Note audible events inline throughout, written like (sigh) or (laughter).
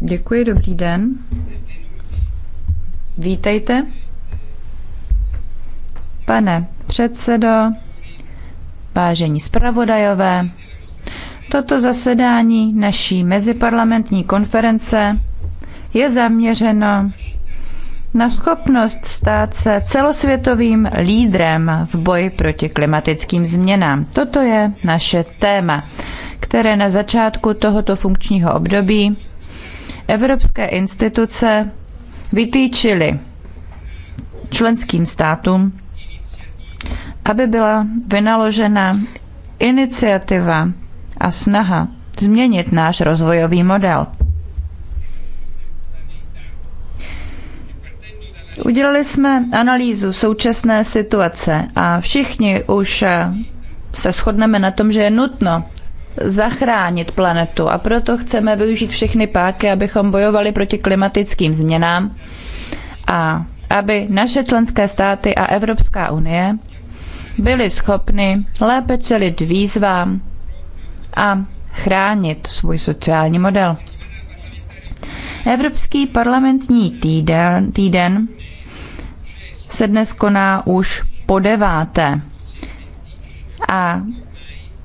Děkuji, dobrý den. Vítejte. Pane předsedo, vážení zpravodajové, toto zasedání naší meziparlamentní konference je zaměřeno na schopnost stát se celosvětovým lídrem v boji proti klimatickým změnám. Toto je naše téma které na začátku tohoto funkčního období evropské instituce vytýčily členským státům, aby byla vynaložena iniciativa a snaha změnit náš rozvojový model. Udělali jsme analýzu současné situace a všichni už se shodneme na tom, že je nutno zachránit planetu a proto chceme využít všechny páky, abychom bojovali proti klimatickým změnám a aby naše členské státy a Evropská unie byly schopny lépe čelit výzvám a chránit svůj sociální model. Evropský parlamentní týden, týden se dnes koná už po deváté. A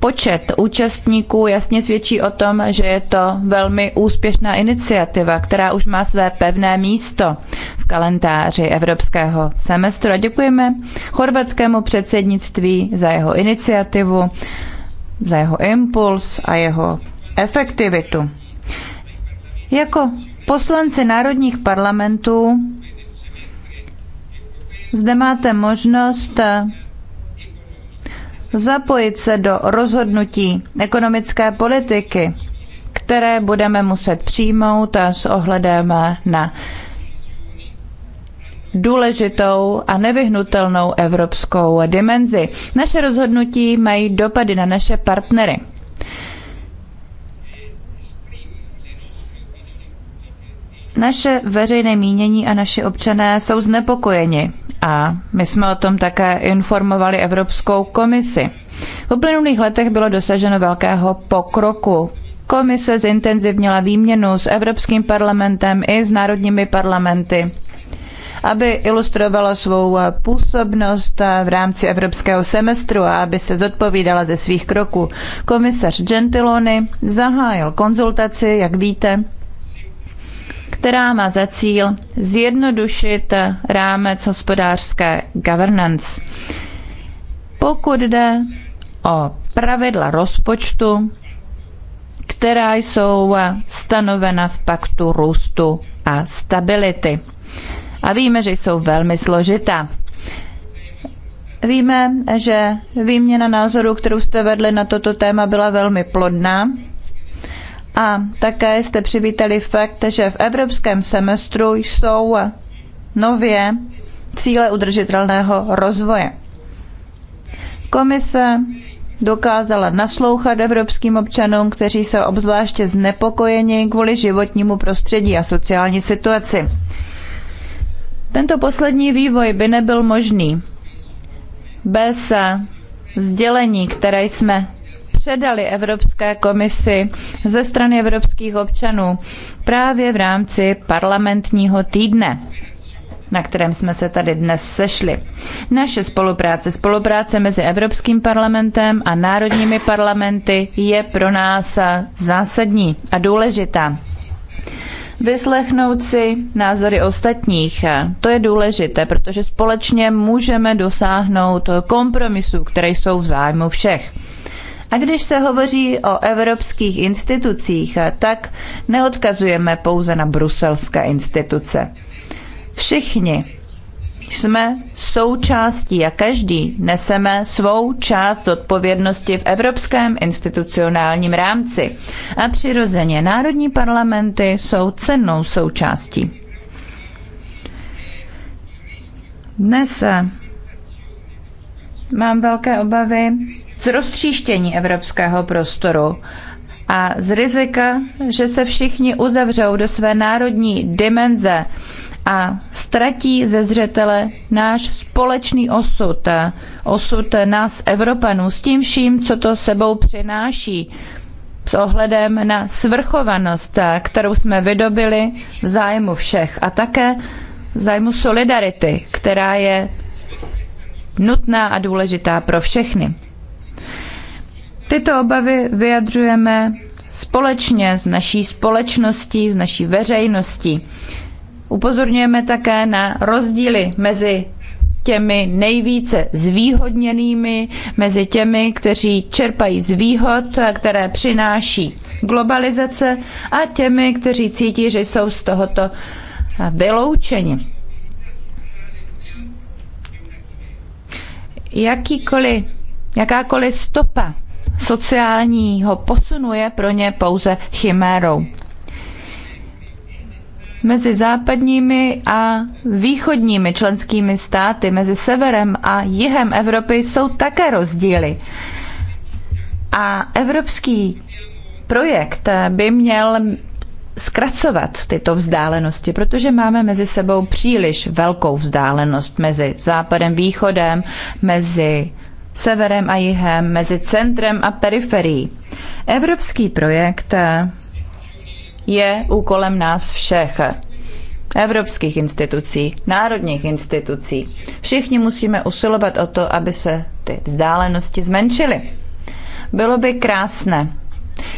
Počet účastníků jasně svědčí o tom, že je to velmi úspěšná iniciativa, která už má své pevné místo v kalendáři evropského semestru. A děkujeme chorvatskému předsednictví za jeho iniciativu, za jeho impuls a jeho efektivitu. Jako poslanci národních parlamentů zde máte možnost zapojit se do rozhodnutí ekonomické politiky, které budeme muset přijmout a s ohledem na důležitou a nevyhnutelnou evropskou dimenzi. Naše rozhodnutí mají dopady na naše partnery. Naše veřejné mínění a naši občané jsou znepokojeni a my jsme o tom také informovali Evropskou komisi. V uplynulých letech bylo dosaženo velkého pokroku. Komise zintenzivnila výměnu s Evropským parlamentem i s národními parlamenty aby ilustrovala svou působnost v rámci evropského semestru a aby se zodpovídala ze svých kroků. Komisař Gentiloni zahájil konzultaci, jak víte, která má za cíl zjednodušit rámec hospodářské governance. Pokud jde o pravidla rozpočtu, která jsou stanovena v paktu růstu a stability. A víme, že jsou velmi složitá. Víme, že výměna názorů, kterou jste vedli na toto téma, byla velmi plodná a také jste přivítali fakt, že v evropském semestru jsou nově cíle udržitelného rozvoje. Komise dokázala naslouchat evropským občanům, kteří jsou obzvláště znepokojeni kvůli životnímu prostředí a sociální situaci. Tento poslední vývoj by nebyl možný bez sdělení, které jsme předali Evropské komisi ze strany evropských občanů právě v rámci parlamentního týdne na kterém jsme se tady dnes sešli. Naše spolupráce, spolupráce mezi Evropským parlamentem a národními parlamenty je pro nás zásadní a důležitá. Vyslechnout si názory ostatních, to je důležité, protože společně můžeme dosáhnout kompromisů, které jsou v zájmu všech. A když se hovoří o evropských institucích, tak neodkazujeme pouze na bruselské instituce. Všichni jsme součástí a každý neseme svou část odpovědnosti v evropském institucionálním rámci. A přirozeně národní parlamenty jsou cennou součástí. Dnes mám velké obavy z roztříštění evropského prostoru a z rizika, že se všichni uzavřou do své národní dimenze a ztratí ze zřetele náš společný osud, osud nás Evropanů s tím vším, co to sebou přináší s ohledem na svrchovanost, kterou jsme vydobili v zájmu všech a také v zájmu solidarity, která je nutná a důležitá pro všechny. Tyto obavy vyjadřujeme společně s naší společností, s naší veřejností. Upozorňujeme také na rozdíly mezi těmi nejvíce zvýhodněnými, mezi těmi, kteří čerpají z výhod, které přináší globalizace a těmi, kteří cítí, že jsou z tohoto vyloučeni. jakýkoliv, jakákoliv stopa sociálního posunu je pro ně pouze chimérou. Mezi západními a východními členskými státy, mezi severem a jihem Evropy jsou také rozdíly. A evropský projekt by měl zkracovat tyto vzdálenosti, protože máme mezi sebou příliš velkou vzdálenost mezi západem, východem, mezi severem a jihem, mezi centrem a periferií. Evropský projekt je úkolem nás všech. Evropských institucí, národních institucí. Všichni musíme usilovat o to, aby se ty vzdálenosti zmenšily. Bylo by krásné,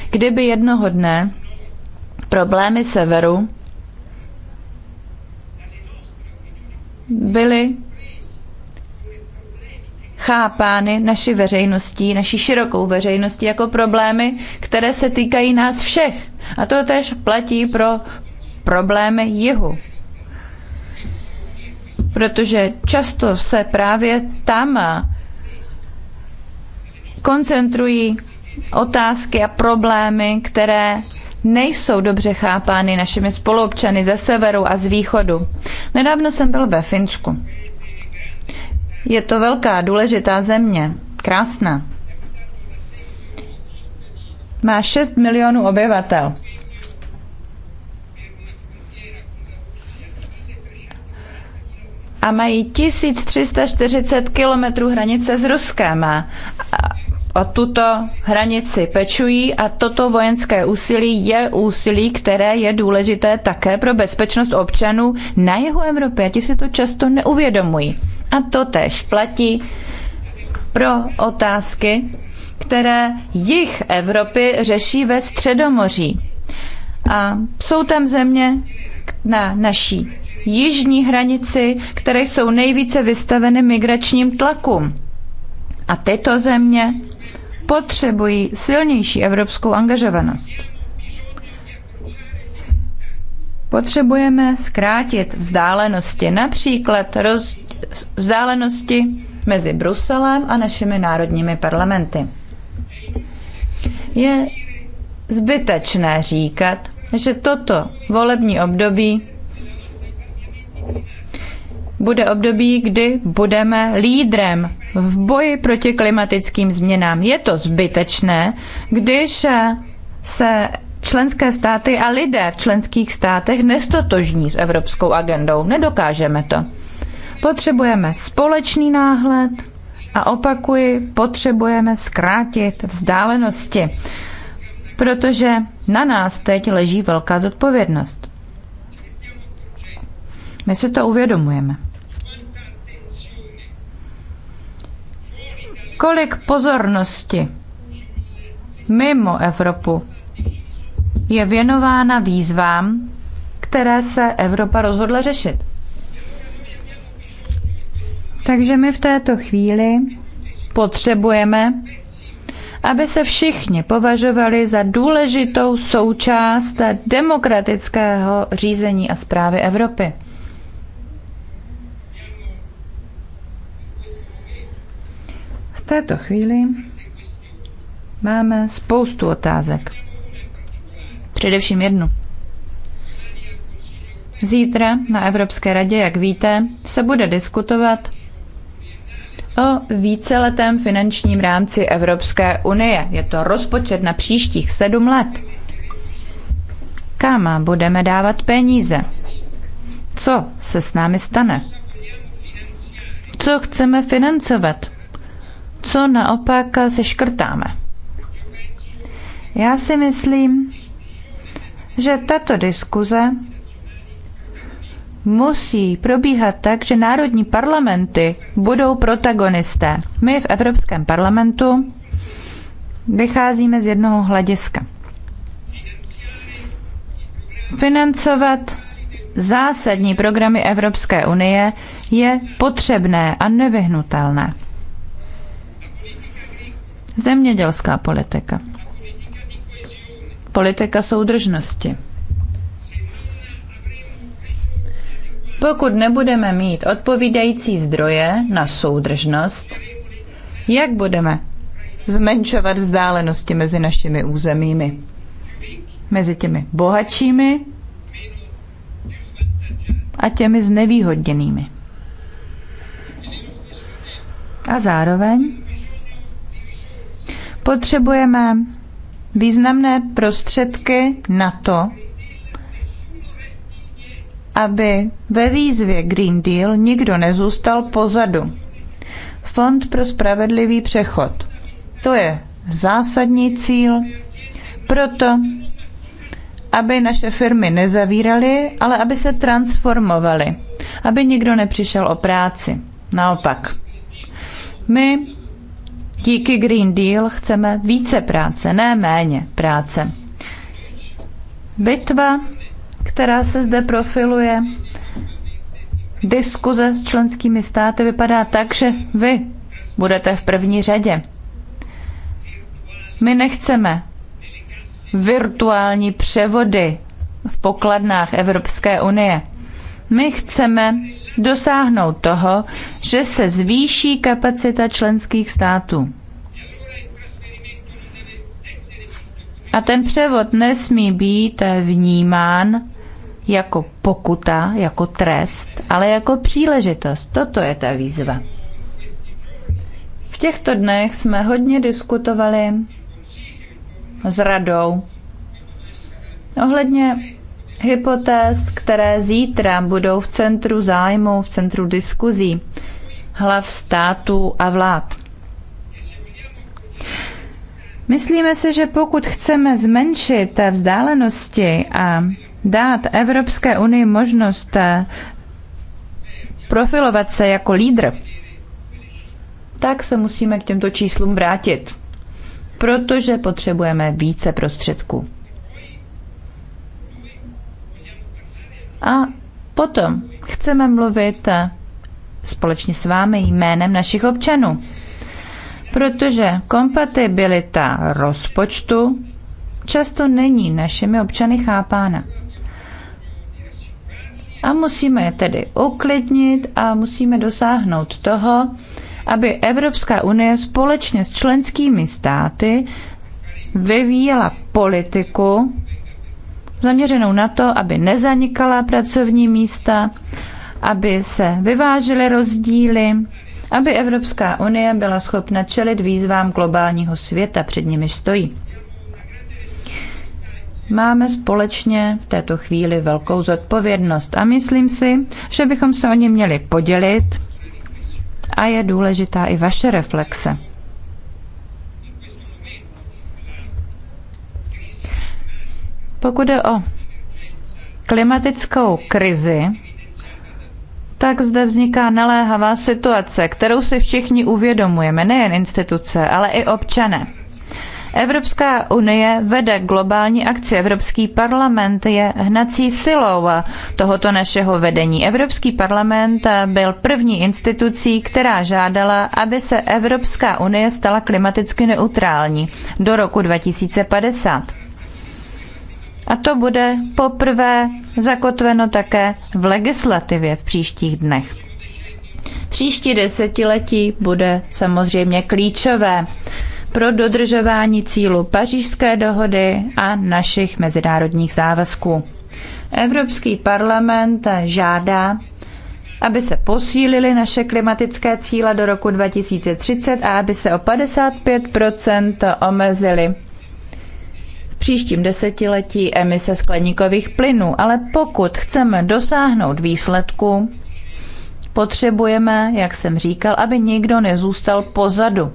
kdyby jednoho dne problémy severu byly chápány naší veřejností, naší širokou veřejností jako problémy, které se týkají nás všech. A to tež platí pro problémy jihu. Protože často se právě tam koncentrují otázky a problémy, které nejsou dobře chápány našimi spoluobčany ze severu a z východu. Nedávno jsem byl ve Finsku. Je to velká, důležitá země. Krásná. Má 6 milionů obyvatel. a mají 1340 kilometrů hranice s Ruskem. A o tuto hranici pečují a toto vojenské úsilí je úsilí, které je důležité také pro bezpečnost občanů na jihu Evropy. A ti si to často neuvědomují. A to tež platí pro otázky, které jich Evropy řeší ve Středomoří. A jsou tam země na naší jižní hranici, které jsou nejvíce vystaveny migračním tlakům. A tyto země potřebují silnější evropskou angažovanost. Potřebujeme zkrátit vzdálenosti, například roz, vzdálenosti mezi Bruselem a našimi národními parlamenty. Je zbytečné říkat, že toto volební období bude období, kdy budeme lídrem v boji proti klimatickým změnám. Je to zbytečné, když se členské státy a lidé v členských státech nestotožní s evropskou agendou. Nedokážeme to. Potřebujeme společný náhled a opakuji, potřebujeme zkrátit vzdálenosti, protože na nás teď leží velká zodpovědnost. My si to uvědomujeme. kolik pozornosti mimo Evropu je věnována výzvám, které se Evropa rozhodla řešit. Takže my v této chvíli potřebujeme, aby se všichni považovali za důležitou součást demokratického řízení a zprávy Evropy. V této chvíli máme spoustu otázek. Především jednu. Zítra na Evropské radě, jak víte, se bude diskutovat o víceletém finančním rámci Evropské unie. Je to rozpočet na příštích sedm let. Kam budeme dávat peníze? Co se s námi stane? Co chceme financovat? co naopak seškrtáme. Já si myslím, že tato diskuze musí probíhat tak, že národní parlamenty budou protagonisté. My v Evropském parlamentu vycházíme z jednoho hlediska. Financovat zásadní programy Evropské unie je potřebné a nevyhnutelné. Zemědělská politika. Politika soudržnosti. Pokud nebudeme mít odpovídající zdroje na soudržnost, jak budeme zmenšovat vzdálenosti mezi našimi územími? Mezi těmi bohatšími a těmi znevýhodněnými. A zároveň Potřebujeme významné prostředky na to, aby ve výzvě Green Deal nikdo nezůstal pozadu. Fond pro spravedlivý přechod. To je zásadní cíl, proto aby naše firmy nezavíraly, ale aby se transformovaly, aby nikdo nepřišel o práci. Naopak, my díky Green Deal chceme více práce, ne méně práce. Bitva, která se zde profiluje, diskuze s členskými státy vypadá tak, že vy budete v první řadě. My nechceme virtuální převody v pokladnách Evropské unie. My chceme dosáhnout toho, že se zvýší kapacita členských států. A ten převod nesmí být vnímán jako pokuta, jako trest, ale jako příležitost. Toto je ta výzva. V těchto dnech jsme hodně diskutovali s radou ohledně hypotéz, které zítra budou v centru zájmu, v centru diskuzí hlav států a vlád. Myslíme si, že pokud chceme zmenšit vzdálenosti a dát Evropské unii možnost eh, profilovat se jako lídr, tak se musíme k těmto číslům vrátit, protože potřebujeme více prostředků. A potom chceme mluvit společně s vámi jménem našich občanů. Protože kompatibilita rozpočtu často není našimi občany chápána. A musíme je tedy uklidnit a musíme dosáhnout toho, aby Evropská unie společně s členskými státy vyvíjela politiku, zaměřenou na to, aby nezanikala pracovní místa, aby se vyvážely rozdíly, aby Evropská unie byla schopna čelit výzvám globálního světa, před nimi stojí. Máme společně v této chvíli velkou zodpovědnost a myslím si, že bychom se o ní měli podělit a je důležitá i vaše reflexe. Pokud jde o klimatickou krizi, tak zde vzniká naléhavá situace, kterou si všichni uvědomujeme, nejen instituce, ale i občané. Evropská unie vede globální akci. Evropský parlament je hnací silou tohoto našeho vedení. Evropský parlament byl první institucí, která žádala, aby se Evropská unie stala klimaticky neutrální do roku 2050. A to bude poprvé zakotveno také v legislativě v příštích dnech. Příští desetiletí bude samozřejmě klíčové pro dodržování cílu pařížské dohody a našich mezinárodních závazků. Evropský parlament žádá, aby se posílily naše klimatické cíle do roku 2030 a aby se o 55 omezily příštím desetiletí emise skleníkových plynů, ale pokud chceme dosáhnout výsledku, potřebujeme, jak jsem říkal, aby nikdo nezůstal pozadu.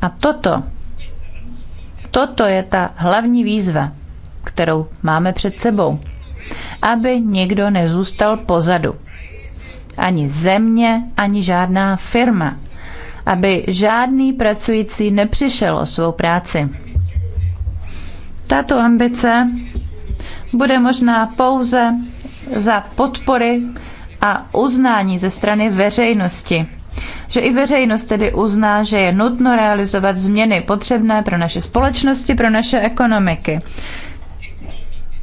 A toto, toto je ta hlavní výzva, kterou máme před sebou. Aby nikdo nezůstal pozadu. Ani země, ani žádná firma. Aby žádný pracující nepřišel o svou práci. Tato ambice bude možná pouze za podpory a uznání ze strany veřejnosti. Že i veřejnost tedy uzná, že je nutno realizovat změny potřebné pro naše společnosti, pro naše ekonomiky.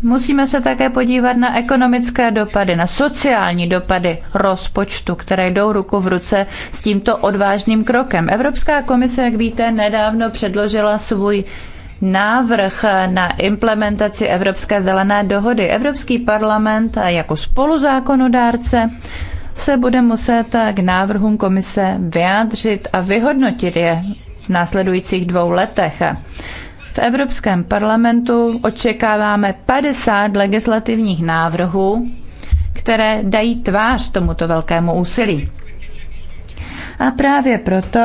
Musíme se také podívat na ekonomické dopady, na sociální dopady rozpočtu, které jdou ruku v ruce s tímto odvážným krokem. Evropská komise, jak víte, nedávno předložila svůj návrh na implementaci Evropské zelené dohody. Evropský parlament jako spoluzákonodárce se bude muset k návrhům komise vyjádřit a vyhodnotit je v následujících dvou letech. V Evropském parlamentu očekáváme 50 legislativních návrhů, které dají tvář tomuto velkému úsilí. A právě proto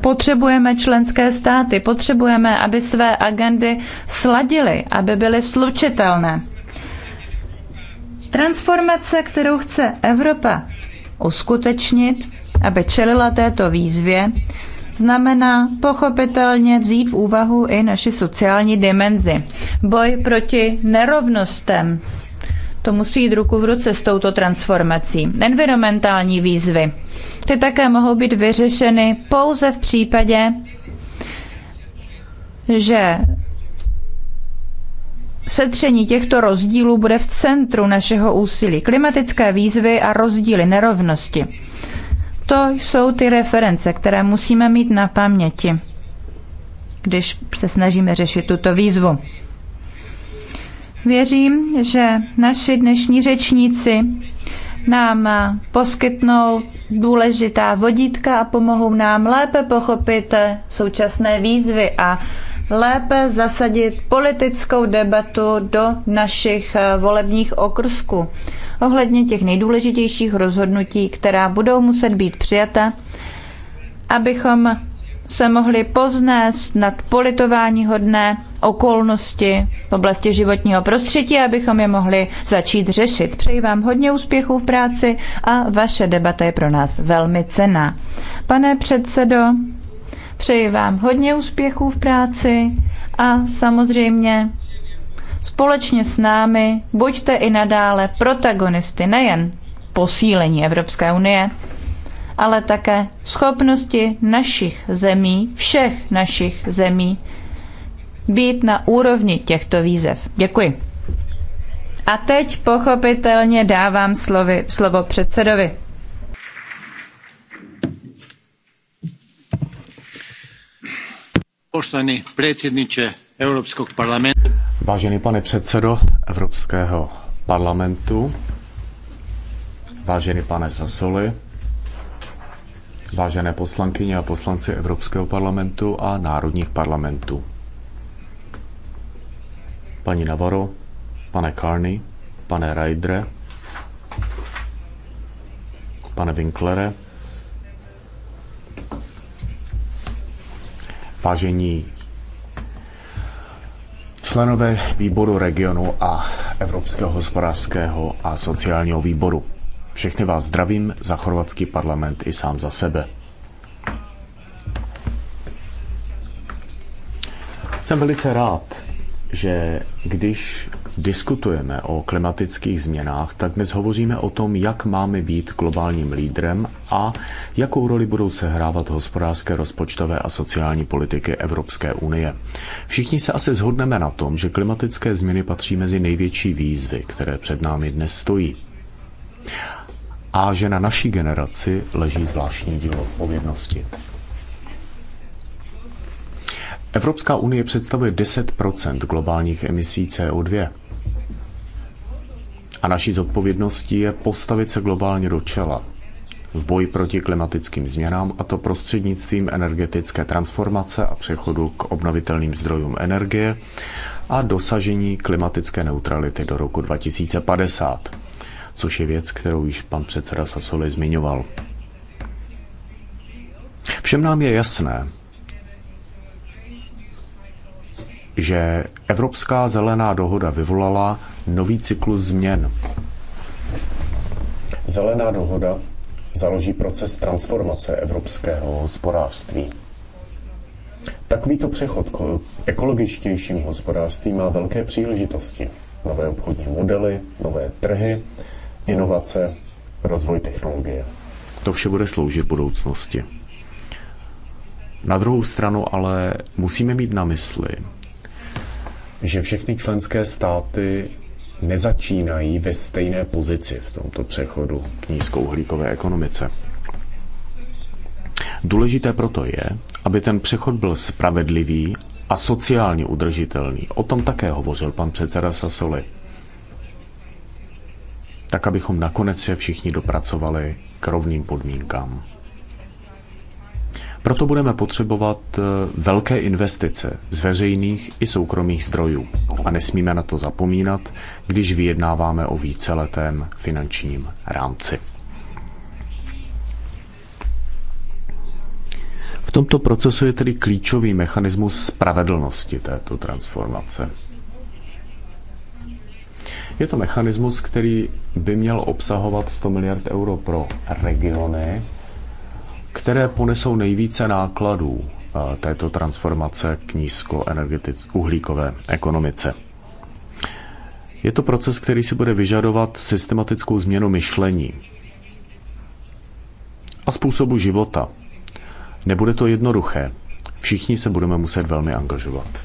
Potřebujeme členské státy, potřebujeme, aby své agendy sladily, aby byly slučitelné. Transformace, kterou chce Evropa uskutečnit, aby čelila této výzvě, znamená pochopitelně vzít v úvahu i naši sociální dimenzi. Boj proti nerovnostem, to musí jít ruku v ruce s touto transformací. Environmentální výzvy. Ty také mohou být vyřešeny pouze v případě, že setření těchto rozdílů bude v centru našeho úsilí. Klimatické výzvy a rozdíly nerovnosti. To jsou ty reference, které musíme mít na paměti, když se snažíme řešit tuto výzvu. Věřím, že naši dnešní řečníci nám poskytnou důležitá vodítka a pomohou nám lépe pochopit současné výzvy a lépe zasadit politickou debatu do našich volebních okrsků ohledně těch nejdůležitějších rozhodnutí, která budou muset být přijata, abychom se mohli povznést nad politováníhodné okolnosti v oblasti životního prostředí, abychom je mohli začít řešit. Přeji vám hodně úspěchů v práci a vaše debata je pro nás velmi cená. Pane předsedo, přeji vám hodně úspěchů v práci a samozřejmě společně s námi buďte i nadále protagonisty nejen posílení Evropské unie, ale také schopnosti našich zemí, všech našich zemí, být na úrovni těchto výzev. Děkuji. A teď pochopitelně dávám slovy, slovo předsedovi. Poštovaný předsedniče Evropského parlamentu. Vážený pane předsedo Evropského parlamentu, vážený pane Zasoli, vážené poslankyně a poslanci Evropského parlamentu a národních parlamentů. Paní Navaro, pane Carney, pane Raidre, pane Winklere, vážení členové výboru regionu a Evropského hospodářského a sociálního výboru. Všechny vás zdravím za chorvatský parlament i sám za sebe. Jsem velice rád, že když diskutujeme o klimatických změnách, tak dnes hovoříme o tom, jak máme být globálním lídrem a jakou roli budou sehrávat hospodářské, rozpočtové a sociální politiky Evropské unie. Všichni se asi zhodneme na tom, že klimatické změny patří mezi největší výzvy, které před námi dnes stojí a že na naší generaci leží zvláštní díl odpovědnosti. Evropská unie představuje 10 globálních emisí CO2. A naší zodpovědností je postavit se globálně do čela v boji proti klimatickým změnám, a to prostřednictvím energetické transformace a přechodu k obnovitelným zdrojům energie a dosažení klimatické neutrality do roku 2050 což je věc, kterou již pan předseda Sasoli zmiňoval. Všem nám je jasné, že Evropská zelená dohoda vyvolala nový cyklus změn. Zelená dohoda založí proces transformace evropského hospodářství. Takovýto přechod k ekologičtějším hospodářství má velké příležitosti. Nové obchodní modely, nové trhy, inovace, rozvoj technologie. To vše bude sloužit budoucnosti. Na druhou stranu ale musíme mít na mysli, že všechny členské státy nezačínají ve stejné pozici v tomto přechodu k nízkouhlíkové ekonomice. Důležité proto je, aby ten přechod byl spravedlivý a sociálně udržitelný. O tom také hovořil pan předseda Sasoli tak abychom nakonec se všichni dopracovali k rovným podmínkám. Proto budeme potřebovat eh, velké investice z veřejných i soukromých zdrojů a nesmíme na to zapomínat, když vyjednáváme o víceletém finančním rámci. V tomto procesu je tedy klíčový mechanismus spravedlnosti této transformace. Je to mechanismus, který by měl obsahovat 100 miliard euro pro regiony, které ponesou nejvíce nákladů eh, této transformace k nízkoenergetické uhlíkové ekonomice. Je to proces, který si bude vyžadovat systematickou změnu myšlení a způsobu života. Nebude to jednoduché. Všichni se budeme muset velmi angažovat.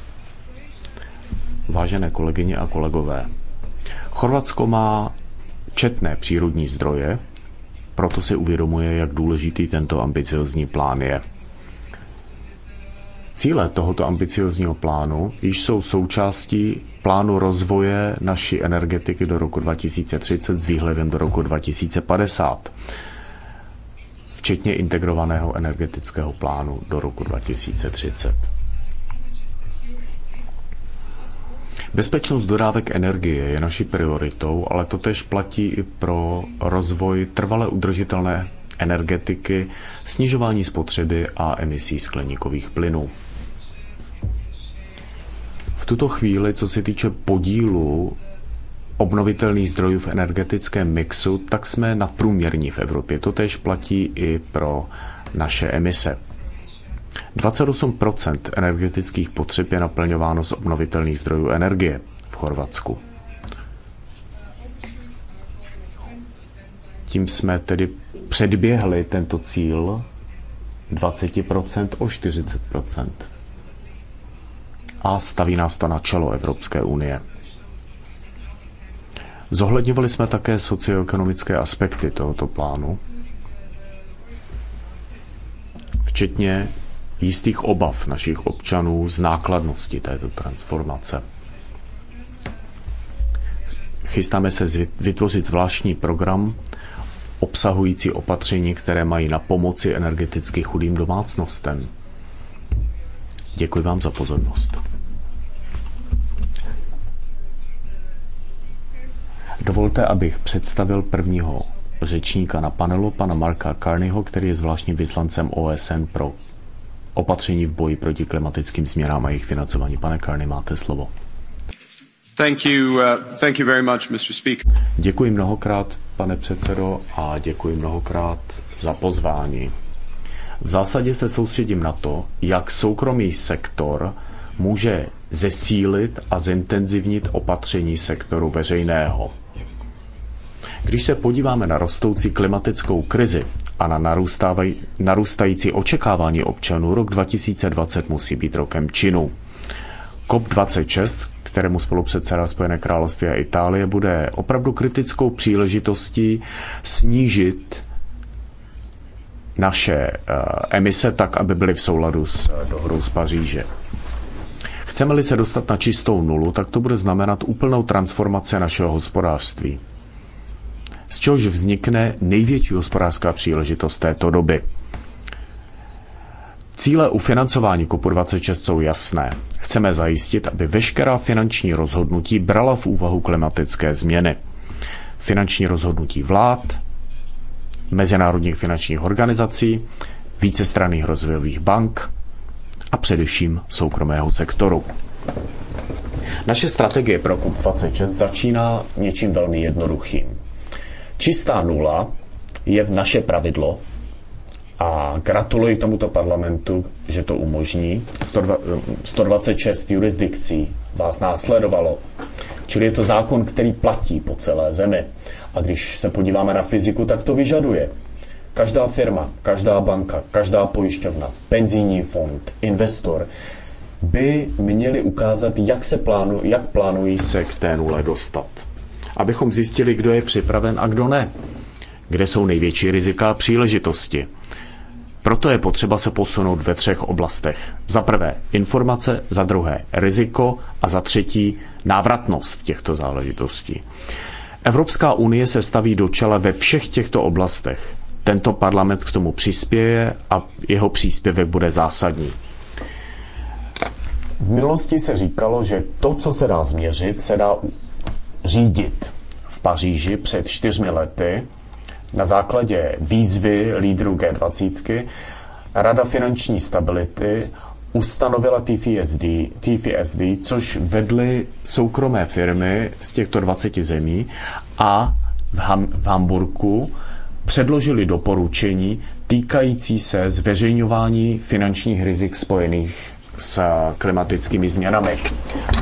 Vážené kolegyně a kolegové, Chorvatsko má četné přírodní zdroje, proto si uvědomuje, jak důležitý tento ambiciozní plán je. Cíle tohoto ambiciozního plánu již jsou součástí plánu rozvoje naší energetiky do roku 2030 s výhledem do roku 2050, včetně integrovaného energetického plánu do roku 2030. Bezpečnost dodávek energie je naší prioritou, ale to tež platí i pro rozvoj trvale udržitelné energetiky, snižování spotřeby a emisí skleníkových plynů. V tuto chvíli, co se týče podílu obnovitelných zdrojů v energetickém mixu, tak jsme nadprůměrní v Evropě. To tež platí i pro naše emise. 28% energetických potřeb je naplňováno z obnovitelných zdrojů energie v Chorvatsku. Tím jsme tedy předběhli tento cíl 20% o 40%. A staví nás to na čelo Evropské unie. Zohledňovali jsme také socioekonomické aspekty tohoto plánu, včetně jistých obav našich občanů z nákladnosti této transformace. Chystáme se vytvořit zvláštní program obsahující opatření, které mají na pomoci energeticky chudým domácnostem. Děkuji vám za pozornost. Dovolte, abych představil prvního řečníka na panelu, pana Marka Carneyho, který je zvláštním vyslancem OSN pro opatření v boji proti klimatickým změnám a jejich financování. Pane Karny, máte slovo. Thank you, uh, thank you very much, Mr. Speaker. Děkuji mnohokrát, pane předsedo, a děkuji mnohokrát za pozvání. V zásadě se soustředím na to, jak soukromý sektor může zesílit a zintenzivnit opatření sektoru veřejného. Když se podíváme na rostoucí klimatickou krizi, a na narůstající očekávání občanů rok 2020 musí být rokem činu. COP26, kterému spolupředsedá Spojené království a Itálie, bude opravdu kritickou příležitostí snížit naše eh, emise tak, aby byly v souladu s eh, dohodou z Paříže. Chceme-li se dostat na čistou nulu, tak to bude znamenat úplnou transformaci našeho hospodářství z čehož vznikne největší hospodářská příležitost této doby. Cíle u financování COP26 jsou jasné. Chceme zajistit, aby veškerá finanční rozhodnutí brala v úvahu klimatické změny. Finanční rozhodnutí vlád, mezinárodních finančních organizací, vícestranných rozvojových bank a především soukromého sektoru. Naše strategie pro COP26 začíná něčím velmi jednoduchým. Čistá nula je naše pravidlo a gratuluji tomuto parlamentu, že to umožní. 126 jurisdikcí vás následovalo. Čili je to zákon, který platí po celé zemi. A když se podíváme na fyziku, tak to vyžaduje. Každá firma, každá banka, každá pojišťovna, penzijní fond, investor by měli ukázat, jak, se plánu, jak plánují se k té nule dostat abychom zjistili, kdo je připraven a kdo ne, kde jsou největší rizika a příležitosti. Proto je potřeba se posunout ve třech oblastech. Za prvé informace, za druhé riziko a za třetí návratnost těchto záležitostí. Evropská unie se staví do čela ve všech těchto oblastech. Tento parlament k tomu přispěje a jeho příspěvek bude zásadní. V minulosti se říkalo, že to, co se dá změřit, se dá řídit v Paříži před čtyřmi lety na základě výzvy lídrů G20 Rada finanční stability ustanovila TFSD, TFSD, což vedly soukromé firmy z těchto 20 zemí a v, Ham, v Hamburgu předložili doporučení týkající se zveřejňování finančních rizik spojených s klimatickými změnami.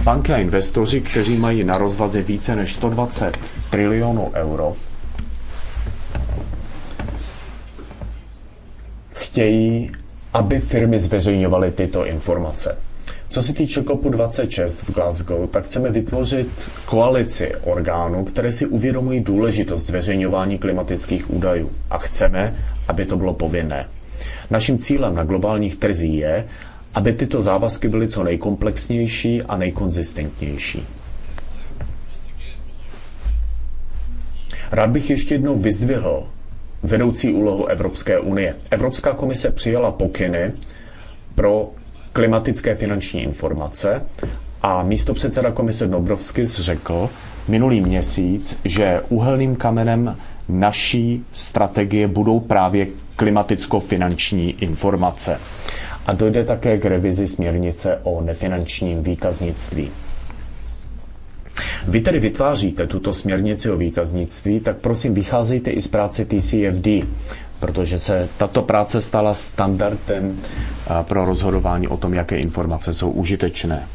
Banky a investoři, kteří mají na rozvaze více než 120 trilionů euro, chtějí, aby firmy zveřejňovaly tyto informace. Co se týče COP26 v Glasgow, tak chceme vytvořit koalici orgánů, které si uvědomují důležitost zveřejňování klimatických údajů a chceme, aby to bylo povinné. Naším cílem na globálních trzích je, aby tyto závazky byly co nejkomplexnější a nejkonzistentnější. Rád bych ještě jednou vyzdvihl vedoucí úlohu Evropské unie. Evropská komise přijala pokyny pro klimatické finanční informace a místo předseda komise Dobrovsky řekl minulý měsíc, že uhelným kamenem naší strategie budou právě klimaticko-finanční informace a dojde také k revizi směrnice o nefinančním výkaznictví. Vy tedy vytváříte tuto směrnici o výkaznictví, tak prosím vycházejte i z práce TCFD, protože se tato práce stala standardem pro rozhodování o tom, jaké informace jsou užitečné.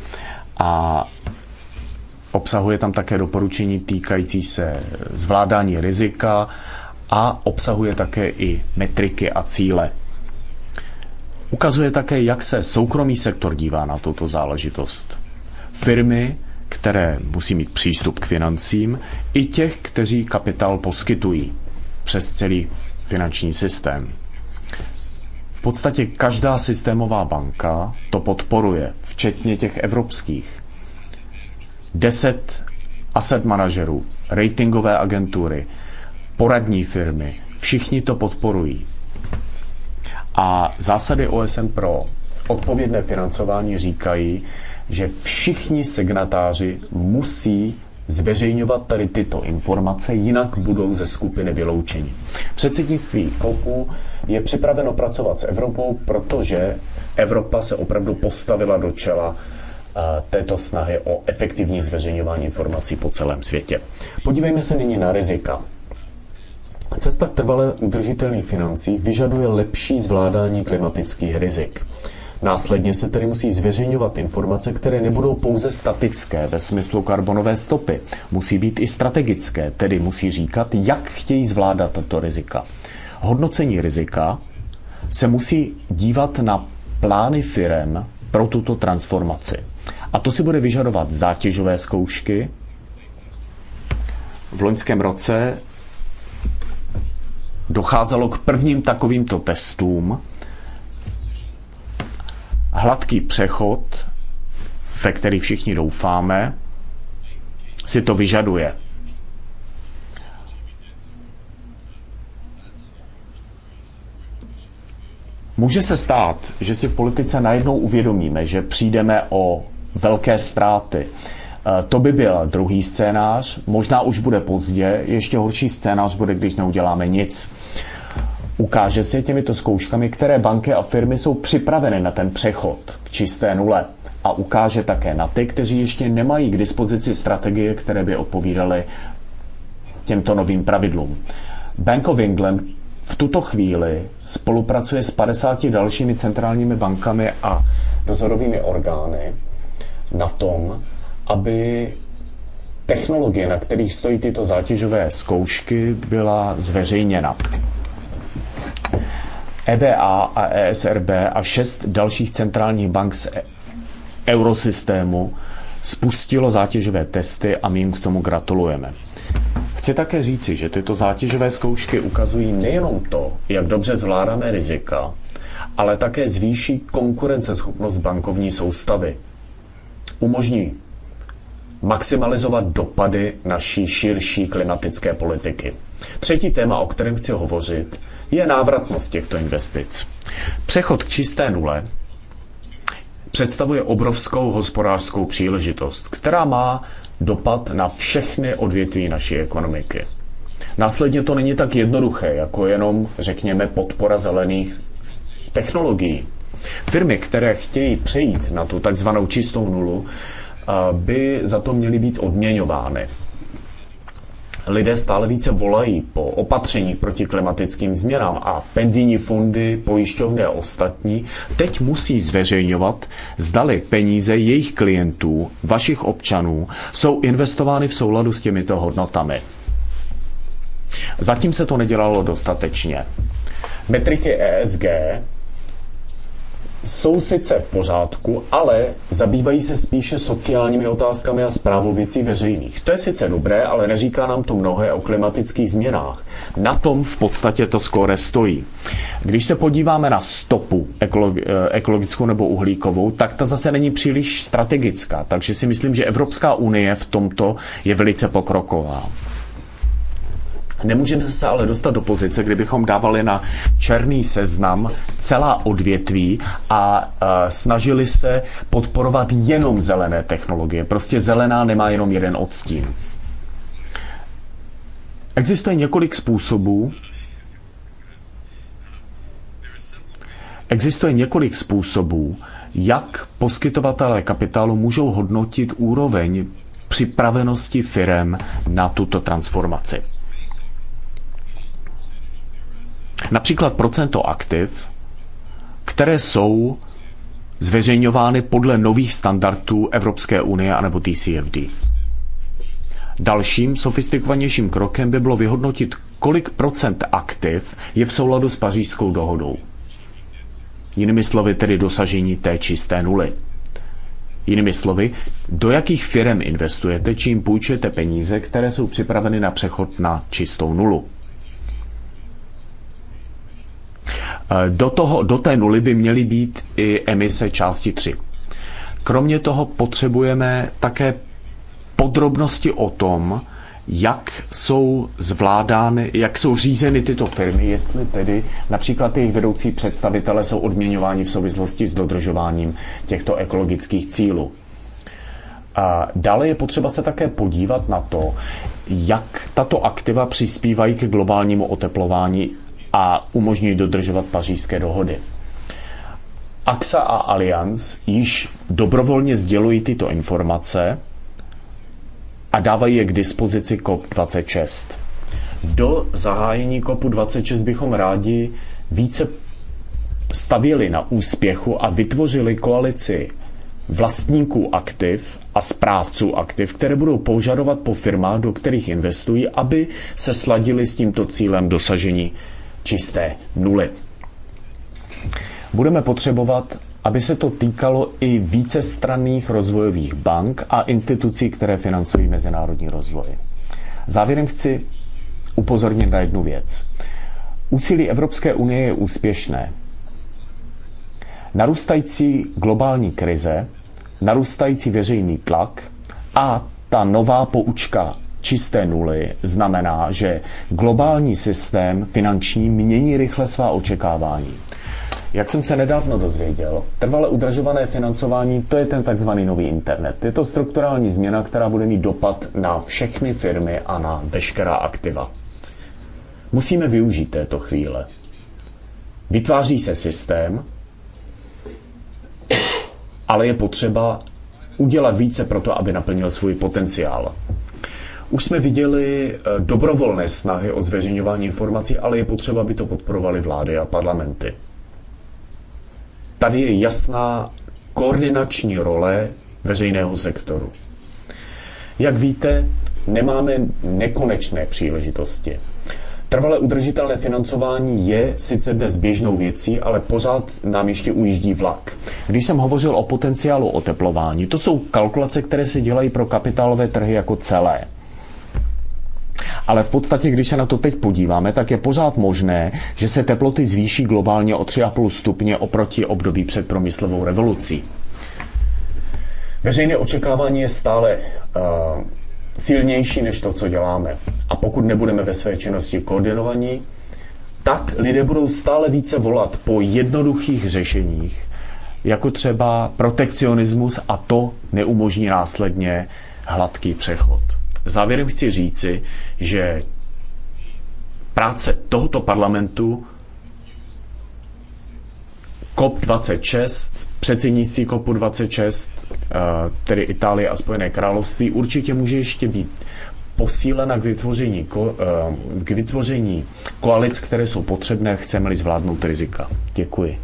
A obsahuje tam také doporučení týkající se zvládání rizika a obsahuje také i metriky a cíle ukazuje také, jak se soukromý sektor dívá na tuto záležitost. Firmy, které musí mít přístup k financím, i těch, kteří kapitál poskytují přes celý finanční systém. V podstatě každá systémová banka to podporuje, včetně těch evropských. Deset asset manažerů, ratingové agentury, poradní firmy, všichni to podporují. A zásady OSN pro odpovědné financování říkají, že všichni signatáři musí zveřejňovat tady tyto informace, jinak budou ze skupiny vyloučeni. Předsednictví COPu je připraveno pracovat s Evropou, protože Evropa se opravdu postavila do čela eh, této snahy o efektivní zveřejňování informací po celém světě. Podívejme se nyní na rizika. Cesta k trvale udržitelných financích vyžaduje lepší zvládání klimatických rizik. Následně se tedy musí zveřejňovat informace, které nebudou pouze statické ve smyslu karbonové stopy. Musí být i strategické, tedy musí říkat, jak chtějí zvládat tato rizika. Hodnocení rizika se musí dívat na plány firem pro tuto transformaci. A to si bude vyžadovat zátěžové zkoušky. V loňském roce docházelo k prvním takovýmto testům. Hladký přechod, ve který všichni doufáme, si to vyžaduje. Může se stát, že si v politice najednou uvědomíme, že přijdeme o velké ztráty, Eh, to by byl druhý scénář, možná už bude pozdě, ještě horší scénář bude, když neuděláme nic. Ukáže se těmito zkouškami, které banky a firmy jsou připraveny na ten přechod k čisté nule a ukáže také na ty, kteří ještě nemají k dispozici strategie, které by odpovídaly těmto novým pravidlům. Bank of England v tuto chvíli spolupracuje s 50 dalšími centrálními bankami a dozorovými orgány na tom, aby technologie, na kterých stojí tyto zátěžové zkoušky, byla zveřejněna. EBA a ESRB a šest dalších centrálních bank z eurosystému spustilo zátěžové testy a my jim k tomu gratulujeme. Chci také říci, že tyto zátěžové zkoušky ukazují nejenom to, jak dobře zvládáme rizika, ale také zvýší konkurenceschopnost bankovní soustavy. Umožní maximalizovat dopady naší širší klimatické politiky. Třetí téma, o kterém chci hovořit, je návratnost těchto investic. Přechod k čisté nule představuje obrovskou hospodářskou příležitost, která má dopad na všechny odvětví naší ekonomiky. Následně to není tak jednoduché, jako jenom, řekněme, podpora zelených technologií. Firmy, které chtějí přejít na tu takzvanou čistou nulu, by za to měly být odměňovány. Lidé stále více volají po opatřeních proti klimatickým změnám a penzijní fondy, pojišťovny a ostatní teď musí zveřejňovat, zdali peníze jejich klientů, vašich občanů, jsou investovány v souladu s těmito hodnotami. Zatím se to nedělalo dostatečně. Metriky ESG jsou sice v pořádku, ale zabývají se spíše sociálními otázkami a zprávou věcí veřejných. To je sice dobré, ale neříká nám to mnohé o klimatických změnách. Na tom v podstatě to skóre stojí. Když se podíváme na stopu eh, ekologickou nebo uhlíkovou, tak ta zase není příliš strategická, takže si myslím, že Evropská unie v tomto je velice pokroková. Nemůžeme se ale dostat do pozice, kdybychom dávali na černý seznam celá odvětví a e, snažili se podporovat jenom zelené technologie. Prostě zelená nemá jenom jeden odstín. Existuje několik způsobů, Existuje několik způsobů, jak poskytovatelé kapitálu můžou hodnotit úroveň připravenosti firem na tuto transformaci. Například procento aktiv, které jsou zveřejňovány podle nových standardů Evropské unie anebo TCFD. Dalším sofistikovanějším krokem by bylo vyhodnotit, kolik procent aktiv je v souladu s pařížskou dohodou. Jinými slovy tedy dosažení té čisté nuly. Jinými slovy, do jakých firm investujete, čím půjčujete peníze, které jsou připraveny na přechod na čistou nulu. Eh, do, toho, do té nuly by měly být i emise části 3. Kromě toho potřebujeme také podrobnosti o tom, jak jsou zvládány, jak jsou řízeny tyto firmy, jestli tedy například jejich vedoucí představitele jsou odměňováni v souvislosti s dodržováním těchto ekologických cílů. A dále je potřeba se také podívat na to, jak tato aktiva přispívají k globálnímu oteplování a umožní dodržovat pařížské dohody. AXA a Allianz již dobrovolně sdělují tyto informace a dávají je k dispozici COP26. Do zahájení COP26 bychom rádi více stavili na úspěchu a vytvořili koalici vlastníků aktiv a správců aktiv, které budou požadovat po firmách, do kterých investují, aby se sladili s tímto cílem dosažení čisté nuly. Budeme potřebovat, aby se to týkalo i vícestranných rozvojových bank a institucí, které financují mezinárodní rozvoj. Závěrem chci upozornit na jednu věc. Úsilí Evropské unie je úspěšné. Narůstající globální krize, narůstající veřejný tlak a ta nová poučka čisté nuly znamená, že globální systém finanční mění rychle svá očekávání. Jak jsem se nedávno dozvěděl, trvale udržované financování, to je ten takzvaný nový internet. Je to strukturální změna, která bude mít dopad na všechny firmy a na veškerá aktiva. Musíme využít této chvíle. Vytváří se systém, ale je potřeba udělat více pro to, aby naplnil svůj potenciál. Už jsme viděli eh, dobrovolné snahy o zveřejňování informací, ale je potřeba, aby to podporovali vlády a parlamenty. Tady je jasná koordinační role veřejného sektoru. Jak víte, nemáme nekonečné příležitosti. Trvalé udržitelné financování je sice dnes běžnou věcí, ale pořád nám ještě ujíždí vlak. Když jsem hovořil o potenciálu oteplování, to jsou kalkulace, které se dělají pro kapitálové trhy jako celé ale v podstatě, když se na to teď podíváme, tak je pořád možné, že se teploty zvýší globálně o 3,5 stupně oproti období před promyslovou revolucí. Veřejné očekávání je stále uh, silnější než to, co děláme. A pokud nebudeme ve své činnosti koordinovaní, tak lidé budou stále více volat po jednoduchých řešeních, jako třeba protekcionismus a to neumožní následně hladký přechod. Závěrem chci říci, že práce tohoto parlamentu COP26, předsednictví COP26, eh, tedy Itálie a Spojené království, určitě může ještě být posílena k vytvoření, eh, k vytvoření koalic, které jsou potřebné, chceme-li zvládnout rizika. Děkuji.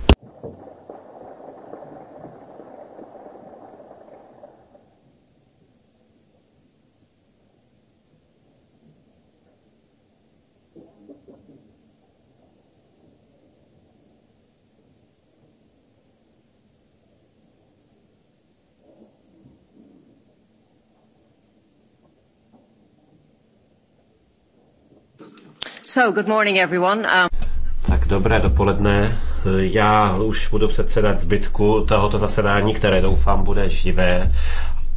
So, good morning everyone. Um... Tak dobré dopoledne. Já už budu předsedat zbytku tohoto zasedání, které doufám bude živé.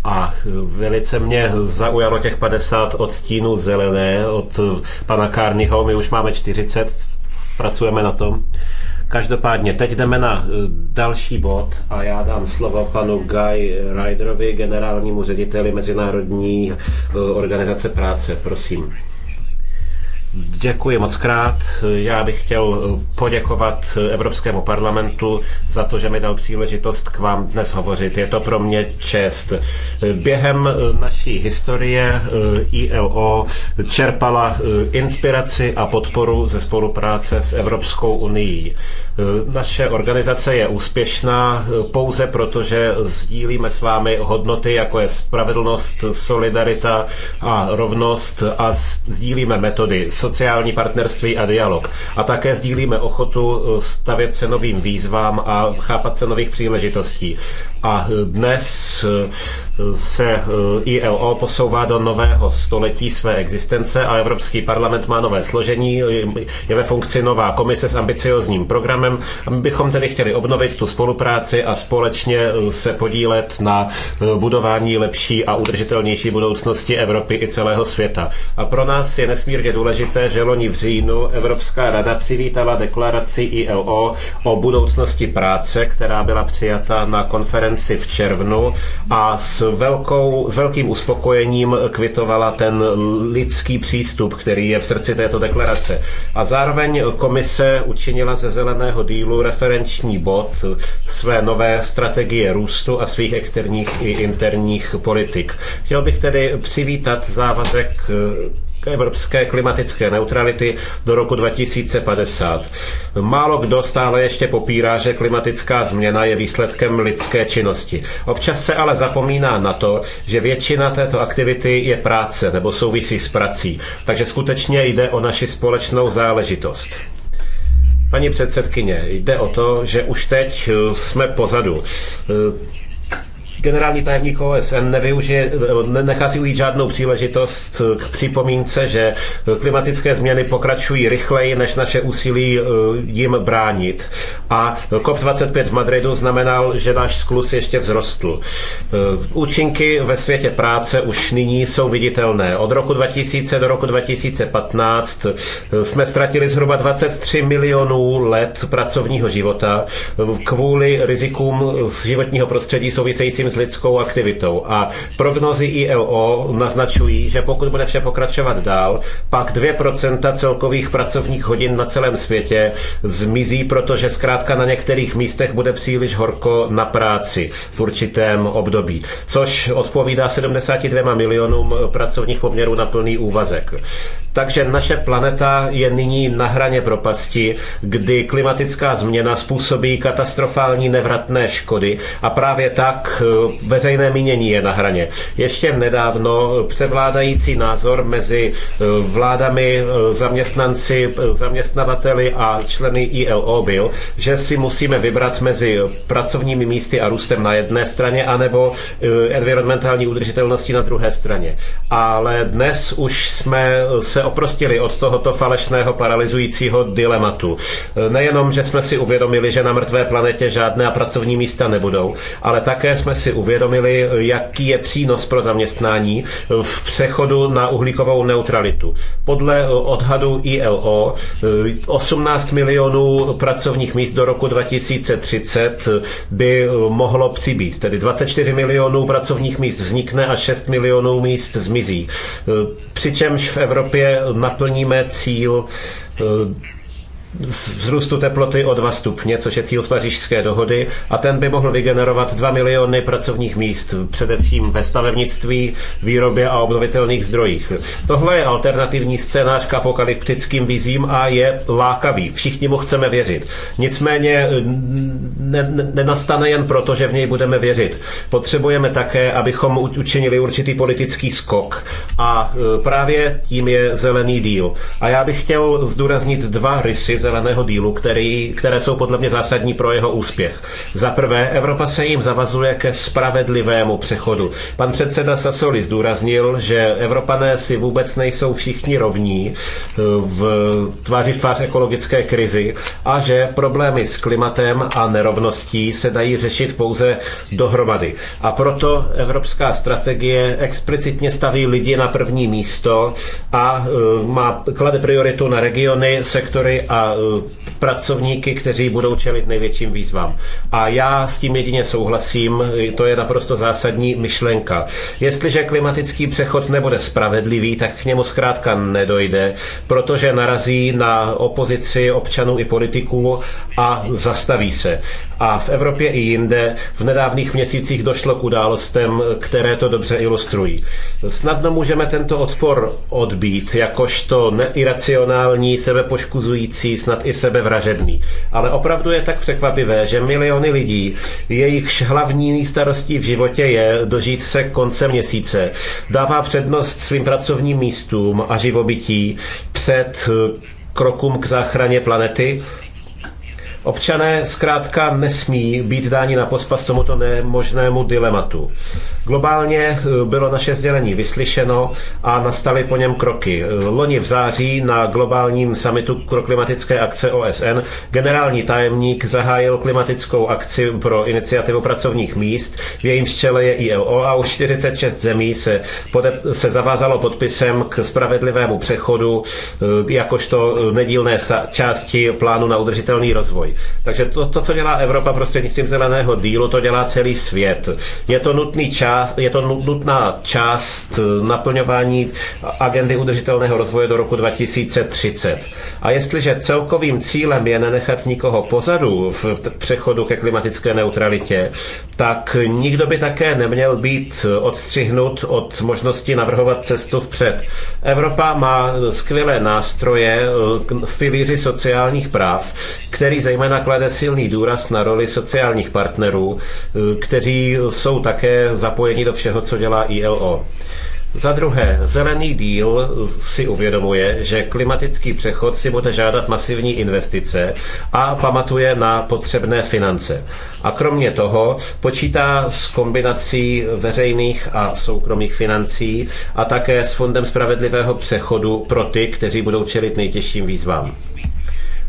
A velice mě zaujalo těch 50 odstínů zelené od pana Kárnyho. My už máme 40, pracujeme na tom. Každopádně, teď jdeme na eh, další bod a já dám slovo panu Guy Ryderovi, generálnímu řediteli Mezinárodní eh, organizace práce. Prosím. Děkuji moc krát. Já bych chtěl poděkovat Evropskému parlamentu za to, že mi dal příležitost k vám dnes hovořit. Je to pro mě čest. Během naší historie eh, ILO čerpala eh, inspiraci a podporu ze spolupráce s Evropskou unii. Eh, naše organizace je úspěšná pouze proto, že sdílíme s vámi hodnoty, jako je spravedlnost, solidarita a rovnost a sdílíme metody sociální partnerství a dialog. A také sdílíme ochotu eh, stavět se novým výzvám a chápat se nových příležitostí. A eh, dnes eh, se ILO posouvá do nového století své existence a Evropský parlament má nové složení, je ve funkci nová komise s ambiciozním programem. My bychom tedy chtěli obnovit tu spolupráci a společně se podílet na budování lepší a udržitelnější budoucnosti Evropy i celého světa. A pro nás je nesmírně důležité, důležité, že loni v říjnu Evropská rada přivítala deklaraci ILO o budoucnosti práce, která byla přijata na konferenci v červnu a s, velkou, s velkým uspokojením kvitovala ten lidský přístup, který je v srdci této deklarace. A zároveň komise učinila ze zeleného dílu referenční bod své nové strategie růstu a svých externích i interních politik. Chtěl bych tedy přivítat závazek k evropské klimatické neutrality do roku 2050. Málo kdo stále ještě popírá, že klimatická změna je výsledkem lidské činnosti. Občas se ale zapomíná na to, že většina této aktivity je práce nebo souvisí s prací. Takže skutečně jde o naši společnou záležitost. Paní předsedkyně, jde o to, že už teď jsme pozadu generální tajemník OSN nevyužije, nenechá si ujít žádnou příležitost k připomínce, že klimatické změny pokračují rychleji, než naše úsilí eh, jim bránit. A COP25 v Madridu znamenal, že náš sklus ještě vzrostl. Eh, účinky ve světě práce už nyní jsou viditelné. Od roku 2000 do roku 2015 eh, jsme ztratili zhruba 23 milionů let pracovního života kvůli rizikům životního prostředí souvisejícím s s lidskou aktivitou. A prognozy ILO naznačují, že pokud bude vše pokračovat dál, pak 2% celkových pracovních hodin na celém světě zmizí, protože zkrátka na některých místech bude příliš horko na práci v určitém období, což odpovídá 72 milionům pracovních poměrů na plný úvazek. Takže naše planeta je nyní na hraně propasti, kdy klimatická změna způsobí katastrofální nevratné škody a právě tak eh, veřejné mínění je na hraně. Ještě nedávno převládající názor mezi eh, vládami, eh, zaměstnanci, zaměstnavateli a členy ILO byl, že si musíme vybrat mezi pracovními místy a růstem na jedné straně anebo environmentální udržitelností na druhé straně. Ale dnes už jsme se oprostili od tohoto falešného paralyzujícího dilematu. Nejenom, že jsme si uvědomili, že na mrtvé planetě žádné pracovní místa nebudou, ale také jsme si uvědomili, jaký je přínos pro zaměstnání v přechodu na uhlíkovou neutralitu. Podle odhadu ILO 18 milionů pracovních míst do roku 2030 by mohlo přibýt, tedy 24 milionů pracovních míst vznikne a 6 milionů míst zmizí. Přičemž v Evropě naplníme cíl eh, vzrůstu teploty o 2 stupně, což je cíl z pařížské dohody, a ten by mohl vygenerovat 2 miliony pracovních míst, především ve stavebnictví, výrobě a obnovitelných zdrojích. Tohle je alternativní scénář k apokalyptickým vizím a je lákavý. Všichni mu chceme věřit. Nicméně nenastane jen proto, že v něj budeme věřit. Potřebujeme také, abychom učinili určitý politický skok a e, právě tím je zelený díl. A já bych chtěl zdůraznit dva rysy zeleného dílu, který, které jsou podle mě zásadní pro jeho úspěch. Za prvé, Evropa se jim zavazuje ke spravedlivému přechodu. Pan předseda Sasoli zdůraznil, že Evropané si vůbec nejsou všichni rovní eh, v tváři v tvář ekologické krizi a že problémy s klimatem a nerovností se dají řešit pouze dohromady. A proto evropská strategie explicitně staví lidi na první místo a eh, má klade prioritu na regiony, sektory a Eh, pracovníky, kteří budou čelit největším výzvám. A já s tím jedině souhlasím, to je naprosto zásadní myšlenka. Jestliže klimatický přechod nebude spravedlivý, tak k němu zkrátka nedojde, protože narazí na opozici občanů i politiků a zastaví se. A v Evropě i jinde v nedávných měsících došlo k událostem, které to dobře ilustrují. Snadno můžeme tento odpor odbít, jakožto neiracionální, sebepoškuzující, snad i sebevražedný. Ale opravdu je tak překvapivé, že miliony lidí, jejichž hlavní starostí v životě je dožít se konce měsíce, dává přednost svým pracovním místům a živobytí před eh, krokům k záchraně planety, Občané zkrátka nesmí být dáni na pospas tomuto nemožnému dilematu. Globálně eh, bylo naše sdělení vyslyšeno a nastaly po něm kroky. Eh, loni v září na globálním summitu pro klimatické akce OSN generální tajemník zahájil klimatickou akci pro iniciativu pracovních míst. V jejím čele je ILO a už 46 zemí se, podep- se zavázalo podpisem k spravedlivému přechodu eh, jakožto nedílné části plánu na udržitelný rozvoj. Takže to, to co dělá Evropa prostřednictvím zeleného dílu, to dělá celý svět. Je to nutný čas část, je to nutná část eh, naplňování agendy udržitelného rozvoje do roku 2030. A jestliže celkovým cílem je nenechat nikoho pozadu v přechodu ke klimatické neutralitě, tak nikdo by také neměl být eh, odstřihnut od možnosti navrhovat cestu vpřed. Evropa má eh, skvělé nástroje v pilíři sociálních práv, který zejména klade silný důraz na roli sociálních partnerů, kteří jsou také zapojeni zapojeni do všeho, co dělá ILO. Za druhé, zelený díl si uvědomuje, že klimatický přechod si bude žádat masivní investice a pamatuje na potřebné finance. A kromě toho počítá s kombinací veřejných a soukromých financí a také s Fondem spravedlivého přechodu pro ty, kteří budou čelit nejtěžším výzvám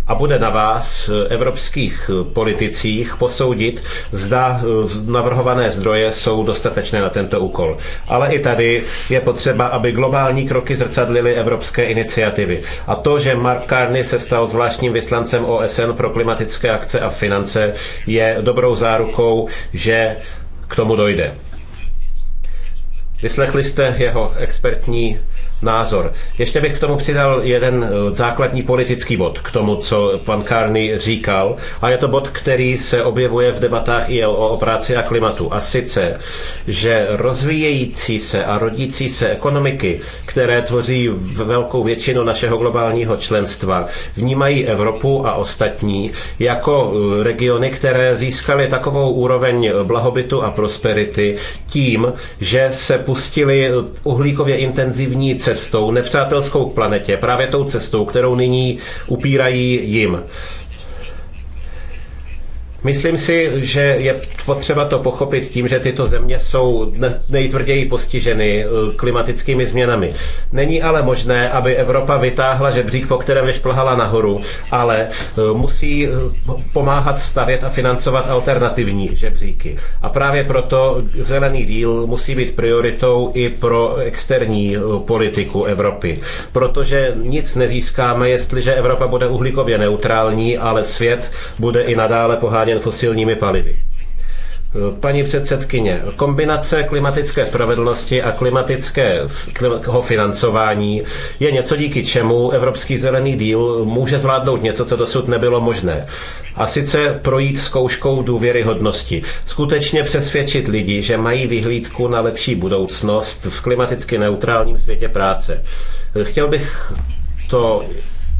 a bude na vás, eh, evropských eh, politicích, posoudit, zda eh, navrhované zdroje jsou dostatečné na tento úkol. Ale i tady je potřeba, aby globální kroky zrcadlily evropské iniciativy. A to, že Mark Carney se stal zvláštním vyslancem OSN pro klimatické akce a finance, je dobrou zárukou, že k tomu dojde. Vyslechli jste jeho expertní názor. Ještě bych k tomu přidal jeden eh, základní politický bod k tomu, co pan Kárny říkal. A je to bod, který se objevuje v debatách ILO o práci a klimatu. A sice, že rozvíjející se a rodící se ekonomiky, které tvoří velkou většinu našeho globálního členstva, vnímají Evropu a ostatní jako eh, regiony, které získaly takovou úroveň eh, blahobytu a prosperity tím, že se pustili uhlíkově intenzivní cestou nepřátelskou k planetě, právě tou cestou, kterou nyní upírají jim. Myslím si, že je potřeba to pochopit tím, že tyto země jsou nejtvrději postiženy eh, klimatickými změnami. Není ale možné, aby Evropa vytáhla žebřík, po kterém vyšplhala nahoru, ale eh, musí eh, pomáhat stavět a financovat alternativní žebříky. A právě proto zelený díl musí být prioritou i pro externí politiku Evropy. Protože nic nezískáme, jestliže Evropa bude uhlíkově neutrální, ale svět bude i nadále poháněn nejen fosilními palivy. Paní předsedkyně, kombinace klimatické spravedlnosti a klimatického financování je něco, díky čemu Evropský zelený díl může zvládnout něco, co dosud nebylo možné. A sice projít zkouškou důvěryhodnosti. Skutečně přesvědčit lidi, že mají vyhlídku na lepší budoucnost v klimaticky neutrálním světě práce. Chtěl bych to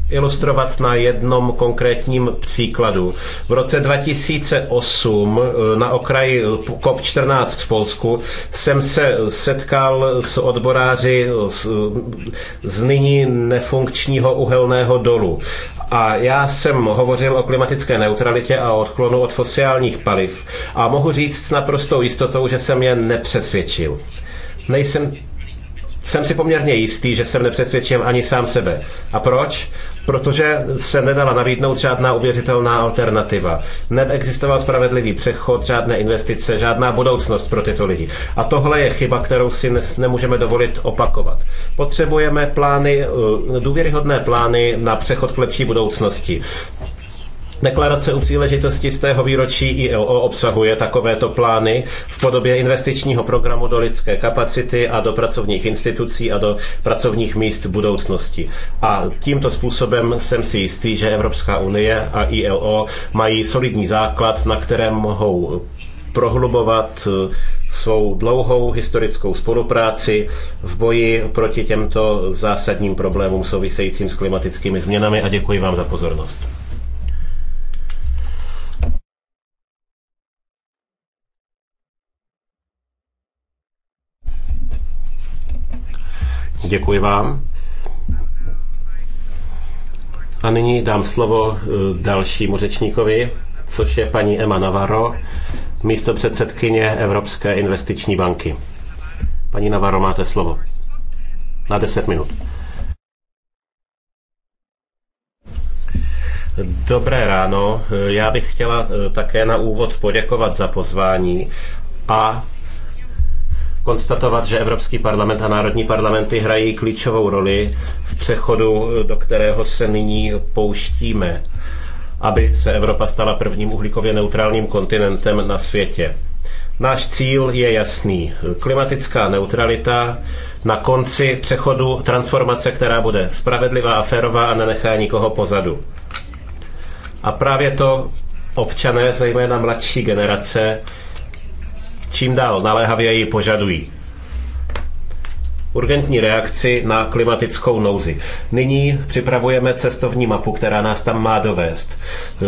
ilustrovat na jednom konkrétním příkladu. V roce 2008 eh, na okraji COP14 v Polsku jsem se setkal s odboráři z, eh, z nyní nefunkčního uhelného dolu. A já jsem hovořil o klimatické neutralitě a o odklonu od fosilních paliv. A mohu říct s naprostou jistotou, že jsem je nepřesvědčil. Nejsem jsem si poměrně jistý, že jsem nepřesvědčil ani sám sebe. A proč? protože se nedala nabídnout žádná uvěřitelná alternativa. Neexistoval spravedlivý přechod, žádné investice, žádná budoucnost pro tyto lidi. A tohle je chyba, kterou si nemůžeme dovolit opakovat. Potřebujeme plány, eh, důvěryhodné plány na přechod k lepší budoucnosti. Deklarace u příležitosti z tého výročí ILO obsahuje takovéto plány v podobě investičního programu do lidské kapacity a do pracovních institucí a do pracovních míst budoucnosti. A tímto způsobem jsem si jistý, že Evropská unie a ILO mají solidní základ, na kterém mohou prohlubovat eh, svou dlouhou historickou spolupráci v boji proti těmto zásadním problémům souvisejícím s klimatickými změnami a děkuji vám za pozornost. Děkuji vám. A nyní dám slovo eh, dalšímu řečníkovi, což je paní Emma Navarro, místo předsedkyně Evropské investiční banky. Paní Navarro, máte slovo. Na 10 minut. Dobré ráno. Já bych chtěla eh, také na úvod poděkovat za pozvání a konstatovat, že Evropský parlament a národní parlamenty hrají klíčovou roli v přechodu, do kterého se nyní pouštíme, aby se Evropa stala prvním uhlíkově neutrálním kontinentem na světě. Náš cíl je jasný. Klimatická neutralita na konci přechodu transformace, která bude spravedlivá a férová a nenechá nikoho pozadu. A právě to občané, zejména mladší generace, čím dál naléhavěji požadují urgentní reakci na klimatickou nouzi. Nyní připravujeme cestovní mapu, která nás tam má dovést.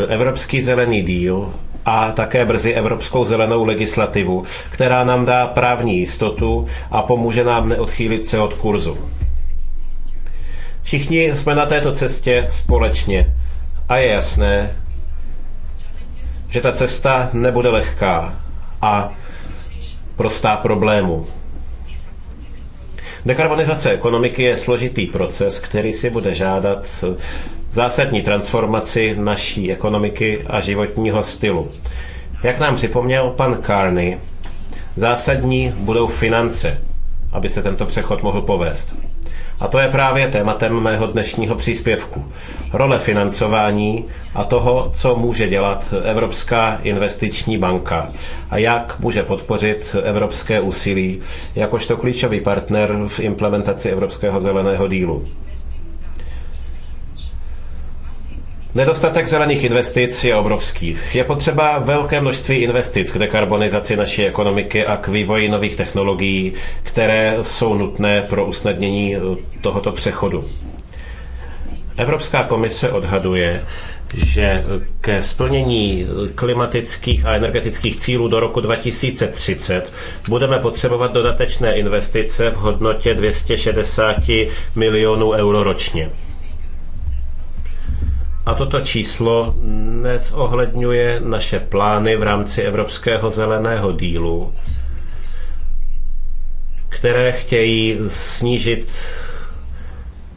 Evropský zelený díl a také brzy evropskou zelenou legislativu, která nám dá právní jistotu a pomůže nám neodchýlit se od kurzu. Všichni jsme na této cestě společně a je jasné, že ta cesta nebude lehká a prostá problémů. Dekarbonizace ekonomiky je složitý proces, který si bude žádat eh, zásadní transformaci naší ekonomiky a životního stylu. Jak nám připomněl pan Carney, zásadní budou finance, aby se tento přechod mohl povést. A to je právě tématem mého dnešního příspěvku. Role financování a toho, co může dělat Evropská investiční banka a jak může podpořit evropské úsilí jakožto klíčový partner v implementaci Evropského zeleného dílu. Nedostatek zelených investic je obrovský. Je potřeba velké množství investic k dekarbonizaci naší ekonomiky a k vývoji nových technologií, které jsou nutné pro usnadnění eh, tohoto přechodu. Evropská komise odhaduje, že ke splnění klimatických a energetických cílů do roku 2030 budeme potřebovat dodatečné investice v hodnotě 260 milionů euro ročně. A toto číslo nezohledňuje naše plány v rámci Evropského zeleného dílu, které chtějí snížit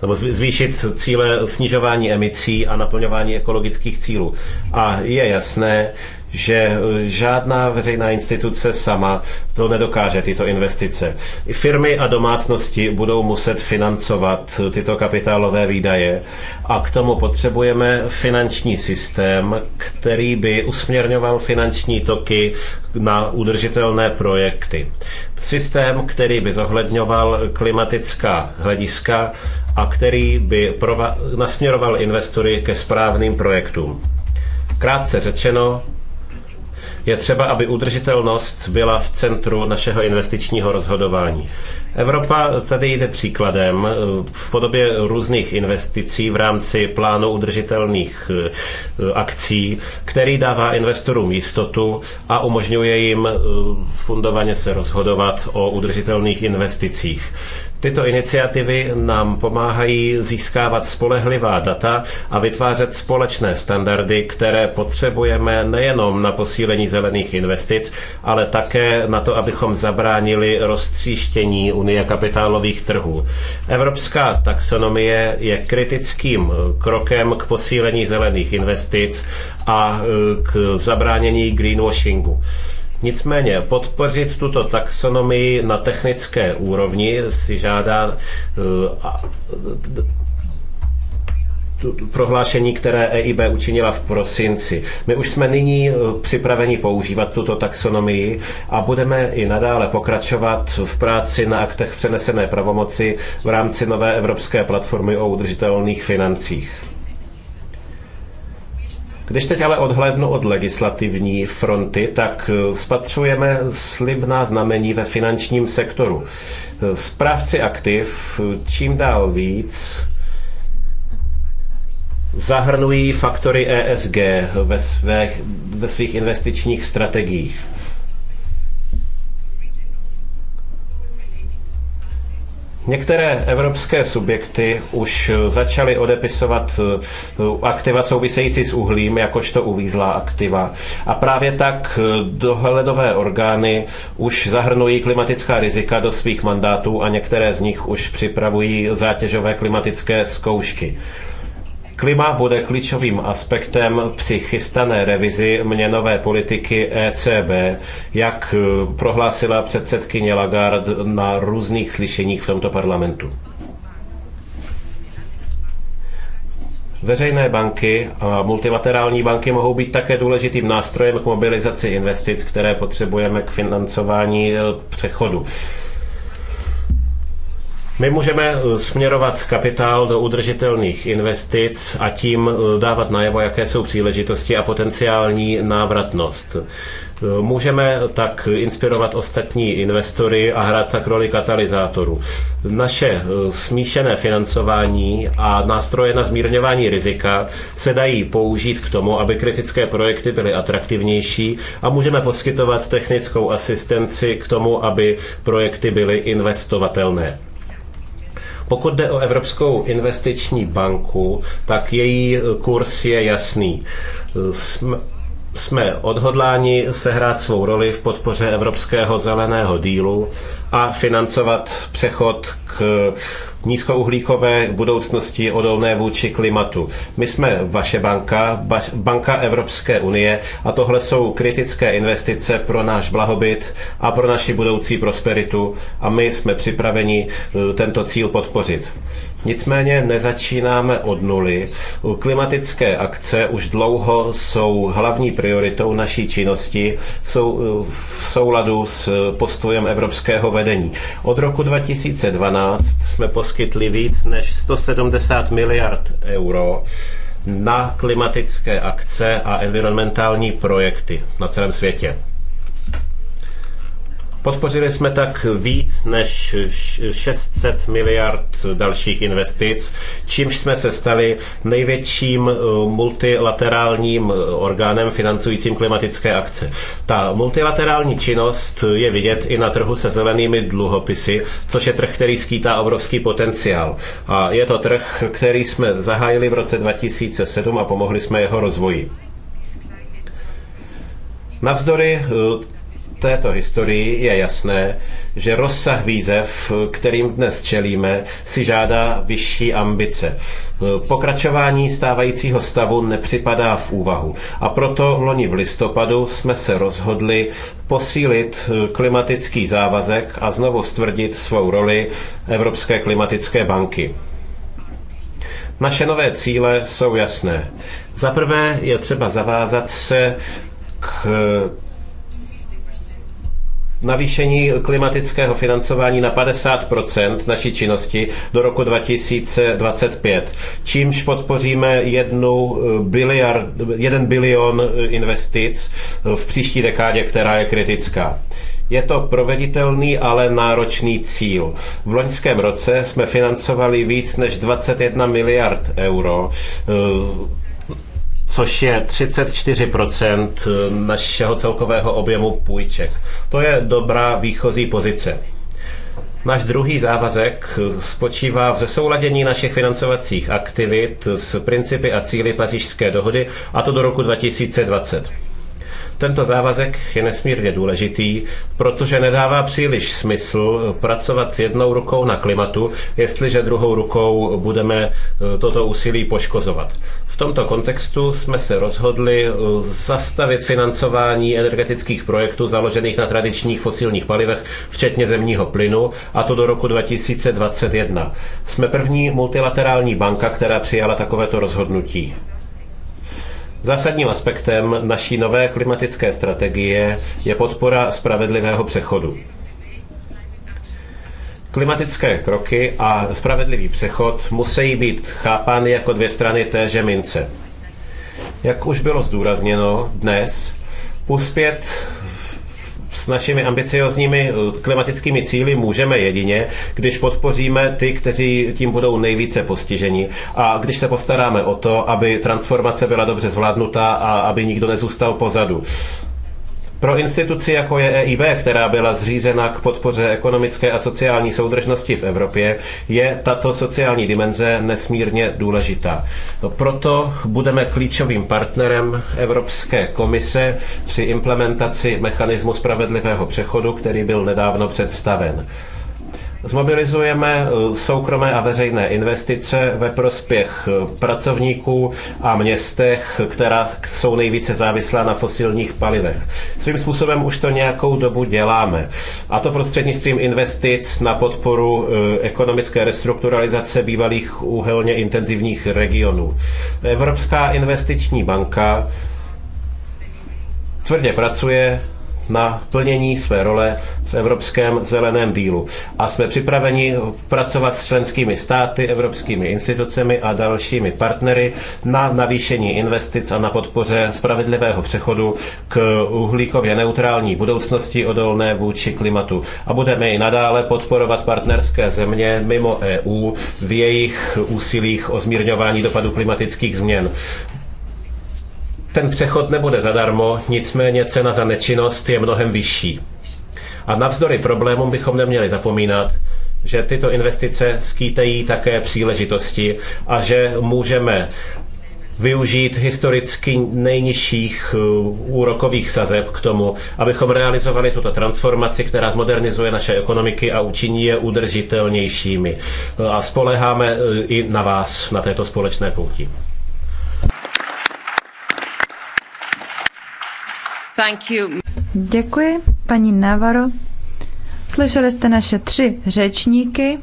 nebo zvýšit cíle snižování emisí a naplňování ekologických cílů. A je jasné, že eh, žádná veřejná instituce sama to nedokáže, tyto investice. Firmy a domácnosti budou muset financovat tyto kapitálové výdaje a k tomu potřebujeme finanční systém, který by usměrňoval finanční toky na udržitelné projekty. Systém, který by zohledňoval klimatická hlediska a který by nasměroval investory ke správným projektům. Krátce řečeno, je třeba, aby udržitelnost byla v centru našeho investičního rozhodování. Evropa tady jde příkladem eh, v podobě různých investicí v rámci plánu udržitelných eh, akcí, který dává investorům jistotu a umožňuje jim eh, fundovaně se rozhodovat o udržitelných investicích. Tyto iniciativy nám pomáhají získávat spolehlivá data a vytvářet společné standardy, které potřebujeme nejenom na posílení zelených investic, ale také na to, abychom zabránili roztříštění unie kapitálových trhů. Evropská taxonomie je kritickým krokem k posílení zelených investic a e, k zabránění greenwashingu. Nicméně podpořit tuto taxonomii na technické úrovni si žádá e, prohlášení, které EIB učinila v prosinci. My už jsme nyní eh, připraveni používat tuto taxonomii a budeme i nadále pokračovat v práci na aktech přenesené pravomoci v rámci nové evropské platformy o udržitelných financích. Když teď ale odhlédnu od legislativní fronty, tak eh, spatřujeme slibná znamení ve finančním sektoru. Eh, správci aktiv čím dál víc zahrnují faktory ESG ve, své, ve svých investičních strategiích. Některé evropské subjekty už začaly odepisovat eh, aktiva související s uhlím, jakožto uvízlá aktiva. A právě tak dohledové orgány už zahrnují klimatická rizika do svých mandátů a některé z nich už připravují zátěžové klimatické zkoušky. Klima bude klíčovým aspektem při chystané revizi měnové politiky ECB, jak eh, prohlásila předsedkyně Lagarde na různých slyšeních v tomto parlamentu. Veřejné banky a multilaterální banky mohou být také důležitým nástrojem k mobilizaci investic, které potřebujeme k financování eh, přechodu. My můžeme eh, směrovat kapitál do udržitelných investic a tím eh, dávat najevo, jaké jsou příležitosti a potenciální návratnost. Eh, můžeme tak inspirovat ostatní investory a hrát tak roli katalyzátoru. Naše smíšené financování a nástroje na zmírňování rizika se dají použít k tomu, aby kritické projekty byly atraktivnější a můžeme poskytovat technickou asistenci k tomu, aby projekty byly investovatelné. Pokud jde o Evropskou investiční banku, tak její eh, kurz je jasný. Jsme, jsme odhodláni sehrát svou roli v podpoře Evropského zeleného dílu a financovat přechod k nízkouhlíkové budoucnosti odolné vůči klimatu. My jsme vaše banka, banka Evropské unie a tohle jsou kritické investice pro náš blahobyt a pro naši budoucí prosperitu a my jsme připraveni e, tento cíl podpořit. Nicméně nezačínáme od nuly. Klimatické akce už dlouho jsou hlavní prioritou naší činnosti e, v souladu s postojem evropského vedení. Od roku 2012 jsme poskytli poskytli víc než 170 miliard euro na klimatické akce a environmentální projekty na celém světě. Podpořili jsme tak víc než 600 miliard dalších investic, čímž jsme se stali největším eh, multilaterálním eh, orgánem financujícím klimatické akce. Ta multilaterální činnost je vidět i na trhu se zelenými dluhopisy, což je trh, který skýtá obrovský potenciál. A je to trh, který jsme zahájili v roce 2007 a pomohli jsme jeho rozvoji. Navzdory eh, této historii je jasné, že rozsah výzev, kterým dnes čelíme, si žádá vyšší ambice. Pokračování stávajícího stavu nepřipadá v úvahu a proto loni v listopadu jsme se rozhodli posílit klimatický závazek a znovu stvrdit svou roli Evropské klimatické banky. Naše nové cíle jsou jasné. Za prvé je třeba zavázat se k navýšení klimatického financování na 50% naší činnosti do roku 2025, čímž podpoříme jednu eh, biliard, jeden bilion eh, investic eh, v příští dekádě, která je kritická. Je to proveditelný, ale náročný cíl. V loňském roce jsme financovali víc než 21 miliard euro což je 34% eh, našeho celkového objemu půjček. To je dobrá výchozí pozice. Náš druhý závazek eh, spočívá v zesouladění našich financovacích aktivit s principy a cíly pařížské dohody, a to do roku 2020. Tento závazek je nesmírně důležitý, protože nedává příliš smysl eh, pracovat jednou rukou na klimatu, jestliže druhou rukou budeme toto úsilí poškozovat. V tomto kontextu jsme se rozhodli eh, zastavit financování energetických projektů založených na tradičních fosilních palivech, včetně zemního plynu, a to do roku 2021. Jsme první multilaterální banka, která přijala takovéto rozhodnutí. Zásadním aspektem naší nové klimatické strategie je podpora spravedlivého přechodu. Klimatické kroky a spravedlivý přechod musí být chápány jako dvě strany téže mince. Jak už bylo zdůrazněno dnes, uspět s našimi ambiciozními eh, klimatickými cíly můžeme jedině, když podpoříme ty, kteří tím budou nejvíce postiženi a když se postaráme o to, aby transformace byla dobře zvládnutá a aby nikdo nezůstal pozadu. Pro instituci jako je EIB, která byla zřízena k podpoře ekonomické a sociální soudržnosti v Evropě, je tato sociální dimenze nesmírně důležitá. No, proto budeme klíčovým partnerem Evropské komise při implementaci mechanismu spravedlivého přechodu, který byl nedávno představen. Zmobilizujeme eh, soukromé a veřejné investice ve prospěch eh, pracovníků a městech, která jsou nejvíce závislá na fosilních palivech. Svým způsobem už to nějakou dobu děláme. A to prostřednictvím investic na podporu eh, ekonomické restrukturalizace bývalých úhelně intenzivních regionů. Evropská investiční banka tvrdě pracuje na plnění své role v Evropském zeleném dílu. A jsme připraveni pracovat s členskými státy, evropskými institucemi a dalšími partnery na navýšení investic a na podpoře spravedlivého přechodu k uhlíkově neutrální budoucnosti odolné vůči klimatu. A budeme i nadále podporovat partnerské země mimo EU v jejich úsilích o zmírňování dopadu klimatických změn. Ten přechod nebude zadarmo, nicméně cena za nečinnost je mnohem vyšší. A navzdory problémům bychom neměli zapomínat, že tyto investice skýtají také příležitosti a že můžeme využít historicky nejnižších uh, úrokových sazeb k tomu, abychom realizovali tuto transformaci, která zmodernizuje naše ekonomiky a učiní je udržitelnějšími. Uh, a spoleháme uh, i na vás na této společné pouti. Děkuji, paní Navaro. Slyšeli jste naše tři řečníky.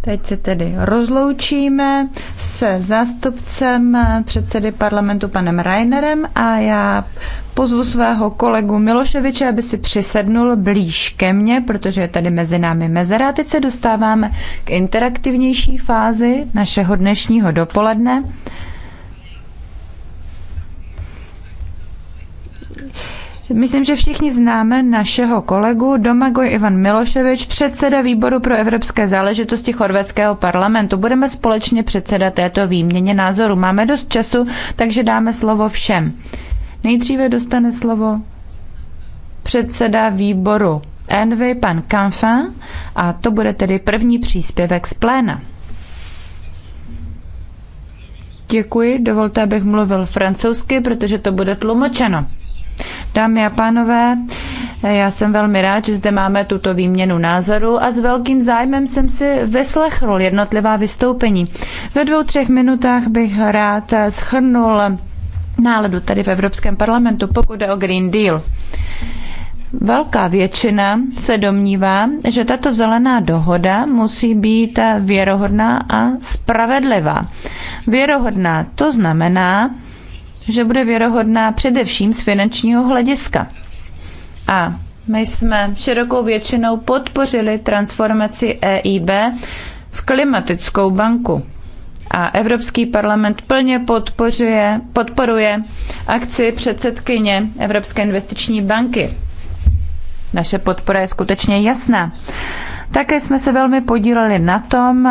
Teď se tedy rozloučíme se zástupcem předsedy parlamentu panem Reinerem a já pozvu svého kolegu Miloševiče, aby si přisednul blíž ke mně, protože je tady mezi námi mezera. Teď se dostáváme k interaktivnější fázi našeho dnešního dopoledne. Myslím, že všichni známe našeho kolegu Domagoj Ivan Miloševič, předseda výboru pro evropské záležitosti chorvatského parlamentu. Budeme společně předseda této výměně názoru. Máme dost času, takže dáme slovo všem. Nejdříve dostane slovo předseda výboru Envy, pan Canfin, a to bude tedy první příspěvek z pléna. Děkuji, dovolte, abych mluvil francouzsky, protože to bude tlumočeno. Dámy a pánové, já jsem velmi rád, že zde máme tuto výměnu názoru a s velkým zájmem jsem si vyslechl jednotlivá vystoupení. Ve dvou, třech minutách bych rád schrnul náladu tady v Evropském parlamentu, pokud jde o Green Deal. Velká většina se domnívá, že tato zelená dohoda musí být věrohodná a spravedlivá. Věrohodná to znamená, že bude věrohodná především z finančního hlediska. A my jsme širokou většinou podpořili transformaci EIB v klimatickou banku. A Evropský parlament plně podporuje akci předsedkyně Evropské investiční banky. Naše podpora je skutečně jasná. Také jsme se velmi podíleli na tom,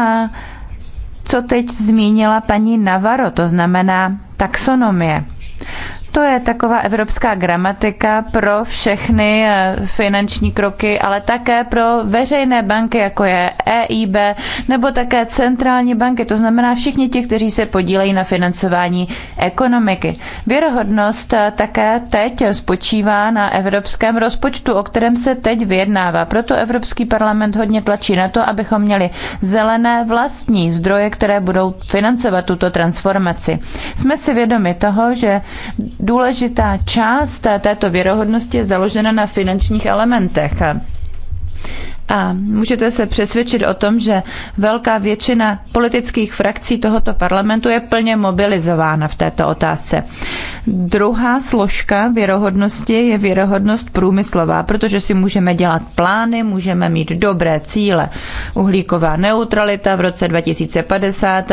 co teď zmínila paní Navaro, to znamená taxonomie. To je taková evropská gramatika pro všechny eh, finanční kroky, ale také pro veřejné banky, jako je EIB, nebo také centrální banky, to znamená všichni ti, kteří se podílejí na financování ekonomiky. Věrohodnost eh, také teď spočívá na evropském rozpočtu, o kterém se teď vyjednává. Proto Evropský parlament hodně tlačí na to, abychom měli zelené vlastní zdroje, které budou financovat tuto transformaci. Jsme si vědomi toho, že důležitá část této věrohodnosti je založena na finančních elementech. A můžete se přesvědčit o tom, že velká většina politických frakcí tohoto parlamentu je plně mobilizována v této otázce. Druhá složka věrohodnosti je věrohodnost průmyslová, protože si můžeme dělat plány, můžeme mít dobré cíle. Uhlíková neutralita v roce 2050,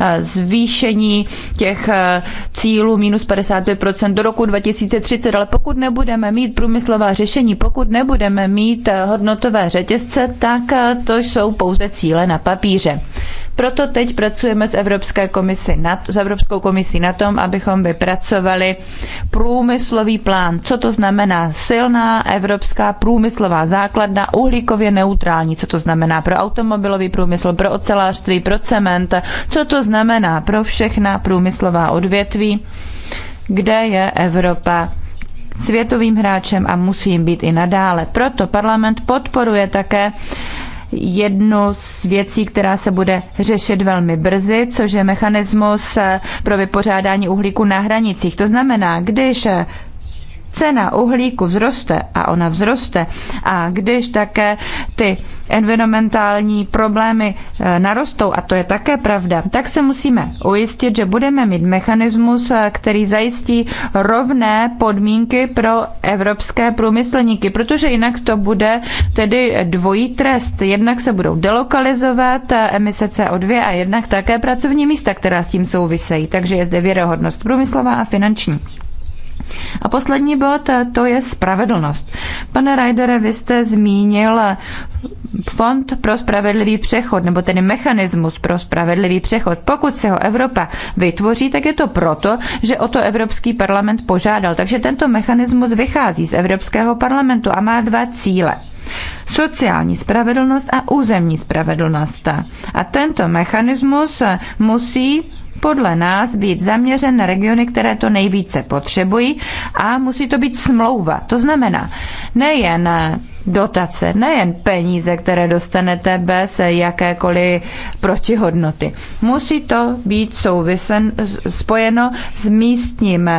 eh, zvýšení těch eh, cílů minus 55% do roku 2030, ale pokud nebudeme mít průmyslová řešení, pokud nebudeme mít eh, hodnotové řeči, řetězce, tak eh, to jsou pouze cíle na papíře. Proto teď pracujeme s, Evropské komisi na, s Evropskou komisí na tom, abychom vypracovali průmyslový plán. Co to znamená silná evropská průmyslová základna, uhlíkově neutrální, co to znamená pro automobilový průmysl, pro ocelářství, pro cement, co to znamená pro všechna průmyslová odvětví, kde je Evropa světovým hráčem a musí jim být i nadále. Proto parlament podporuje také jednu z věcí, která se bude řešit velmi brzy, což je mechanismus eh, pro vypořádání uhlíku na hranicích. To znamená, když cena uhlíku vzroste a ona vzroste a když také ty environmentální problémy e, narostou, a to je také pravda, tak se musíme ujistit, že budeme mít mechanismus, e, který zajistí rovné podmínky pro evropské průmyslníky, protože jinak to bude tedy dvojí trest. Jednak se budou delokalizovat e, emise CO2 a jednak také pracovní místa, která s tím souvisejí. Takže je zde věrohodnost průmyslová a finanční. A poslední bod, eh, to je spravedlnost. Pane Rajdere, vy jste zmínil eh, fond pro spravedlivý přechod, nebo tedy mechanismus pro spravedlivý přechod. Pokud se ho Evropa vytvoří, tak je to proto, že o to Evropský parlament požádal. Takže tento mechanismus vychází z Evropského parlamentu a má dva cíle sociální spravedlnost a územní spravedlnost. A tento mechanismus eh, musí podle nás být zaměřen na regiony, které to nejvíce potřebují a musí to být smlouva. To znamená nejen dotace, nejen peníze, které dostanete bez jakékoliv protihodnoty. Musí to být souvisen, spojeno s místním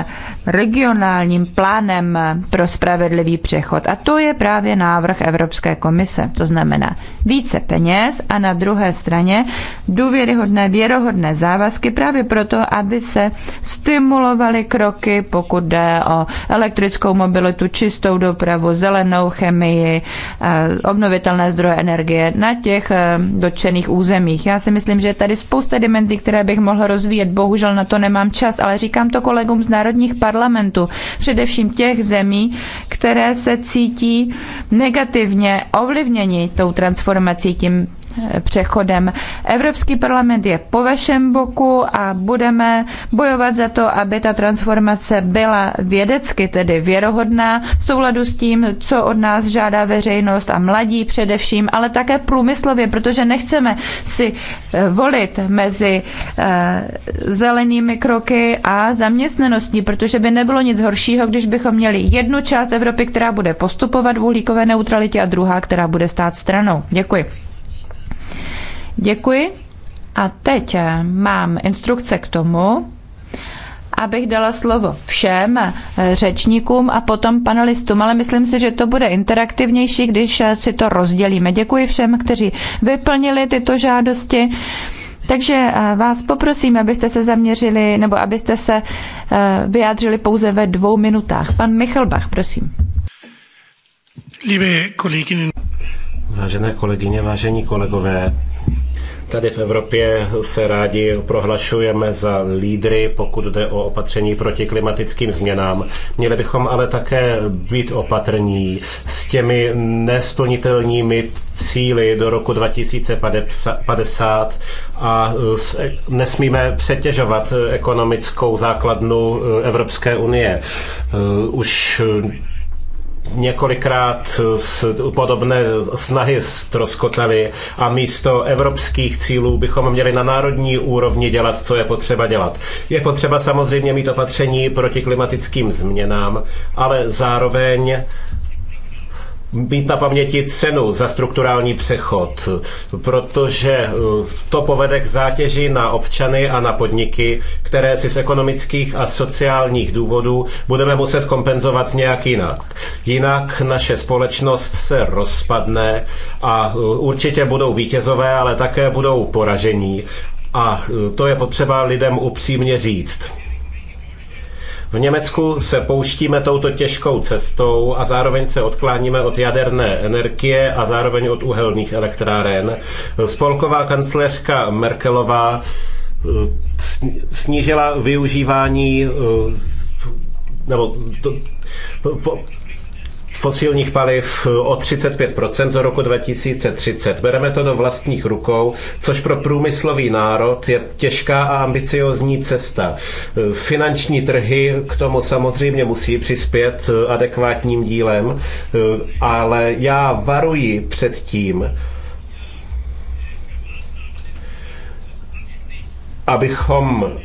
regionálním plánem pro spravedlivý přechod. A to je právě návrh Evropské komise. To znamená více peněz a na druhé straně důvěryhodné, věrohodné závazky právě proto, aby se stimulovaly kroky, pokud jde o elektrickou mobilitu, čistou dopravu, zelenou chemii, Eh, obnovitelné zdroje energie na těch eh, dotčených územích. Já si myslím, že je tady spousta dimenzí, které bych mohl rozvíjet. Bohužel na to nemám čas, ale říkám to kolegům z národních parlamentů, především těch zemí, které se cítí negativně ovlivněni tou transformací, tím přechodem. Evropský parlament je po vašem boku a budeme bojovat za to, aby ta transformace byla vědecky, tedy věrohodná, v souladu s tím, co od nás žádá veřejnost a mladí především, ale také průmyslově, protože nechceme si eh, volit mezi eh, zelenými kroky a zaměstnaností, protože by nebylo nic horšího, když bychom měli jednu část Evropy, která bude postupovat v uhlíkové neutralitě a druhá, která bude stát stranou. Děkuji. Děkuji. A teď mám instrukce k tomu, abych dala slovo všem řečníkům a potom panelistům, ale myslím si, že to bude interaktivnější, když si to rozdělíme. Děkuji všem, kteří vyplnili tyto žádosti. Takže eh, vás poprosím, abyste se zaměřili nebo abyste se eh, vyjádřili pouze ve dvou minutách. Pan Michalbach, prosím. Vážené kolegyně, vážení kolegové, Tady v Evropě se rádi prohlašujeme za lídry, pokud jde o opatření proti klimatickým změnám. Měli bychom ale také být opatrní s těmi nesplnitelnými cíly do roku 2050 a nesmíme přetěžovat ekonomickou základnu Evropské unie. Už Několikrát podobné snahy ztroskotaly a místo evropských cílů bychom měli na národní úrovni dělat, co je potřeba dělat. Je potřeba samozřejmě mít opatření proti klimatickým změnám, ale zároveň mít na paměti cenu za strukturální přechod, protože eh, to povede k zátěži na občany a na podniky, které si z ekonomických a sociálních důvodů budeme muset kompenzovat nějak jinak. Jinak naše společnost se rozpadne a eh, určitě budou vítězové, ale také budou poražení. A eh, to je potřeba lidem upřímně říct. V Německu se pouštíme touto těžkou cestou a zároveň se odkláníme od jaderné energie a zároveň od uhelných elektráren. Spolková kancléřka Merkelová eh, snížila využívání eh, nebo to, po, fosilních paliv eh, o 35% do roku 2030. Bereme to do vlastních rukou, což pro průmyslový národ je těžká a ambiciozní cesta. Eh, finanční trhy k tomu samozřejmě musí přispět eh, adekvátním dílem, ale já varuji před tím, abychom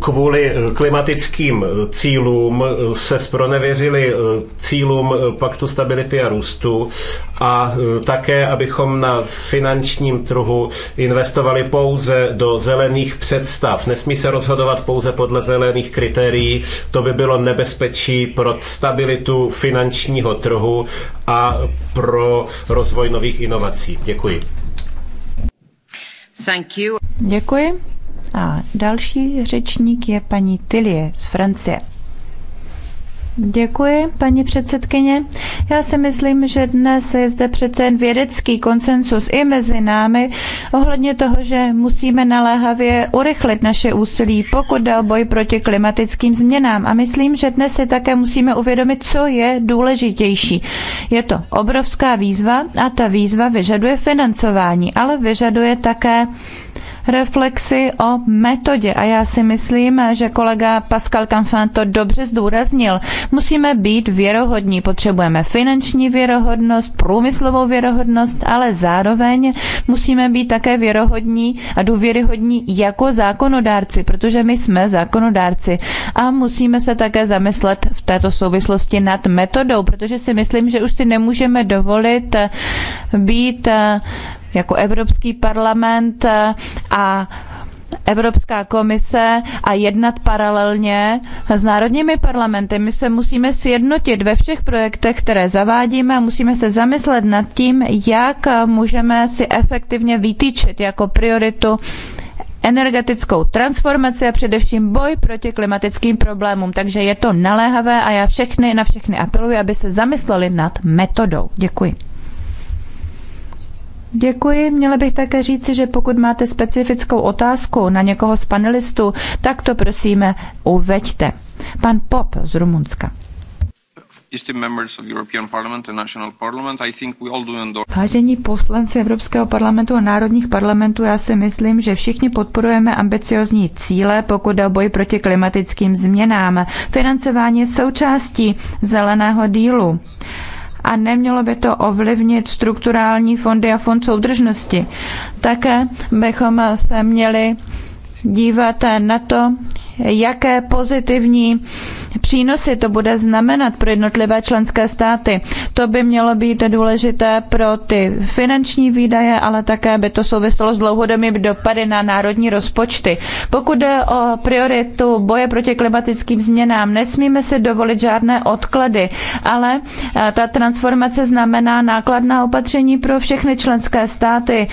kvůli eh, klimatickým eh, cílům eh, se spronevěřili cílům paktu stability a růstu a také, abychom na finančním trhu investovali pouze do zelených představ. Nesmí se rozhodovat pouze podle zelených kritérií, to by bylo nebezpečí pro stabilitu finančního trhu a pro rozvoj nových inovací. Děkuji. Thank you. Děkuji. A další řečník je paní Tilie z Francie. Děkuji, paní předsedkyně. Já si myslím, že dnes je zde přece jen vědecký konsensus i mezi námi ohledně toho, že musíme naléhavě urychlit naše úsilí, pokud jde o boj proti klimatickým změnám. A myslím, že dnes si také musíme uvědomit, co je důležitější. Je to obrovská výzva a ta výzva vyžaduje financování, ale vyžaduje také reflexi o metodě. A já si myslím, že kolega Pascal Canfin to dobře zdůraznil. Musíme být věrohodní. Potřebujeme finanční věrohodnost, průmyslovou věrohodnost, ale zároveň musíme být také věrohodní a důvěryhodní jako zákonodárci, protože my jsme zákonodárci. A musíme se také zamyslet v této souvislosti nad metodou, protože si myslím, že už si nemůžeme dovolit být jako Evropský parlament eh, a Evropská komise a jednat paralelně s národními parlamenty. My se musíme sjednotit ve všech projektech, které zavádíme a musíme se zamyslet nad tím, jak můžeme si efektivně vytýčit jako prioritu energetickou transformaci a především boj proti klimatickým problémům. Takže je to naléhavé a já všechny na všechny apeluji, aby se zamysleli nad metodou. Děkuji. Děkuji. Měla bych také říci, že pokud máte specifickou otázku na někoho z panelistů, tak to prosíme uveďte. Pan Pop z Rumunska. Vážení poslanci Evropského parlamentu a národních parlamentů, já si myslím, že všichni podporujeme ambiciozní cíle, pokud jde o boj proti klimatickým změnám. Financování je součástí zeleného dílu a nemělo by to ovlivnit strukturální fondy a fond soudržnosti. Také bychom se měli dívat na to, jaké pozitivní přínosy to bude znamenat pro jednotlivé členské státy. To by mělo být důležité pro ty finanční výdaje, ale také by to souviselo s dlouhodobými dopady na národní rozpočty. Pokud jde o prioritu boje proti klimatickým změnám, nesmíme si dovolit žádné odklady, ale eh, ta transformace znamená nákladná opatření pro všechny členské státy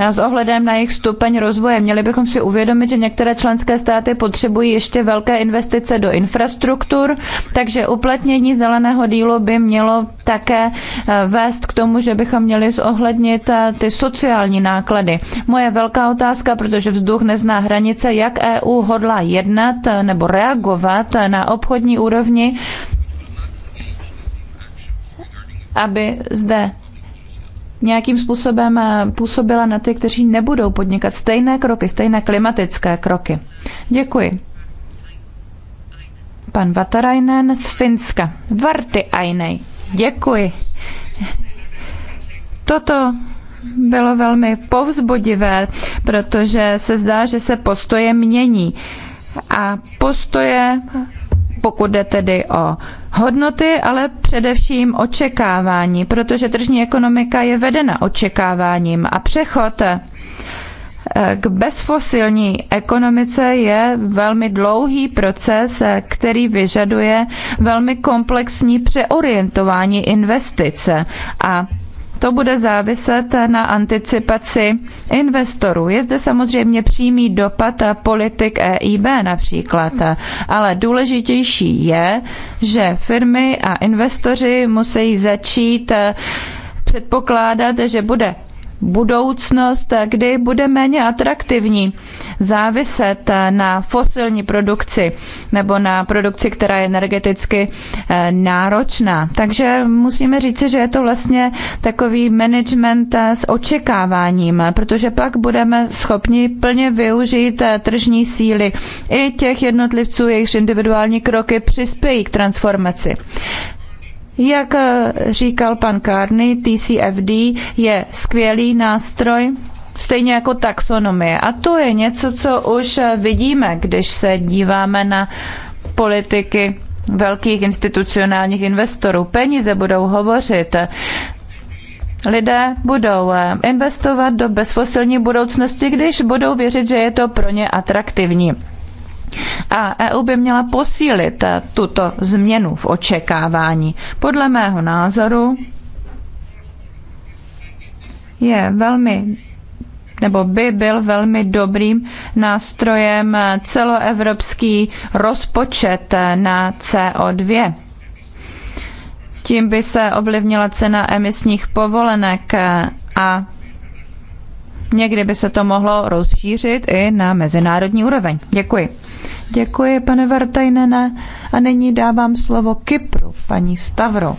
eh, s ohledem na jejich stupeň rozvoje. Měli bychom si uvědomit, že některé členské státy potřebují potřebují ještě velké investice do infrastruktur, takže uplatnění zeleného dílu by mělo také eh, vést k tomu, že bychom měli zohlednit eh, ty sociální náklady. Moje velká otázka, protože vzduch nezná hranice, jak EU hodlá jednat eh, nebo reagovat na obchodní úrovni, aby zde nějakým způsobem působila na ty, kteří nebudou podnikat stejné kroky, stejné klimatické kroky. Děkuji pan Vatarainen z Finska. Varty Ainej. Děkuji. Toto bylo velmi povzbudivé, protože se zdá, že se postoje mění. A postoje, pokud jde tedy o hodnoty, ale především očekávání, protože tržní ekonomika je vedena očekáváním a přechod k bezfosilní ekonomice je velmi dlouhý proces, který vyžaduje velmi komplexní přeorientování investice a to bude záviset na anticipaci investorů. Je zde samozřejmě přímý dopad politik EIB například, ale důležitější je, že firmy a investoři musí začít předpokládat, že bude budoucnost, kdy bude méně atraktivní záviset na fosilní produkci nebo na produkci, která je energeticky eh, náročná. Takže musíme říci, že je to vlastně takový management eh, s očekáváním, protože pak budeme schopni plně využít eh, tržní síly i těch jednotlivců, jejichž individuální kroky přispějí k transformaci. Jak eh, říkal pan Kárny, TCFD je skvělý nástroj, stejně jako taxonomie. A to je něco, co už eh, vidíme, když se díváme na politiky velkých institucionálních investorů. Peníze budou hovořit. Lidé budou eh, investovat do bezfosilní budoucnosti, když budou věřit, že je to pro ně atraktivní. A EU by měla posílit eh, tuto změnu v očekávání. Podle mého názoru je velmi nebo by byl velmi dobrým nástrojem eh, celoevropský rozpočet eh, na CO2. Tím by se ovlivnila cena emisních povolenek a Někdy by se to mohlo rozšířit i na mezinárodní úroveň. Děkuji. Děkuji, pane Vartajnene. A nyní dávám slovo Kypru, paní Stavro.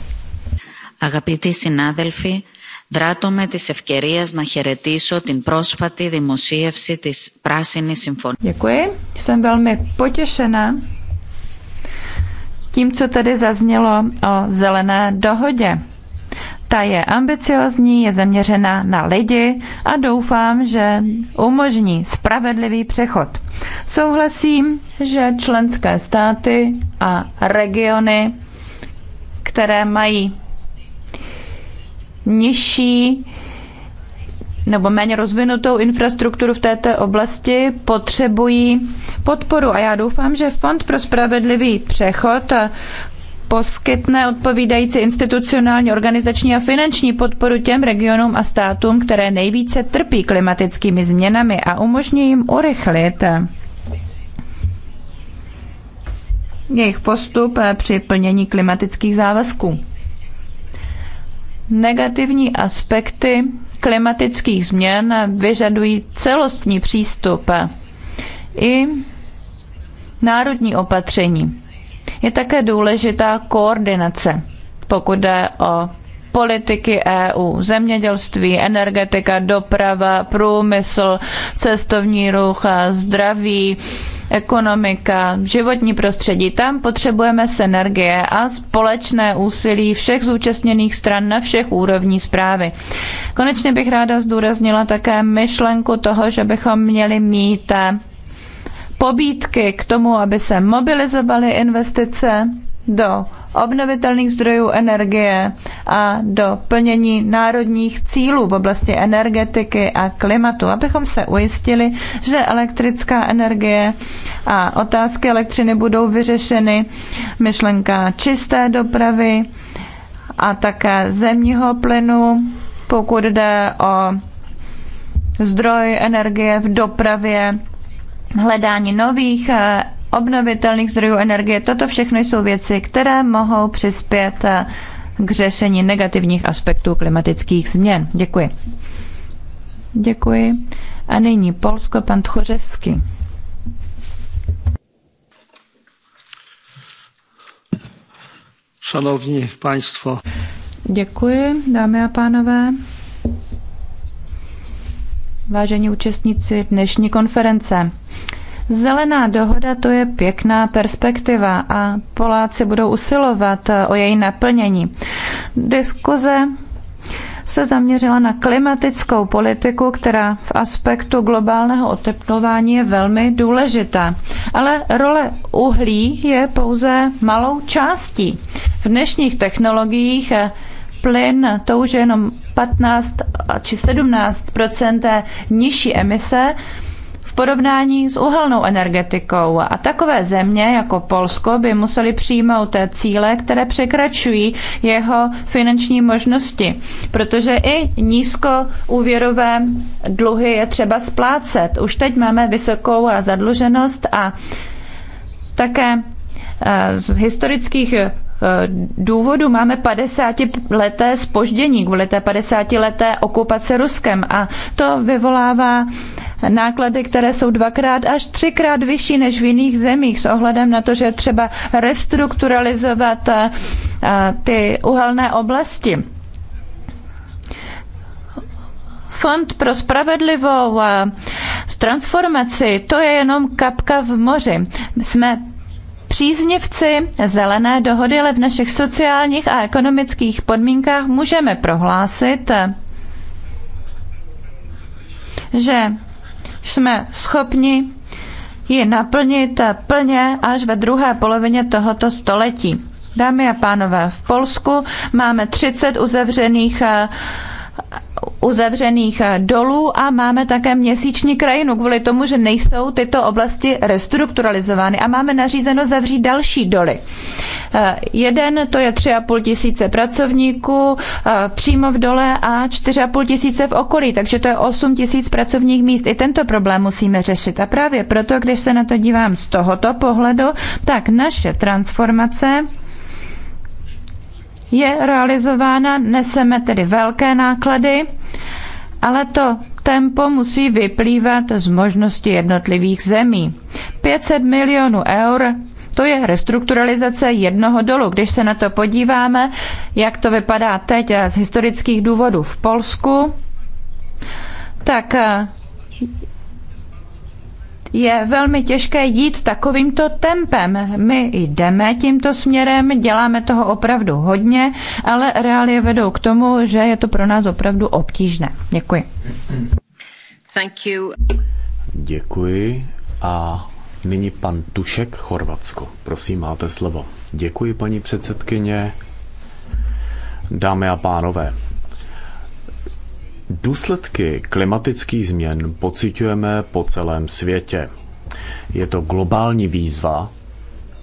Αγαπητοί συνάδελφοι, δράτω με της ευκαιρίας να χαιρετήσω την πρόσφατη δημοσίευση της Πράσινης Συμφωνίας. Děkuji. Jsem velmi potěšena tím, co tady zaznělo o zelené dohodě. Ta je ambiciozní, je zaměřena na lidi a doufám, že umožní spravedlivý přechod. Souhlasím, že členské státy a regiony, které mají nižší nebo méně rozvinutou infrastrukturu v této oblasti potřebují podporu. A já doufám, že Fond pro spravedlivý přechod poskytne odpovídající institucionální, organizační a finanční podporu těm regionům a státům, které nejvíce trpí klimatickými změnami a umožní jim urychlit jejich postup při plnění klimatických závazků. Negativní aspekty klimatických změn vyžadují celostní přístup i národní opatření. Je také důležitá koordinace, pokud jde o politiky EU, zemědělství, energetika, doprava, průmysl, cestovní ruch, zdraví, ekonomika, životní prostředí. Tam potřebujeme synergie a společné úsilí všech zúčastněných stran na všech úrovních zprávy. Konečně bych ráda zdůraznila také myšlenku toho, že bychom měli mít pobídky k tomu, aby se mobilizovaly investice do obnovitelných zdrojů energie a do plnění národních cílů v oblasti energetiky a klimatu, abychom se ujistili, že elektrická energie a otázky elektřiny budou vyřešeny, myšlenka čisté dopravy a také zemního plynu, pokud jde o zdroj energie v dopravě hledání nových eh, obnovitelných zdrojů energie. Toto všechno jsou věci, které mohou přispět eh, k řešení negativních aspektů klimatických změn. Děkuji. Děkuji. A nyní Polsko, pan Tchořevský. Szanowni Państwo. Děkuji, dámy a pánové vážení účastníci dnešní konference. Zelená dohoda to je pěkná perspektiva a Poláci budou usilovat o její naplnění. Diskuze se zaměřila na klimatickou politiku, která v aspektu globálního oteplování je velmi důležitá. Ale role uhlí je pouze malou částí. V dnešních technologiích plyn to už je jenom 15 či 17 nižší emise v porovnání s uhelnou energetikou. A takové země jako Polsko by museli přijmout cíle, které překračují jeho finanční možnosti, protože i nízkoúvěrové dluhy je třeba splácet. Už teď máme vysokou zadluženost a také eh, z historických Eh, důvodu máme 50 leté spoždění kvůli té 50 leté okupace Ruskem a to vyvolává náklady, které jsou dvakrát až třikrát vyšší než v jiných zemích s ohledem na to, že třeba restrukturalizovat eh, ty uhelné oblasti. Fond pro spravedlivou eh, transformaci, to je jenom kapka v moři. Jsme příznivci zelené dohody, ale v našich sociálních a ekonomických podmínkách můžeme prohlásit, že jsme schopni ji naplnit plně až ve druhé polovině tohoto století. Dámy a pánové, v Polsku máme 30 uzavřených uzavřených eh, dolů a máme také měsíční krajinu kvůli tomu, že nejsou tyto oblasti restrukturalizovány a máme nařízeno zavřít další doly. Eh, jeden to je 3,5 tisíce pracovníků eh, přímo v dole a 4,5 tisíce v okolí, takže to je 8 tisíc pracovních míst. I tento problém musíme řešit a právě proto, když se na to dívám z tohoto pohledu, tak naše transformace je realizována, neseme tedy velké náklady, ale to tempo musí vyplývat z možnosti jednotlivých zemí. 500 milionů eur to je restrukturalizace jednoho dolu. Když se na to podíváme, jak to vypadá teď z historických důvodů v Polsku, tak eh, je velmi těžké jít takovýmto tempem. My jdeme tímto směrem, děláme toho opravdu hodně, ale reálie vedou k tomu, že je to pro nás opravdu obtížné. Děkuji. Thank you. Děkuji a nyní pan Tušek, Chorvatsko. Prosím, máte slovo. Děkuji, paní předsedkyně. Dámy a pánové, Důsledky klimatických změn pociťujeme po celém světě. Je to globální výzva,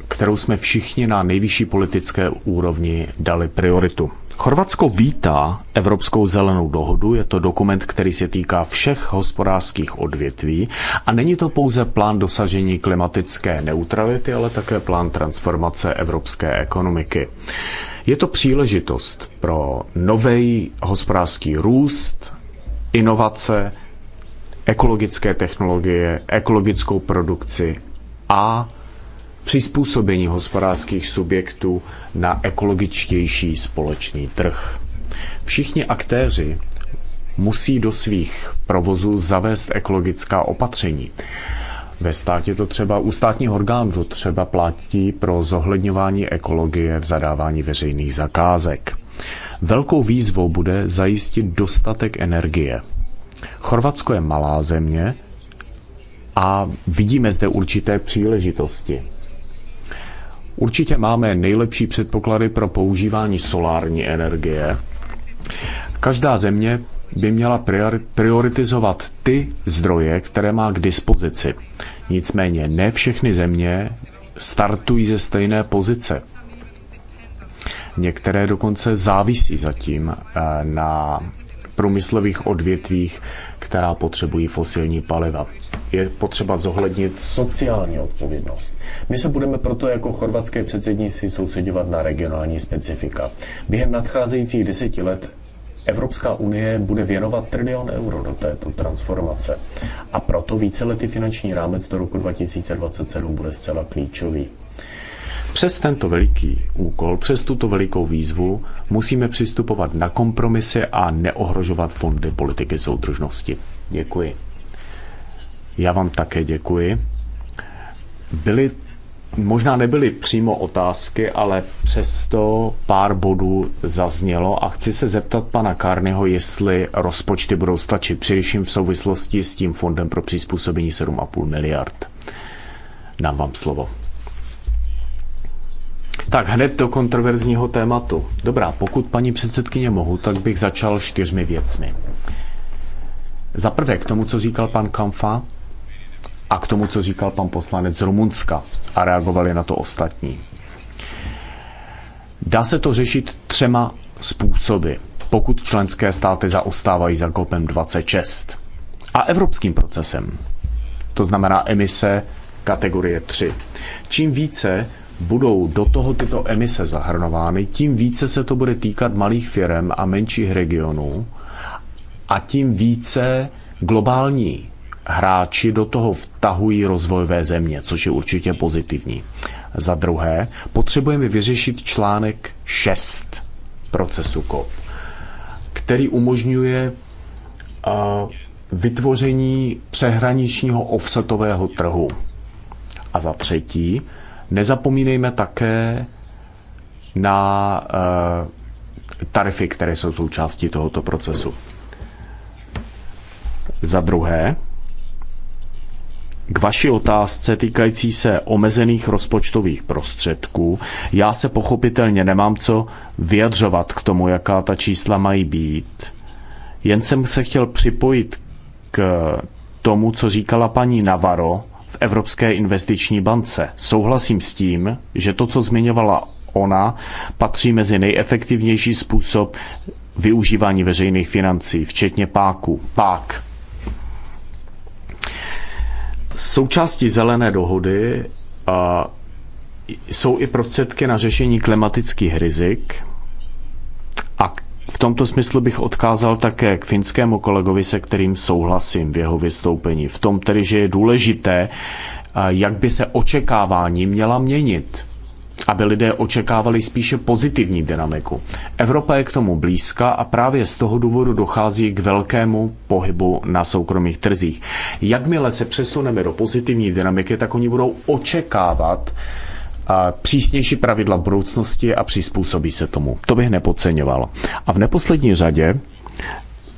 kterou jsme všichni na nejvyšší politické úrovni dali prioritu. Chorvatsko vítá Evropskou zelenou dohodu. Je to dokument, který se týká všech hospodářských odvětví a není to pouze plán dosažení klimatické neutrality, ale také plán transformace evropské ekonomiky. Je to příležitost pro nový hospodářský růst, inovace, ekologické technologie, ekologickou produkci a přizpůsobení hospodářských subjektů na ekologičtější společný trh. Všichni aktéři musí do svých provozů zavést ekologická opatření. Ve státě to třeba, u státních orgánů to třeba platí pro zohledňování ekologie v zadávání veřejných zakázek. Velkou výzvou bude zajistit dostatek energie. Chorvatsko je malá země a vidíme zde určité příležitosti. Určitě máme nejlepší předpoklady pro používání solární energie. Každá země by měla prioritizovat ty zdroje, které má k dispozici. Nicméně ne všechny země startují ze stejné pozice. Některé dokonce závisí zatím eh, na průmyslových odvětvích, která potřebují fosilní paliva je potřeba zohlednit sociální odpovědnost. My se budeme proto jako chorvatské předsednictví soustředovat na regionální specifika. Během nadcházejících deseti let Evropská unie bude věnovat trilion euro do této transformace a proto víceletý finanční rámec do roku 2027 bude zcela klíčový. Přes tento veliký úkol, přes tuto velikou výzvu musíme přistupovat na kompromisy a neohrožovat fondy politiky soudržnosti. Děkuji. Já vám také děkuji. Byly, možná nebyly přímo otázky, ale přesto pár bodů zaznělo a chci se zeptat pana Karneho, jestli rozpočty budou stačit, především v souvislosti s tím fondem pro přizpůsobení 7,5 miliard. Dám vám slovo. Tak hned do kontroverzního tématu. Dobrá, pokud paní předsedkyně mohu, tak bych začal čtyřmi věcmi. Za prvé k tomu, co říkal pan Kamfa, a k tomu, co říkal pan poslanec z Rumunska a reagovali na to ostatní. Dá se to řešit třema způsoby, pokud členské státy zaostávají za kopem 26 a evropským procesem, to znamená emise kategorie 3. Čím více budou do toho tyto emise zahrnovány, tím více se to bude týkat malých firm a menších regionů a tím více globální hráči do toho vtahují rozvojové země, což je určitě pozitivní. Za druhé, potřebujeme vyřešit článek 6 procesu COP, který umožňuje eh, vytvoření přehraničního offsetového trhu. A za třetí, nezapomínejme také na eh, tarify, které jsou součástí tohoto procesu. Za druhé, k vaší otázce týkající se omezených rozpočtových prostředků, já se pochopitelně nemám co vyjadřovat k tomu, jaká ta čísla mají být. Jen jsem se chtěl připojit k tomu, co říkala paní Navaro v Evropské investiční bance. Souhlasím s tím, že to, co zmiňovala ona, patří mezi nejefektivnější způsob využívání veřejných financí, včetně páku. Pák Součástí zelené dohody a, jsou i prostředky na řešení klimatických rizik a v tomto smyslu bych odkázal také k finskému kolegovi, se kterým souhlasím v jeho vystoupení. V tom tedy, že je důležité, jak by se očekávání měla měnit aby lidé očekávali spíše pozitivní dynamiku. Evropa je k tomu blízka a právě z toho důvodu dochází k velkému pohybu na soukromých trzích. Jakmile se přesuneme do pozitivní dynamiky, tak oni budou očekávat a přísnější pravidla v budoucnosti a přizpůsobí se tomu. To bych nepodceňoval. A v neposlední řadě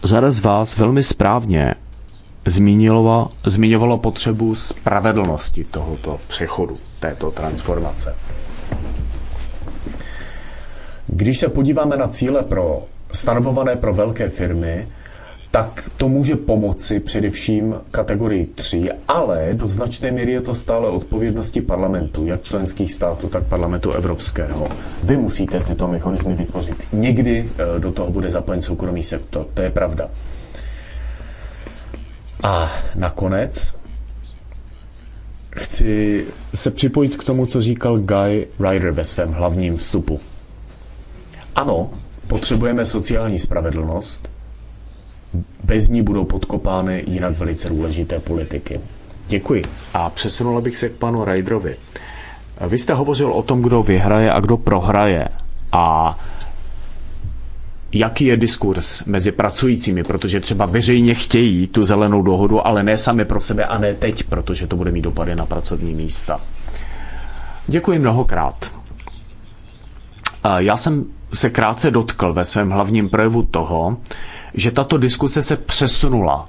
řada z vás velmi správně zmiňovala zmiňovalo potřebu spravedlnosti tohoto přechodu, této transformace. Když se podíváme na cíle pro stanovované pro velké firmy, tak to může pomoci především kategorii 3, ale do značné míry je to stále odpovědnosti parlamentu, jak členských států, tak parlamentu evropského. Vy musíte tyto mechanismy vytvořit. Někdy eh, do toho bude zapojen soukromý sektor, to je pravda. A nakonec chci se připojit k tomu, co říkal Guy Ryder ve svém hlavním vstupu. Ano, potřebujeme sociální spravedlnost, bez ní budou podkopány jinak velice důležité politiky. Děkuji. A přesunula bych se k panu Rajdrovi. Vy jste hovořil o tom, kdo vyhraje a kdo prohraje. A jaký je diskurs mezi pracujícími, protože třeba veřejně chtějí tu zelenou dohodu, ale ne sami pro sebe a ne teď, protože to bude mít dopady na pracovní místa. Děkuji mnohokrát. Já jsem se krátce dotkl ve svém hlavním projevu toho, že tato diskuse se přesunula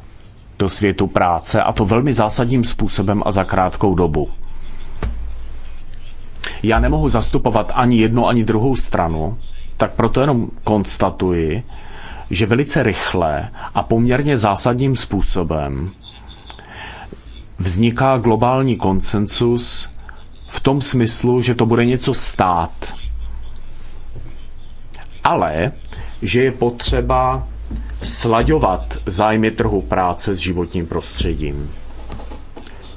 do světu práce a to velmi zásadním způsobem a za krátkou dobu. Já nemohu zastupovat ani jednu, ani druhou stranu, tak proto jenom konstatuji, že velice rychle a poměrně zásadním způsobem vzniká globální konsensus v tom smyslu, že to bude něco stát ale že je potřeba slaďovat zájmy trhu práce s životním prostředím.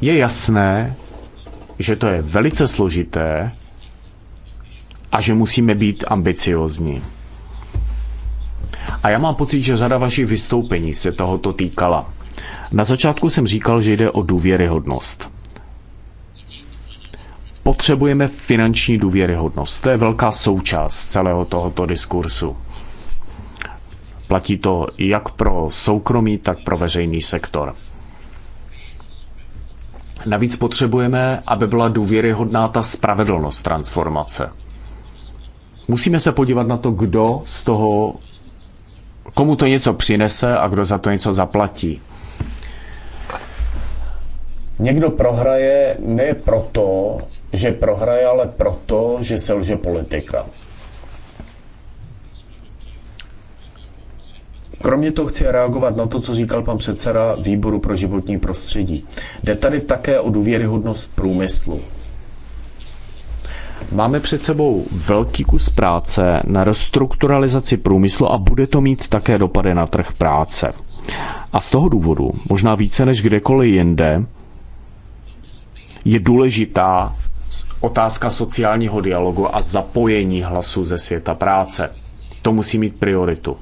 Je jasné, že to je velice složité a že musíme být ambiciozní. A já mám pocit, že řada vašich vystoupení se tohoto týkala. Na začátku jsem říkal, že jde o důvěryhodnost potřebujeme finanční důvěryhodnost. To je velká součást celého tohoto diskursu. Platí to jak pro soukromý, tak pro veřejný sektor. Navíc potřebujeme, aby byla důvěryhodná ta spravedlnost transformace. Musíme se podívat na to, kdo z toho, komu to něco přinese a kdo za to něco zaplatí. Někdo prohraje ne proto, že prohraje ale proto, že se lže politika. Kromě toho chci reagovat na to, co říkal pan předseda Výboru pro životní prostředí. Jde tady také o důvěryhodnost průmyslu. Máme před sebou velký kus práce na restrukturalizaci průmyslu a bude to mít také dopady na trh práce. A z toho důvodu, možná více než kdekoliv jinde, je důležitá otázka sociálního dialogu a zapojení hlasu ze světa práce. To musí mít prioritu.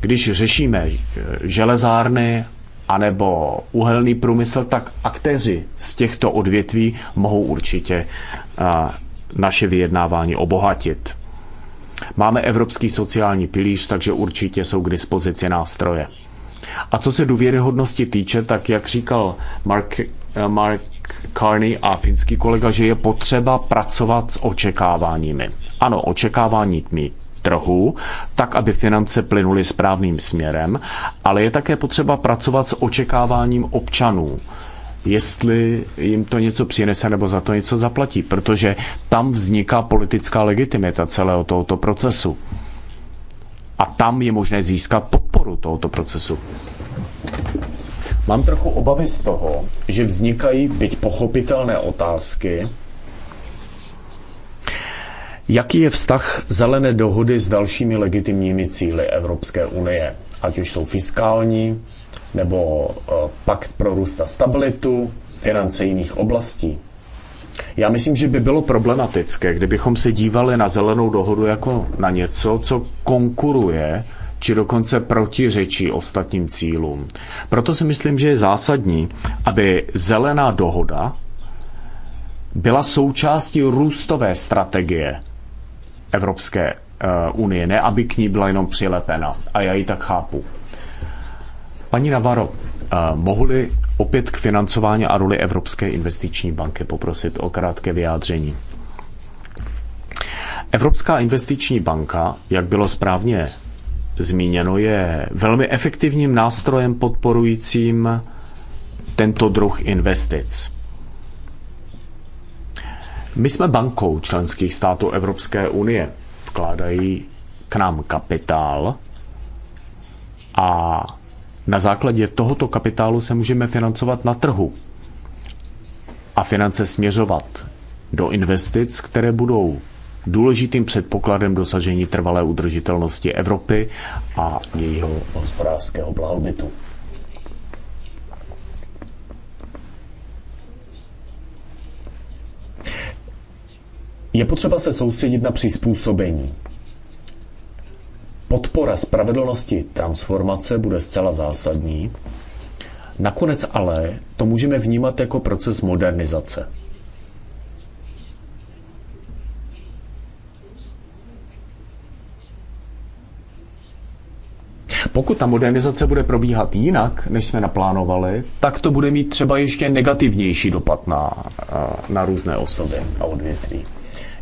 Když řešíme eh, železárny anebo uhelný průmysl, tak aktéři z těchto odvětví mohou určitě eh, naše vyjednávání obohatit. Máme evropský sociální pilíř, takže určitě jsou k dispozici nástroje. A co se důvěryhodnosti týče, tak jak říkal Mark, eh, Mark Carney a finský kolega, že je potřeba pracovat s očekáváními. Ano, očekávání tmí trhu, tak, aby finance plynuly správným směrem, ale je také potřeba pracovat s očekáváním občanů, jestli jim to něco přinese nebo za to něco zaplatí, protože tam vzniká politická legitimita celého tohoto procesu. A tam je možné získat podporu tohoto procesu. Mám trochu obavy z toho, že vznikají byť pochopitelné otázky, Jaký je vztah zelené dohody s dalšími legitimními cíly Evropské unie, ať už jsou fiskální, nebo eh, pakt pro růst a stabilitu, finance jiných oblastí? Já myslím, že by bylo problematické, kdybychom se dívali na zelenou dohodu jako na něco, co konkuruje či dokonce protiřečí ostatním cílům. Proto si myslím, že je zásadní, aby zelená dohoda byla součástí růstové strategie Evropské eh, unie, ne aby k ní byla jenom přilepena. A já ji tak chápu. Paní Navaro, eh, mohli opět k financování a roli Evropské investiční banky poprosit o krátké vyjádření. Evropská investiční banka, jak bylo správně zmíněno, je velmi efektivním nástrojem podporujícím tento druh investic. My jsme bankou členských států Evropské unie. Vkládají k nám kapitál a na základě tohoto kapitálu se můžeme financovat na trhu a finance směřovat do investic, které budou důležitým předpokladem dosažení trvalé udržitelnosti Evropy a jejího hospodářského blahobytu. Je potřeba se soustředit na přizpůsobení. Podpora spravedlnosti transformace bude zcela zásadní. Nakonec ale to můžeme vnímat jako proces modernizace. Pokud ta modernizace bude probíhat jinak, než jsme naplánovali, tak to bude mít třeba ještě negativnější dopad na, eh, na různé osoby a odvětví.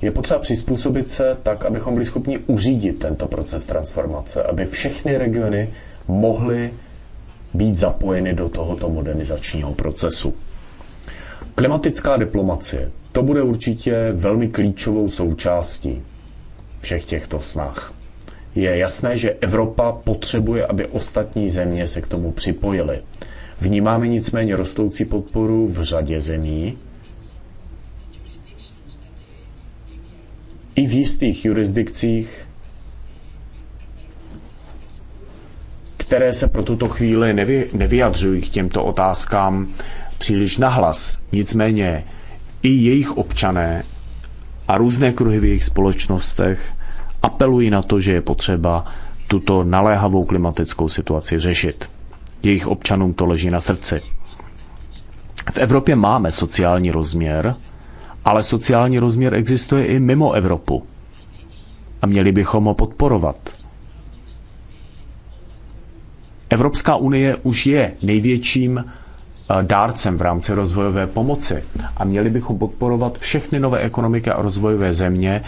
Je potřeba přizpůsobit se tak, abychom byli schopni uřídit tento proces transformace, aby všechny regiony mohly být zapojeny do tohoto modernizačního procesu. Klimatická diplomacie. To bude určitě velmi klíčovou součástí všech těchto snah. Je jasné, že Evropa potřebuje, aby ostatní země se k tomu připojily. Vnímáme nicméně rostoucí podporu v řadě zemí. I v jistých jurisdikcích, které se pro tuto chvíli nevy, nevyjadřují k těmto otázkám příliš nahlas. Nicméně i jejich občané a různé kruhy v jejich společnostech apelují na to, že je potřeba tuto naléhavou klimatickou situaci řešit. Jejich občanům to leží na srdci. V Evropě máme sociální rozměr, ale sociální rozměr existuje i mimo Evropu. A měli bychom ho podporovat. Evropská unie už je největším eh, dárcem v rámci rozvojové pomoci a měli bychom podporovat všechny nové ekonomiky a rozvojové země,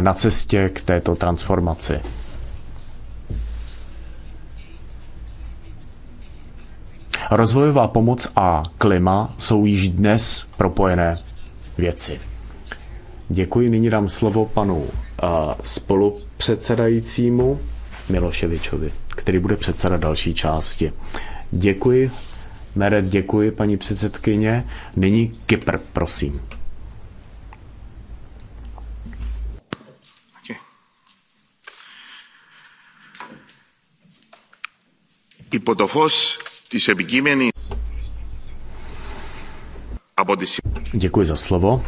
na cestě k této transformaci. Rozvojová pomoc a klima jsou již dnes propojené věci. Děkuji, nyní dám slovo panu spolupředsedajícímu Miloševičovi, který bude předseda další části. Děkuji, Meret, děkuji, paní předsedkyně. Nyní Kypr, prosím. υπό το φως της επικείμενης από τη Děkuji za slovo.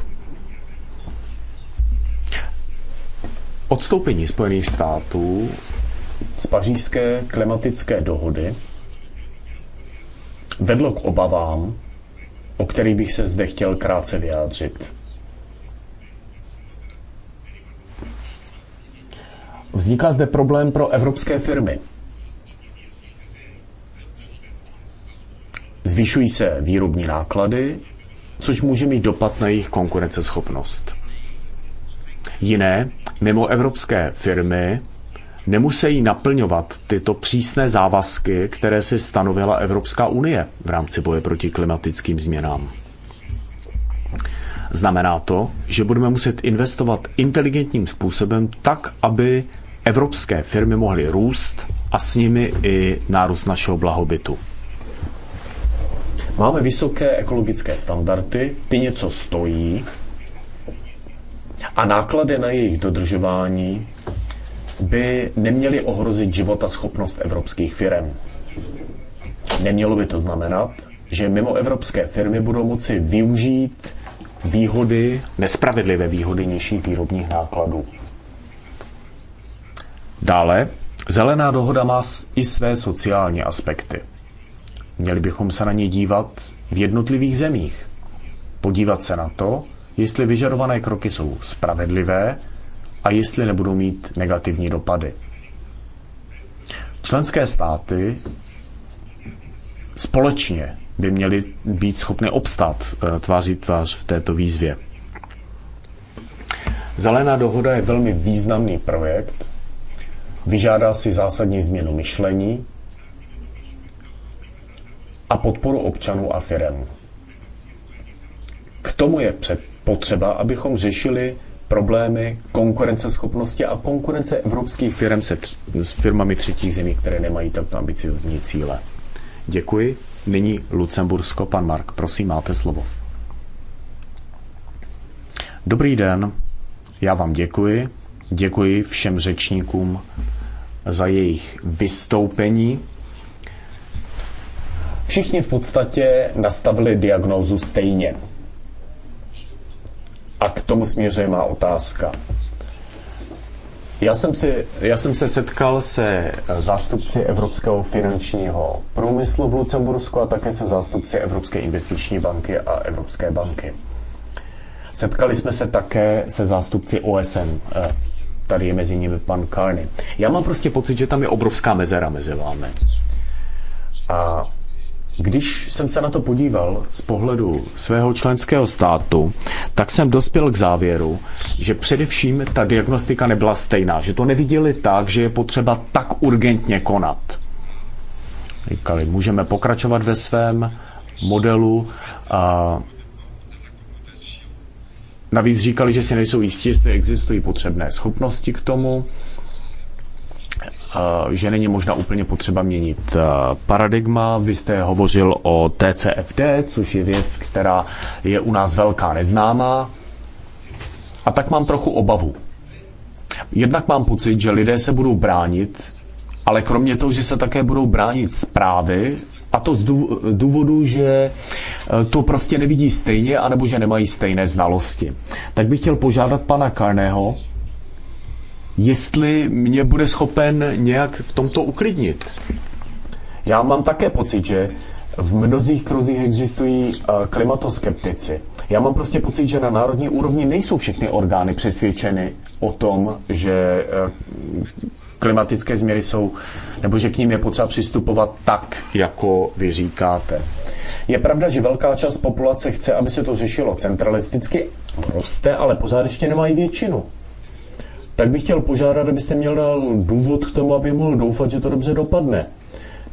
Odstoupení Spojených států z pařížské klimatické dohody vedlo k obavám, o kterých bych se zde chtěl krátce vyjádřit. Vzniká zde problém pro evropské firmy. Zvýšují se výrobní náklady, což může mít dopad na jejich konkurenceschopnost. Jiné, mimo evropské firmy, nemusí naplňovat tyto přísné závazky, které si stanovila Evropská unie v rámci boje proti klimatickým změnám. Znamená to, že budeme muset investovat inteligentním způsobem tak, aby evropské firmy mohly růst a s nimi i nárůst našeho blahobytu. Máme vysoké ekologické standardy, ty něco stojí a náklady na jejich dodržování by neměly ohrozit život a schopnost evropských firm. Nemělo by to znamenat, že mimo evropské firmy budou moci využít výhody, nespravedlivé výhody nižších výrobních nákladů. Dále, zelená dohoda má i své sociální aspekty. Měli bychom se na ně dívat v jednotlivých zemích. Podívat se na to, jestli vyžadované kroky jsou spravedlivé a jestli nebudou mít negativní dopady. Členské státy společně by měly být schopny obstát eh, tváří tvář v této výzvě. Zelená dohoda je velmi významný projekt, vyžádá si zásadní změnu myšlení, a podporu občanů a firem. K tomu je potřeba, abychom řešili problémy konkurenceschopnosti a konkurence evropských firm se tři, s firmami třetích zemí, které nemají takto ambiciozní cíle. Děkuji. Nyní Lucembursko, pan Mark, prosím, máte slovo. Dobrý den, já vám děkuji. Děkuji všem řečníkům za jejich vystoupení všichni v podstatě nastavili diagnózu stejně. A k tomu směřuje má otázka. Já jsem, si, já jsem se setkal se zástupci evropského finančního průmyslu v Lucembursku a také se zástupci Evropské investiční banky a Evropské banky. Setkali jsme se také se zástupci OSN. Eh, tady je mezi nimi pan Carney. Já mám prostě pocit, že tam je obrovská mezera mezi vámi. A když jsem se na to podíval z pohledu svého členského státu, tak jsem dospěl k závěru, že především ta diagnostika nebyla stejná, že to neviděli tak, že je potřeba tak urgentně konat. Říkali, můžeme pokračovat ve svém modelu. A navíc říkali, že si nejsou jistí, jestli existují potřebné schopnosti k tomu. Eh, že není možná úplně potřeba měnit eh, paradigma. Vy jste hovořil o TCFD, což je věc, která je u nás velká neznámá. A tak mám trochu obavu. Jednak mám pocit, že lidé se budou bránit, ale kromě toho, že se také budou bránit zprávy, a to z důvodu, že eh, to prostě nevidí stejně, anebo že nemají stejné znalosti. Tak bych chtěl požádat pana Karného, jestli mě bude schopen nějak v tomto uklidnit. Já mám také pocit, že v mnozích kruzích existují eh, klimatoskeptici. Já mám prostě pocit, že na národní úrovni nejsou všechny orgány přesvědčeny o tom, že eh, klimatické změny jsou, nebo že k ním je potřeba přistupovat tak, jako vy říkáte. Je pravda, že velká část populace chce, aby se to řešilo centralisticky, prostě, ale pořád ještě nemají většinu tak bych chtěl požádat, abyste měl dal důvod k tomu, aby mohl doufat, že to dobře dopadne.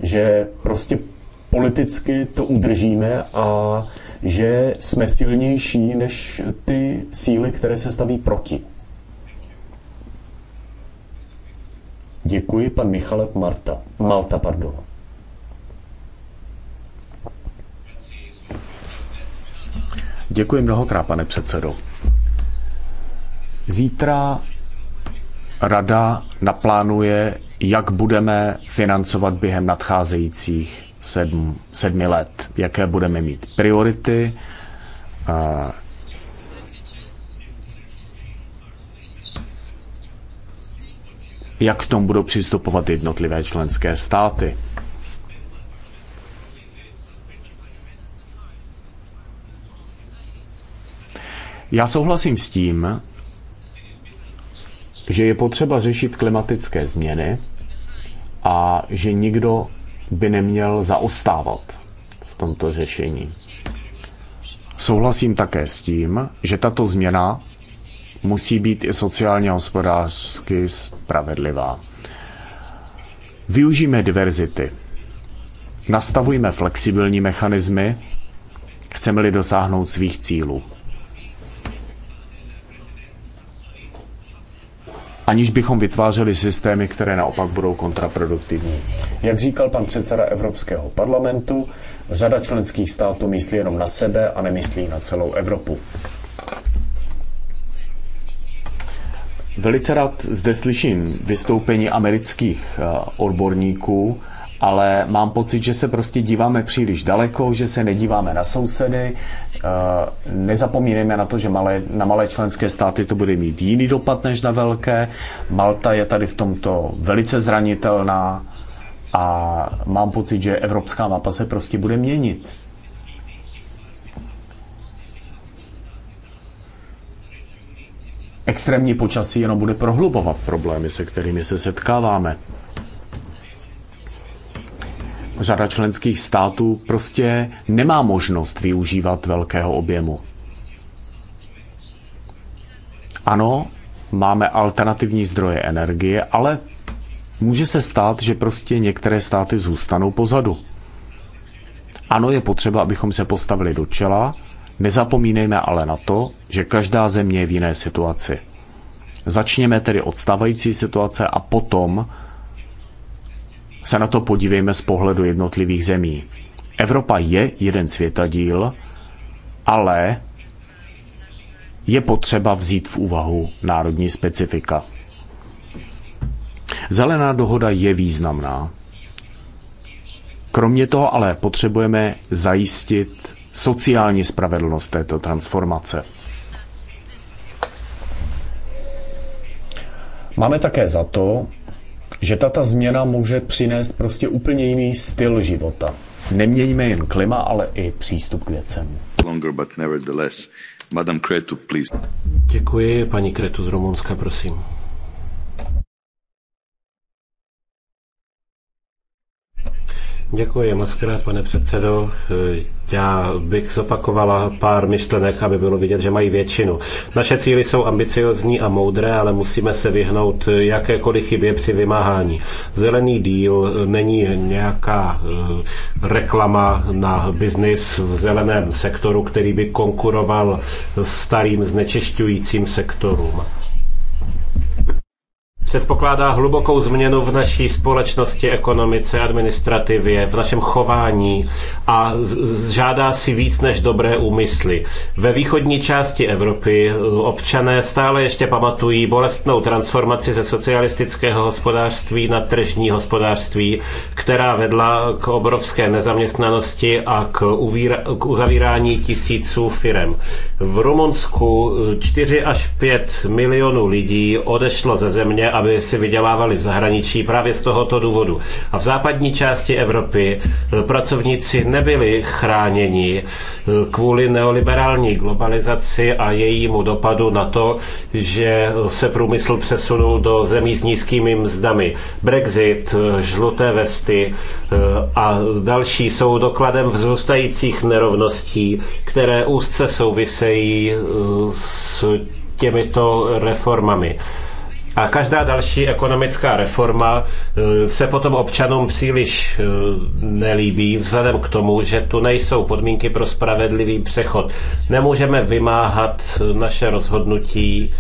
Že prostě politicky to udržíme a že jsme silnější než ty síly, které se staví proti. Děkuji, pan Michalek Marta. Malta, pardon. Děkuji mnohokrát, pane předsedo. Zítra rada naplánuje, jak budeme financovat během nadcházejících sedm, sedmi let, jaké budeme mít priority, a jak k tomu budou přistupovat jednotlivé členské státy. Já souhlasím s tím, že je potřeba řešit klimatické změny a že nikdo by neměl zaostávat v tomto řešení. Souhlasím také s tím, že tato změna musí být i sociálně a hospodářsky spravedlivá. Využijme diverzity. Nastavujme flexibilní mechanismy, chceme-li dosáhnout svých cílů. aniž bychom vytvářeli systémy, které naopak budou kontraproduktivní. Jak říkal pan předseda Evropského parlamentu, řada členských států myslí jenom na sebe a nemyslí na celou Evropu. Velice rád zde slyším vystoupení amerických eh, odborníků, ale mám pocit, že se prostě díváme příliš daleko, že se nedíváme na sousedy, Eh, nezapomínejme na to, že malé, na malé členské státy to bude mít jiný dopad než na velké. Malta je tady v tomto velice zranitelná a mám pocit, že evropská mapa se prostě bude měnit. Extrémní počasí jenom bude prohlubovat problémy, se kterými se setkáváme. Řada členských států prostě nemá možnost využívat velkého objemu. Ano, máme alternativní zdroje energie, ale může se stát, že prostě některé státy zůstanou pozadu. Ano, je potřeba, abychom se postavili do čela, nezapomínejme ale na to, že každá země je v jiné situaci. Začněme tedy od stávající situace a potom se na to podívejme z pohledu jednotlivých zemí. Evropa je jeden světadíl, ale je potřeba vzít v úvahu národní specifika. Zelená dohoda je významná. Kromě toho ale potřebujeme zajistit sociální spravedlnost této transformace. Máme také za to, že tato změna může přinést prostě úplně jiný styl života. Neměníme jen klima, ale i přístup k věcem. Longer, but nevertheless. Kretu, please. Děkuji, paní Kretu z Rumunska, prosím. Děkuji moc krát, pane předsedo. Já bych zopakovala pár myšlenek, aby bylo vidět, že mají většinu. Naše cíly jsou ambiciozní a moudré, ale musíme se vyhnout jakékoliv chybě při vymáhání. Zelený díl není nějaká eh, reklama na biznis v zeleném sektoru, který by konkuroval starým znečišťujícím sektorům předpokládá hlubokou změnu v naší společnosti, ekonomice, administrativě, v našem chování a žádá si víc než dobré úmysly. Ve východní části Evropy eh, občané stále ještě pamatují bolestnou transformaci ze socialistického hospodářství na tržní hospodářství, která vedla k obrovské nezaměstnanosti a k, uvíra- k uzavírání tisíců firem. V Rumunsku 4 eh, až 5 milionů lidí odešlo ze země aby si vydělávali v zahraničí právě z tohoto důvodu. A v západní části Evropy eh, pracovníci nebyli chráněni eh, kvůli neoliberální globalizaci a jejímu dopadu na to, že se průmysl přesunul do zemí s nízkými mzdami. Brexit, eh, žluté vesty a další jsou dokladem vzrůstajících nerovností, které úzce souvisejí s těmito reformami. A každá další ekonomická reforma eh, se potom občanům příliš eh, nelíbí, vzhledem k tomu, že tu nejsou podmínky pro spravedlivý přechod. Nemůžeme vymáhat eh, naše rozhodnutí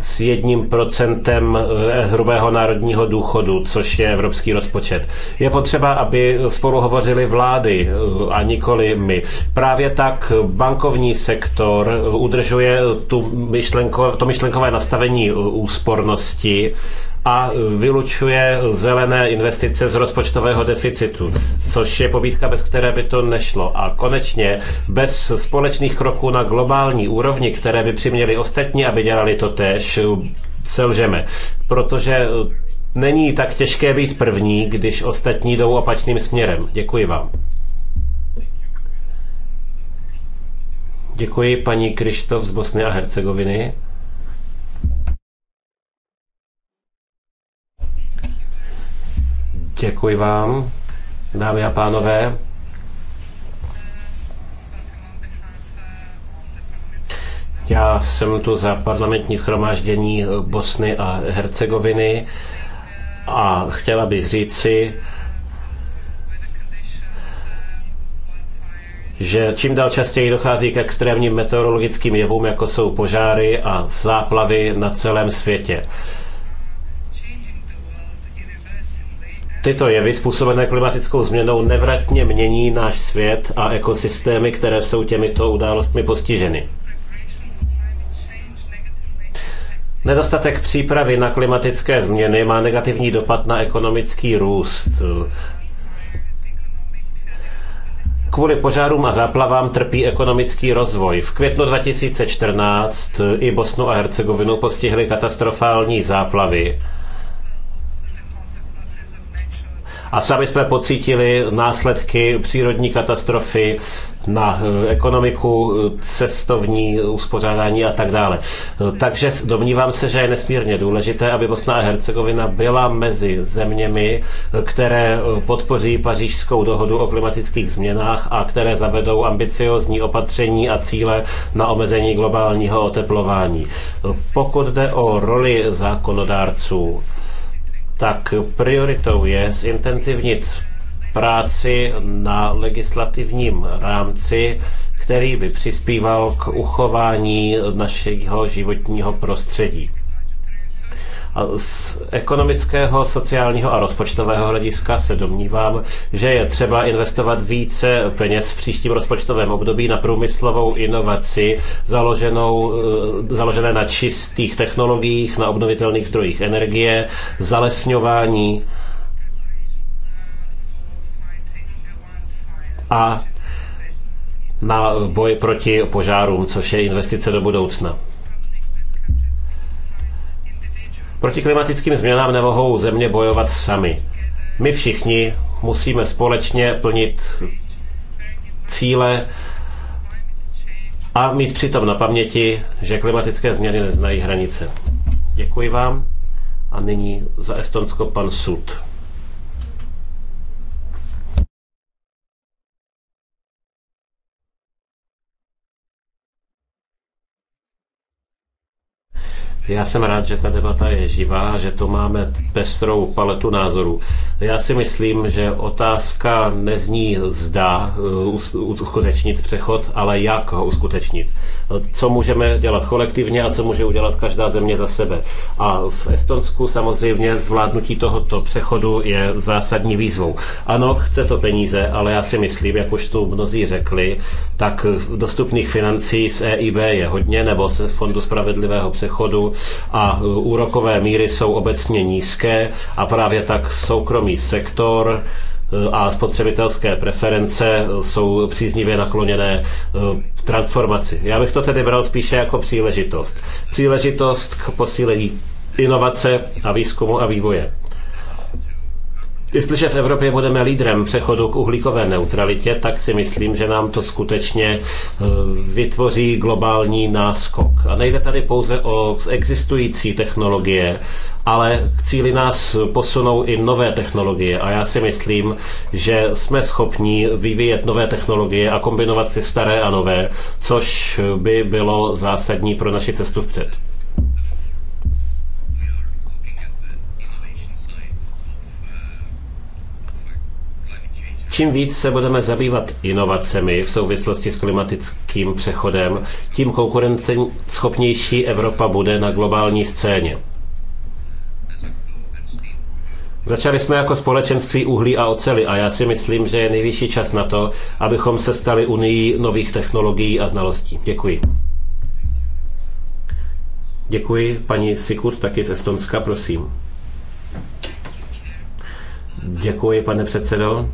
s jedním procentem eh, hrubého národního důchodu, což je evropský rozpočet. Je potřeba, aby spolu hovořili vlády eh, a nikoli my. Právě tak bankovní sektor eh, udržuje tu myšlenko, to myšlenkové nastavení úspornosti, a vylučuje zelené investice z rozpočtového deficitu, což je pobídka, bez které by to nešlo. A konečně bez společných kroků na globální úrovni, které by přiměly ostatní, aby dělali to tež, selžeme. Protože není tak těžké být první, když ostatní jdou opačným směrem. Děkuji vám. Děkuji paní Krištof z Bosny a Hercegoviny. Děkuji vám, dámy a pánové. Já jsem tu za parlamentní schromáždění Bosny a Hercegoviny a chtěla bych říci, že čím dál častěji dochází k extrémním meteorologickým jevům, jako jsou požáry a záplavy na celém světě. Tyto jevy způsobené klimatickou změnou nevratně mění náš svět a ekosystémy, které jsou těmito událostmi postiženy. Nedostatek přípravy na klimatické změny má negativní dopad na ekonomický růst. Kvůli požárům a záplavám trpí ekonomický rozvoj. V květnu 2014 i Bosnu a Hercegovinu postihly katastrofální záplavy. a sami jsme pocítili následky přírodní katastrofy, na eh, ekonomiku, cestovní uspořádání a tak dále. Takže domnívám se, že je nesmírně důležité, aby Bosna a Hercegovina byla mezi zeměmi, které eh, podpoří pařížskou dohodu o klimatických změnách a které zavedou ambiciozní opatření a cíle na omezení globálního oteplování. Pokud jde o roli zákonodárců, tak prioritou je zintenzivnit práci na legislativním rámci, který by přispíval k uchování našeho životního prostředí. A z ekonomického, sociálního a rozpočtového hlediska se domnívám, že je třeba investovat více peněz v příštím rozpočtovém období na průmyslovou inovaci založenou, eh, založené na čistých technologiích, na obnovitelných zdrojích energie, zalesňování a na boj proti požárům, což je investice do budoucna. Proti klimatickým změnám nemohou země bojovat sami. My všichni musíme společně plnit cíle a mít přitom na paměti, že klimatické změny neznají hranice. Děkuji vám a nyní za Estonsko pan Sud. Já jsem rád, že ta debata je živá, že to máme pestrou paletu názorů. Já si myslím, že otázka nezní zda uh, uskutečnit přechod, ale jak ho uskutečnit. Co můžeme dělat kolektivně a co může udělat každá země za sebe. A v Estonsku samozřejmě zvládnutí tohoto přechodu je zásadní výzvou. Ano, chce to peníze, ale já si myslím, jak už tu mnozí řekli, tak dostupných financí z EIB je hodně, nebo z Fondu spravedlivého přechodu, a e, úrokové míry jsou obecně nízké a právě tak soukromý sektor e, a spotřebitelské preference e, jsou příznivě nakloněné transformaci. Já bych to tedy bral spíše jako příležitost. Příležitost k posílení inovace a výzkumu a vývoje. Jestliže v Evropě budeme lídrem přechodu k uhlíkové neutralitě, tak si myslím, že nám to skutečně eh, vytvoří globální náskok. A nejde tady pouze o existující technologie, ale k cíli nás posunou i nové technologie. A já si myslím, že jsme schopni vyvíjet nové technologie a kombinovat si staré a nové, což by bylo zásadní pro naši cestu vpřed. Čím víc se budeme zabývat inovacemi v souvislosti s klimatickým přechodem, tím konkurenceschopnější Evropa bude na globální scéně. Začali jsme jako společenství uhlí a ocely a já si myslím, že je nejvyšší čas na to, abychom se stali unii nových technologií a znalostí. Děkuji. Děkuji paní Sikut, taky z Estonska, prosím. Děkuji, pane předsedo.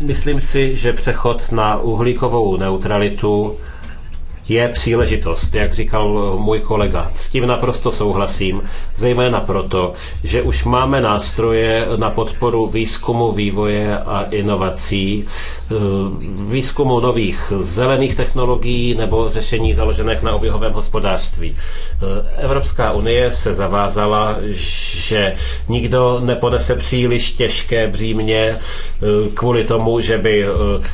Myslím si, že přechod na uhlíkovou neutralitu je příležitost, jak říkal eh, můj kolega. S tím naprosto souhlasím, zejména proto, že už máme nástroje na podporu výzkumu, vývoje a inovací, eh, výzkumu nových zelených technologií nebo řešení založených na oběhovém hospodářství. Eh, Evropská unie se zavázala, že nikdo neponese příliš těžké břímě kvůli tomu, že by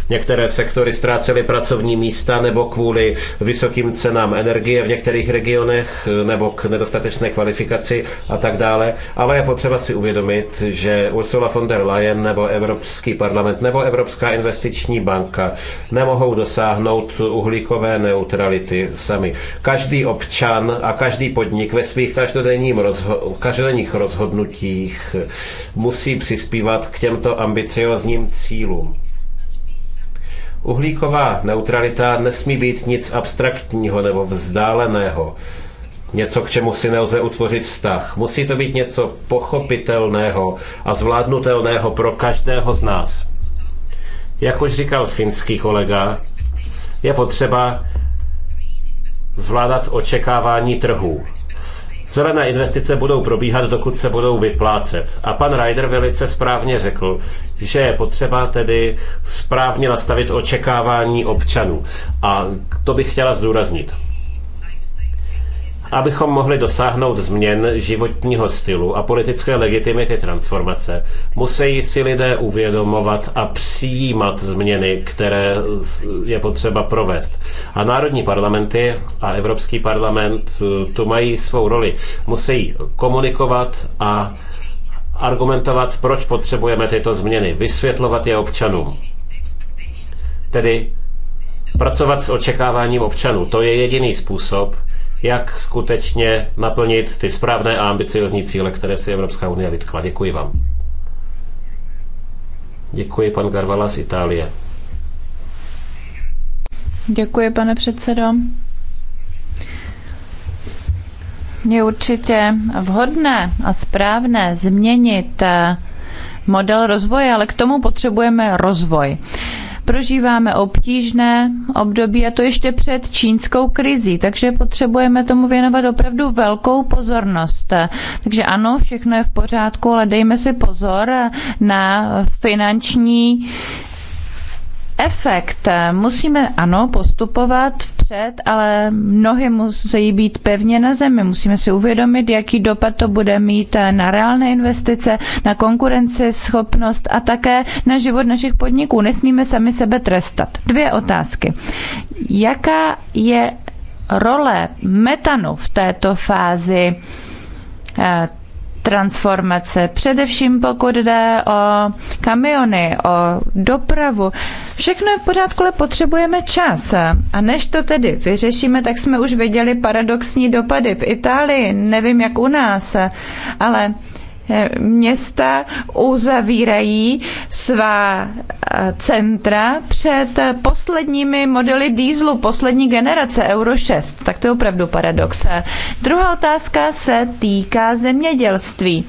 některé sektory ztrácely pracovní místa nebo kvůli vysokým cenám energie v některých regionech e, nebo k nedostatečné kvalifikaci a tak dále. Ale je potřeba si uvědomit, že Ursula von der Leyen nebo Evropský parlament nebo Evropská investiční banka nemohou dosáhnout uhlíkové neutrality sami. Každý občan a každý podnik ve svých každodenním rozho- každodenních rozhodnutích musí přispívat k těmto ambiciozním cílům. Uhlíková neutralita nesmí být nic abstraktního nebo vzdáleného. Něco, k čemu si nelze utvořit vztah. Musí to být něco pochopitelného a zvládnutelného pro každého z nás. Jak už říkal finský kolega, je potřeba zvládat očekávání trhů. Zelené investice budou probíhat, dokud se budou vyplácet. A pan Ryder velice správně řekl, že je potřeba tedy správně nastavit očekávání občanů. A to bych chtěla zdůraznit abychom mohli dosáhnout změn životního stylu a politické legitimity transformace, musí si lidé uvědomovat a přijímat změny, které je potřeba provést. A národní parlamenty a Evropský parlament eh, tu mají svou roli. Musí komunikovat a argumentovat, proč potřebujeme tyto změny, vysvětlovat je občanům. Tedy pracovat s očekáváním občanů. To je jediný způsob, jak skutečně naplnit ty správné a ambiciozní cíle, které si Evropská unie vytkla. Děkuji vám. Děkuji, pan Garvala z Itálie. Děkuji, pane předsedo. Je určitě vhodné a správné změnit eh, model rozvoje, ale k tomu potřebujeme rozvoj. Prožíváme obtížné období a to ještě před čínskou krizí, takže potřebujeme tomu věnovat opravdu velkou pozornost. Takže ano, všechno je v pořádku, ale dejme si pozor na finanční efekt. Musíme, ano, postupovat vpřed, ale nohy musí být pevně na zemi. Musíme si uvědomit, jaký dopad to bude mít na reálné investice, na konkurenceschopnost a také na život našich podniků. Nesmíme sami sebe trestat. Dvě otázky. Jaká je role metanu v této fázi eh, transformace, především pokud jde o kamiony, o dopravu. Všechno je v pořádku, ale potřebujeme čas. A než to tedy vyřešíme, tak jsme už viděli paradoxní dopady v Itálii, nevím jak u nás, ale Eh, města uzavírají svá eh, centra před eh, posledními modely dýzlu poslední generace Euro 6. Tak to je opravdu paradox. Druhá otázka se týká zemědělství.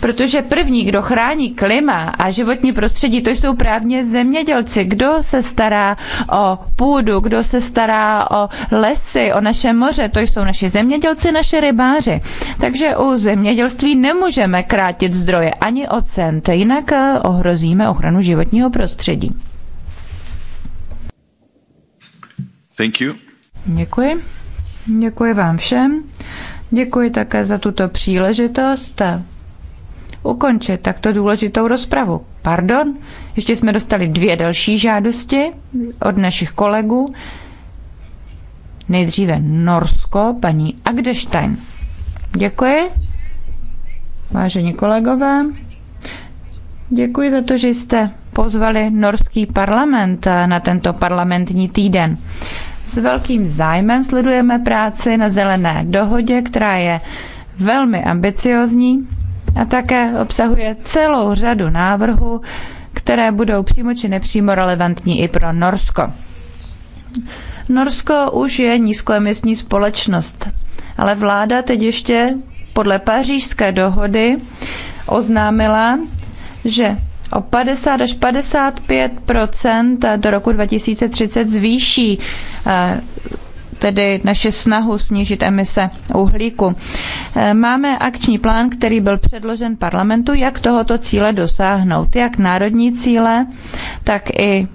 Protože první, kdo chrání klima a životní prostředí, to jsou právě zemědělci. Kdo se stará o půdu, kdo se stará o lesy, o naše moře, to jsou naši zemědělci, naše rybáři. Takže u zemědělství nemůžeme krátit zdroje ani o cent, jinak eh, ohrozíme ochranu životního prostředí. Thank you. Děkuji. Děkuji vám všem. Děkuji také za tuto příležitost ukončit takto důležitou rozpravu. Pardon, ještě jsme dostali dvě další žádosti od našich kolegů. Nejdříve Norsko, paní Agdestein. Děkuji. Vážení kolegové, děkuji za to, že jste pozvali norský parlament na tento parlamentní týden. S velkým zájmem sledujeme práci na zelené dohodě, která je velmi ambiciozní a také obsahuje celou řadu návrhů, které budou přímo či nepřímo relevantní i pro Norsko. Norsko už je nízkoemisní společnost, ale vláda teď ještě podle pařížské dohody oznámila, že o 50 až 55 do roku 2030 zvýší eh, tedy naše snahu snížit emise uhlíku. E, máme akční plán, který byl předložen parlamentu, jak tohoto cíle dosáhnout, jak národní cíle, tak i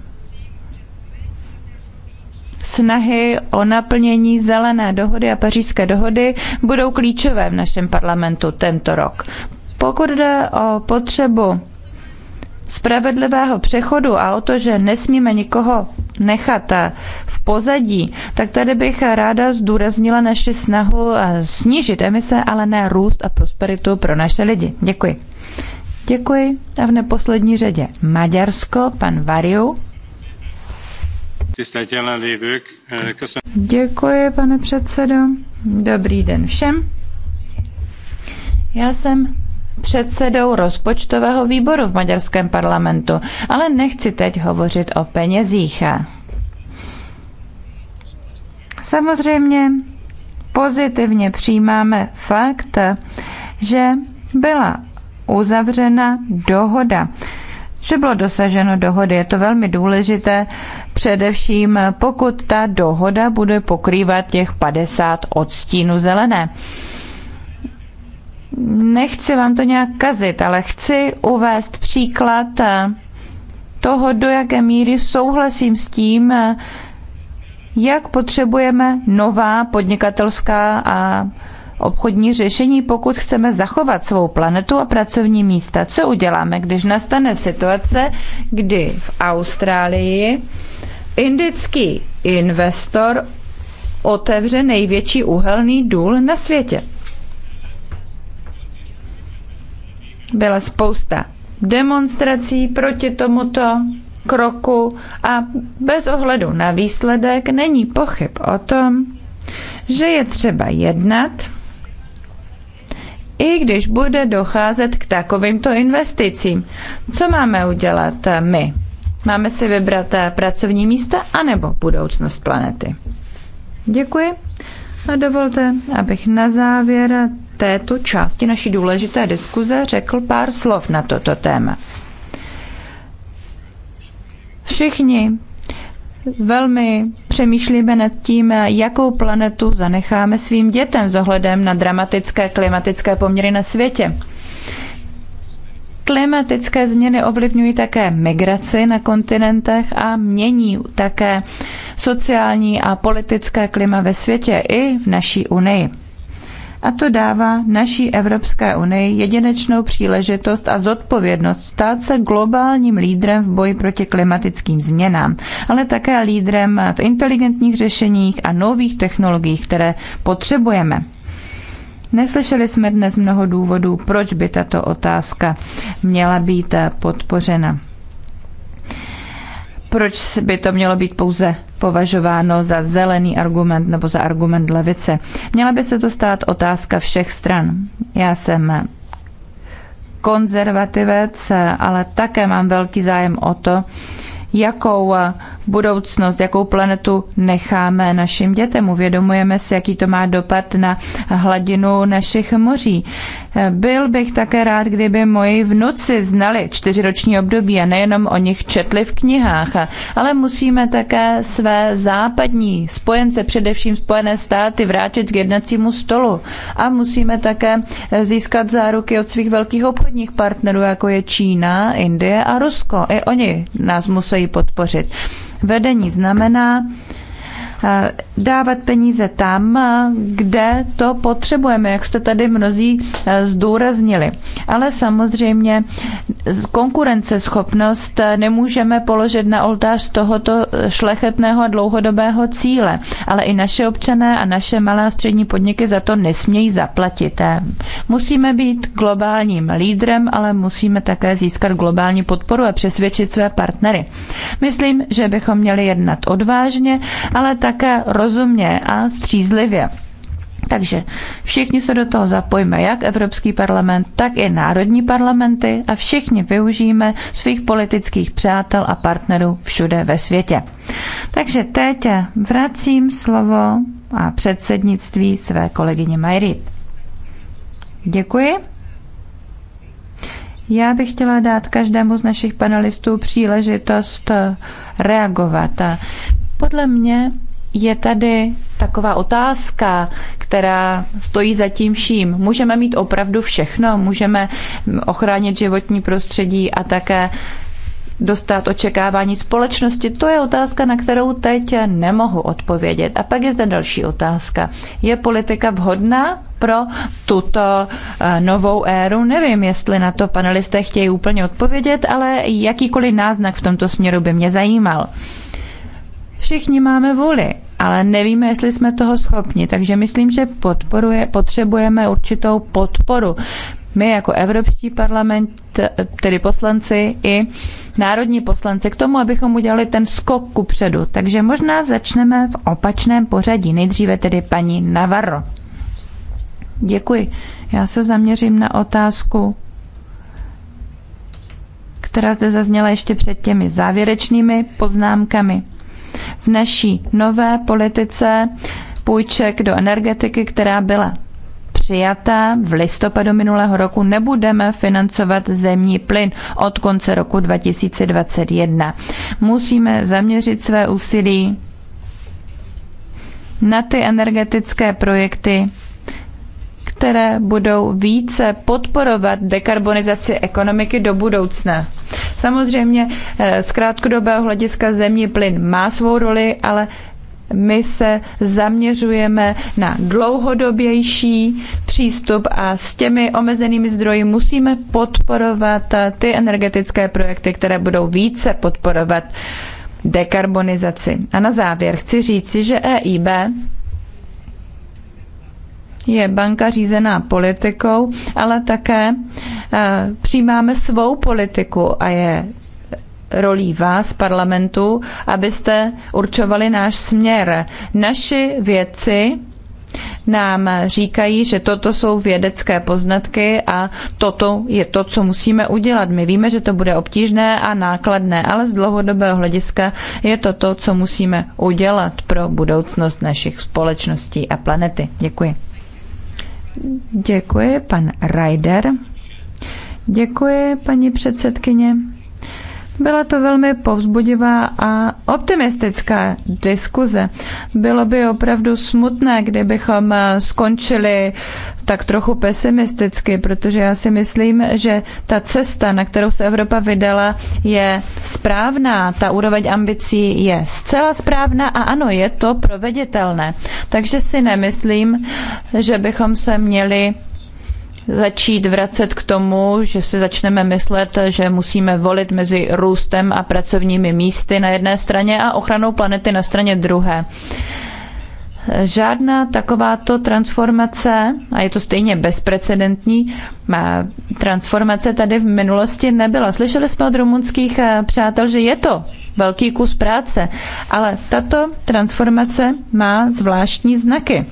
snahy o naplnění zelené dohody a pařížské dohody budou klíčové v našem parlamentu tento rok. Pokud jde o potřebu spravedlivého přechodu a o to, že nesmíme nikoho nechat eh, v pozadí, tak tady bych ráda zdůraznila naši snahu eh, snížit emise, ale ne růst a prosperitu pro naše lidi. Děkuji. Děkuji. A v neposlední řadě Maďarsko, pan Variu. Eh, Děkuji, pane předsedo. Dobrý den všem. Já jsem předsedou rozpočtového výboru v maďarském parlamentu, ale nechci teď hovořit o penězích. Samozřejmě pozitivně přijímáme fakt, že byla uzavřena dohoda že bylo dosaženo dohody. Je to velmi důležité, především pokud ta dohoda bude pokrývat těch 50 odstínů zelené nechci vám to nějak kazit, ale chci uvést příklad eh, toho, do jaké míry souhlasím s tím, eh, jak potřebujeme nová podnikatelská a obchodní řešení, pokud chceme zachovat svou planetu a pracovní místa. Co uděláme, když nastane situace, kdy v Austrálii indický investor otevře největší uhelný důl na světě? byla spousta demonstrací proti tomuto kroku a bez ohledu na výsledek není pochyb o tom, že je třeba jednat, i když bude docházet k takovýmto investicím. Co máme udělat my? Máme si vybrat pracovní místa anebo budoucnost planety? Děkuji. A dovolte, abych na závěr této části naší důležité diskuze řekl pár slov na toto téma. Všichni velmi přemýšlíme nad tím, jakou planetu zanecháme svým dětem s ohledem na dramatické klimatické poměry na světě. Klimatické změny ovlivňují také migraci na kontinentech a mění také sociální a politické klima ve světě i v naší Unii. A to dává naší Evropské unii jedinečnou příležitost a zodpovědnost stát se globálním lídrem v boji proti klimatickým změnám, ale také lídrem v inteligentních řešeních a nových technologiích, které potřebujeme. Neslyšeli jsme dnes mnoho důvodů, proč by tato otázka měla být eh, podpořena. Proč by to mělo být pouze považováno za zelený argument nebo za argument levice? Měla by se to stát otázka všech stran. Já jsem eh, konzervativec, eh, ale také mám velký zájem o to, jakou eh, budoucnost, jakou planetu necháme našim dětem. Uvědomujeme si, jaký to má dopad na hladinu našich moří. Eh, byl bych také rád, kdyby moji vnuci znali čtyřiroční období a nejenom o nich četli v knihách, ale musíme také své západní spojence, především Spojené státy, vrátit k jednacímu stolu a musíme také eh, získat záruky od svých velkých obchodních partnerů, jako je Čína, Indie a Rusko. I oni nás musí ji podpořit. Vedení znamená, Eh, dávat peníze tam, eh, kde to potřebujeme, jak jste tady mnozí eh, zdůraznili. Ale samozřejmě konkurenceschopnost nemůžeme položit na oltář tohoto šlechetného a dlouhodobého cíle, ale i naše občané a naše malé a střední podniky za to nesmějí zaplatit. Musíme být globálním lídrem, ale musíme také získat globální podporu a přesvědčit své partnery. Myslím, že bychom měli jednat odvážně, ale tak také rozumně a střízlivě. Takže všichni se do toho zapojíme, jak Evropský parlament, tak i národní parlamenty a všichni využijeme svých politických přátel a partnerů všude ve světě. Takže teď vracím slovo a předsednictví své kolegyně Majrit. Děkuji. Já bych chtěla dát každému z našich panelistů příležitost reagovat. Podle mě je tady taková otázka, která stojí za tím vším. Můžeme mít opravdu všechno, můžeme ochránit životní prostředí a také dostat očekávání společnosti? To je otázka, na kterou teď nemohu odpovědět. A pak je zde další otázka. Je politika vhodná pro tuto eh, novou éru? Nevím, jestli na to panelisté chtějí úplně odpovědět, ale jakýkoliv náznak v tomto směru by mě zajímal. Všichni máme vůli, ale nevíme, jestli jsme toho schopni. Takže myslím, že podporuje, potřebujeme určitou podporu. My jako Evropský parlament, tedy poslanci i národní poslanci, k tomu, abychom udělali ten skok ku předu. Takže možná začneme v opačném pořadí. Nejdříve tedy paní Navarro. Děkuji. Já se zaměřím na otázku která zde zazněla ještě před těmi závěrečnými poznámkami v naší nové politice půjček do energetiky, která byla přijata v listopadu minulého roku, nebudeme financovat zemní plyn od konce roku 2021. Musíme zaměřit své úsilí na ty energetické projekty, které budou více podporovat dekarbonizaci ekonomiky do budoucna. Samozřejmě eh, z krátkodobého hlediska zemní plyn má svou roli, ale my se zaměřujeme na dlouhodobější přístup a s těmi omezenými zdroji musíme podporovat eh, ty energetické projekty, které budou více podporovat dekarbonizaci. A na závěr chci říci, že EIB je banka řízená politikou, ale také eh, přijímáme svou politiku a je rolí vás, parlamentu, abyste určovali náš směr. Naši věci nám říkají, že toto jsou vědecké poznatky a toto je to, co musíme udělat. My víme, že to bude obtížné a nákladné, ale z dlouhodobého hlediska je to to, co musíme udělat pro budoucnost našich společností a planety. Děkuji. Děkuji, pan Ryder. Děkuji, paní předsedkyně. Byla to velmi povzbudivá a optimistická diskuze. Bylo by opravdu smutné, kdybychom eh, skončili tak trochu pesimisticky, protože já si myslím, že ta cesta, na kterou se Evropa vydala, je správná. Ta úroveň ambicí je zcela správná a ano, je to proveditelné. Takže si nemyslím, že bychom se měli začít vracet k tomu, že si začneme myslet, že musíme volit mezi růstem a pracovními místy na jedné straně a ochranou planety na straně druhé. Žádná takováto transformace, a je to stejně bezprecedentní, transformace tady v minulosti nebyla. Slyšeli jsme od rumunských eh, přátel, že je to velký kus práce, ale tato transformace má zvláštní znaky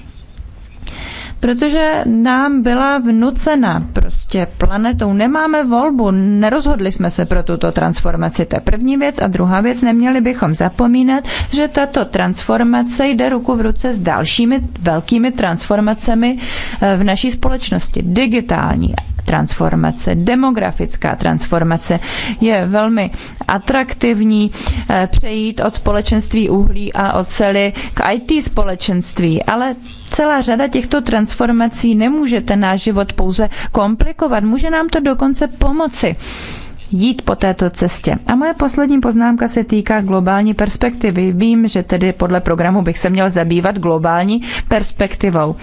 protože nám byla vnucena prostě planetou. Nemáme volbu, nerozhodli jsme se pro tuto transformaci. To je první věc. A druhá věc, neměli bychom zapomínat, že tato transformace jde ruku v ruce s dalšími velkými transformacemi eh, v naší společnosti. Digitální, transformace, demografická transformace je velmi atraktivní eh, přejít od společenství uhlí a oceli k IT společenství, ale celá řada těchto transformací nemůže ten náš život pouze komplikovat, může nám to dokonce pomoci jít po této cestě. A moje poslední poznámka se týká globální perspektivy. Vím, že tedy podle programu bych se měl zabývat globální perspektivou.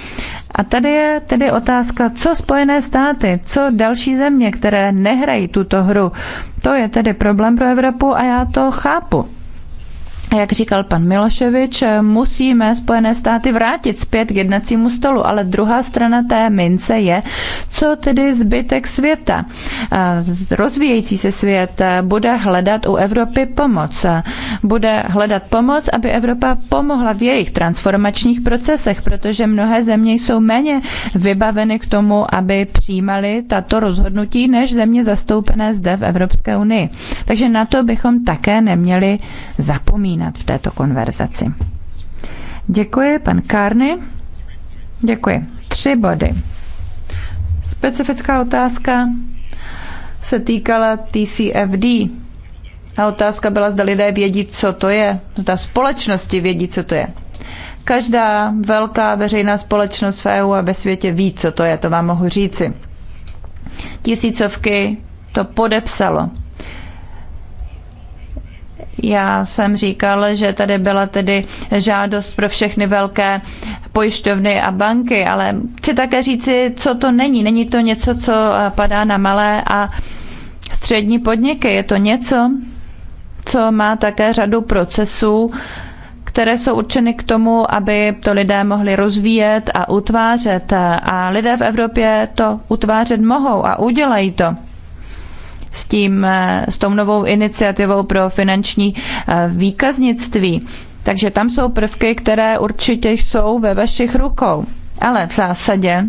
A tady je tedy otázka, co Spojené státy, co další země, které nehrají tuto hru. To je tedy problém pro Evropu a já to chápu jak říkal pan Miloševič, eh, musíme Spojené státy vrátit zpět k jednacímu stolu, ale druhá strana té mince je, co tedy zbytek světa. Eh, rozvíjející se svět eh, bude hledat u Evropy pomoc. Bude hledat pomoc, aby Evropa pomohla v jejich transformačních procesech, protože mnohé země jsou méně vybaveny k tomu, aby přijímali tato rozhodnutí, než země zastoupené zde v Evropské unii. Takže na to bychom také neměli zapomínat upomínat v této konverzaci. Děkuji, pan Kárny. Děkuji. Tři body. Specifická otázka se týkala TCFD. A otázka byla, zda lidé vědí, co to je, zda společnosti vědí, co to je. Každá velká veřejná společnost v EU a ve světě ví, co to je, to vám mohu říci. Tisícovky to podepsalo. Já jsem říkal, že tady byla tedy žádost pro všechny velké pojišťovny a banky, ale chci také říci, co to není. Není to něco, co eh, padá na malé a střední podniky. Je to něco, co má také řadu procesů, které jsou určeny k tomu, aby to lidé mohli rozvíjet a utvářet. A lidé v Evropě to utvářet mohou a udělají to s, tím, eh, s tou novou iniciativou pro finanční eh, výkaznictví. Takže tam jsou prvky, které určitě jsou ve vašich rukou. Ale v zásadě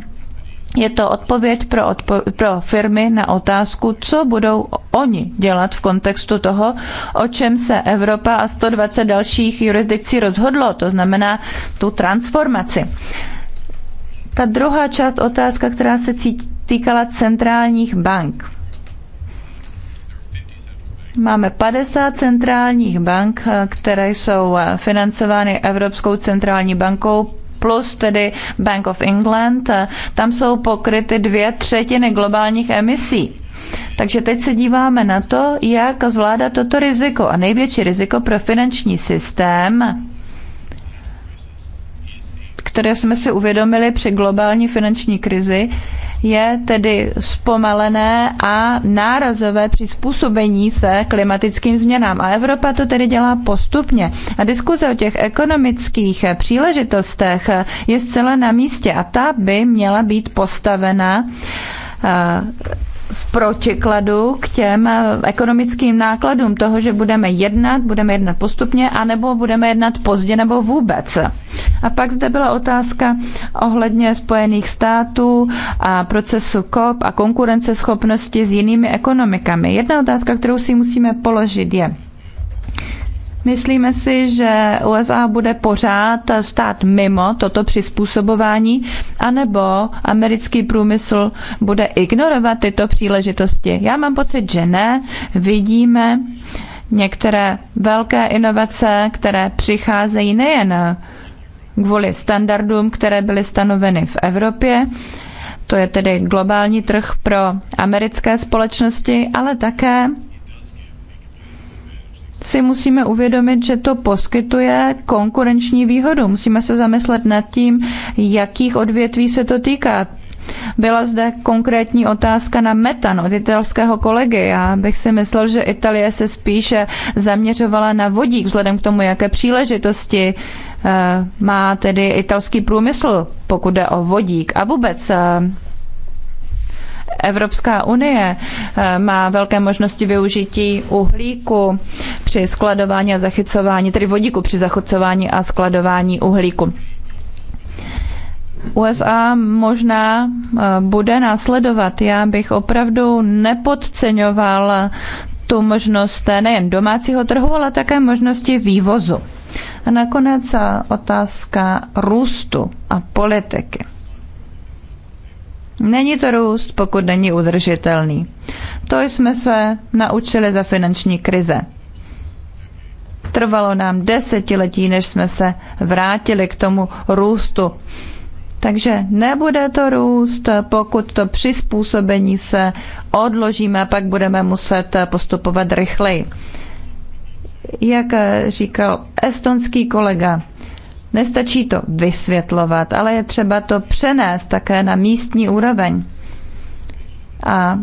je to odpověď pro, odpo- pro firmy na otázku, co budou oni dělat v kontextu toho, o čem se Evropa a 120 dalších jurisdikcí rozhodlo, to znamená tu transformaci. Ta druhá část otázka, která se týkala centrálních bank. Máme 50 centrálních bank, které jsou eh, financovány Evropskou centrální bankou plus tedy Bank of England. Tam jsou pokryty dvě třetiny globálních emisí. Takže teď se díváme na to, jak zvládat toto riziko. A největší riziko pro finanční systém, které jsme si uvědomili při globální finanční krizi, je tedy zpomalené a nárazové přizpůsobení se klimatickým změnám. A Evropa to tedy dělá postupně. A diskuze o těch ekonomických příležitostech je zcela na místě a ta by měla být postavena eh, v protikladu k těm eh, ekonomickým nákladům toho, že budeme jednat, budeme jednat postupně, anebo budeme jednat pozdě nebo vůbec. A pak zde byla otázka ohledně Spojených států a procesu COP a konkurenceschopnosti s jinými ekonomikami. Jedna otázka, kterou si musíme položit, je, Myslíme si, že USA bude pořád stát mimo toto přizpůsobování, anebo americký průmysl bude ignorovat tyto příležitosti? Já mám pocit, že ne. Vidíme některé velké inovace, které přicházejí nejen kvůli standardům, které byly stanoveny v Evropě, to je tedy globální trh pro americké společnosti, ale také si musíme uvědomit, že to poskytuje konkurenční výhodu. Musíme se zamyslet nad tím, jakých odvětví se to týká. Byla zde konkrétní otázka na metan od italského kolegy. Já bych si myslel, že Itálie se spíše zaměřovala na vodík, vzhledem k tomu, jaké příležitosti eh, má tedy italský průmysl, pokud jde o vodík. A vůbec eh, Evropská unie eh, má velké možnosti využití uhlíku při skladování a zachycování, tedy vodíku při zachycování a skladování uhlíku. USA možná eh, bude následovat. Já bych opravdu nepodceňoval tu možnost nejen domácího trhu, ale také možnosti vývozu. A nakonec eh, otázka růstu a politiky. Není to růst, pokud není udržitelný. To jsme se naučili za finanční krize. Trvalo nám desetiletí, než jsme se vrátili k tomu růstu. Takže nebude to růst, pokud to přizpůsobení se odložíme, pak budeme muset postupovat rychleji. Jak říkal estonský kolega, Nestačí to vysvětlovat, ale je třeba to přenést také na místní úroveň a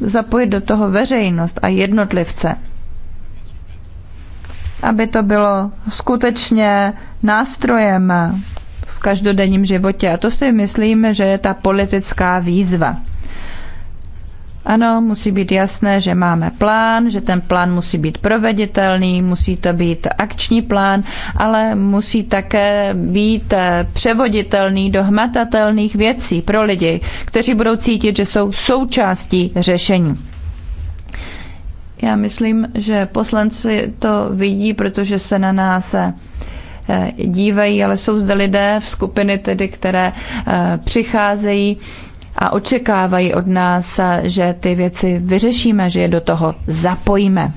zapojit do toho veřejnost a jednotlivce, aby to bylo skutečně nástrojem v každodenním životě. A to si myslím, že je ta politická výzva. Ano, musí být jasné, že máme plán, že ten plán musí být proveditelný, musí to být akční plán, ale musí také být eh, převoditelný do hmatatelných věcí pro lidi, kteří budou cítit, že jsou součástí řešení. Já myslím, že poslanci to vidí, protože se na nás eh, dívají, ale jsou zde lidé v skupiny tedy, které eh, přicházejí a očekávají od nás, že ty věci vyřešíme, že je do toho zapojíme.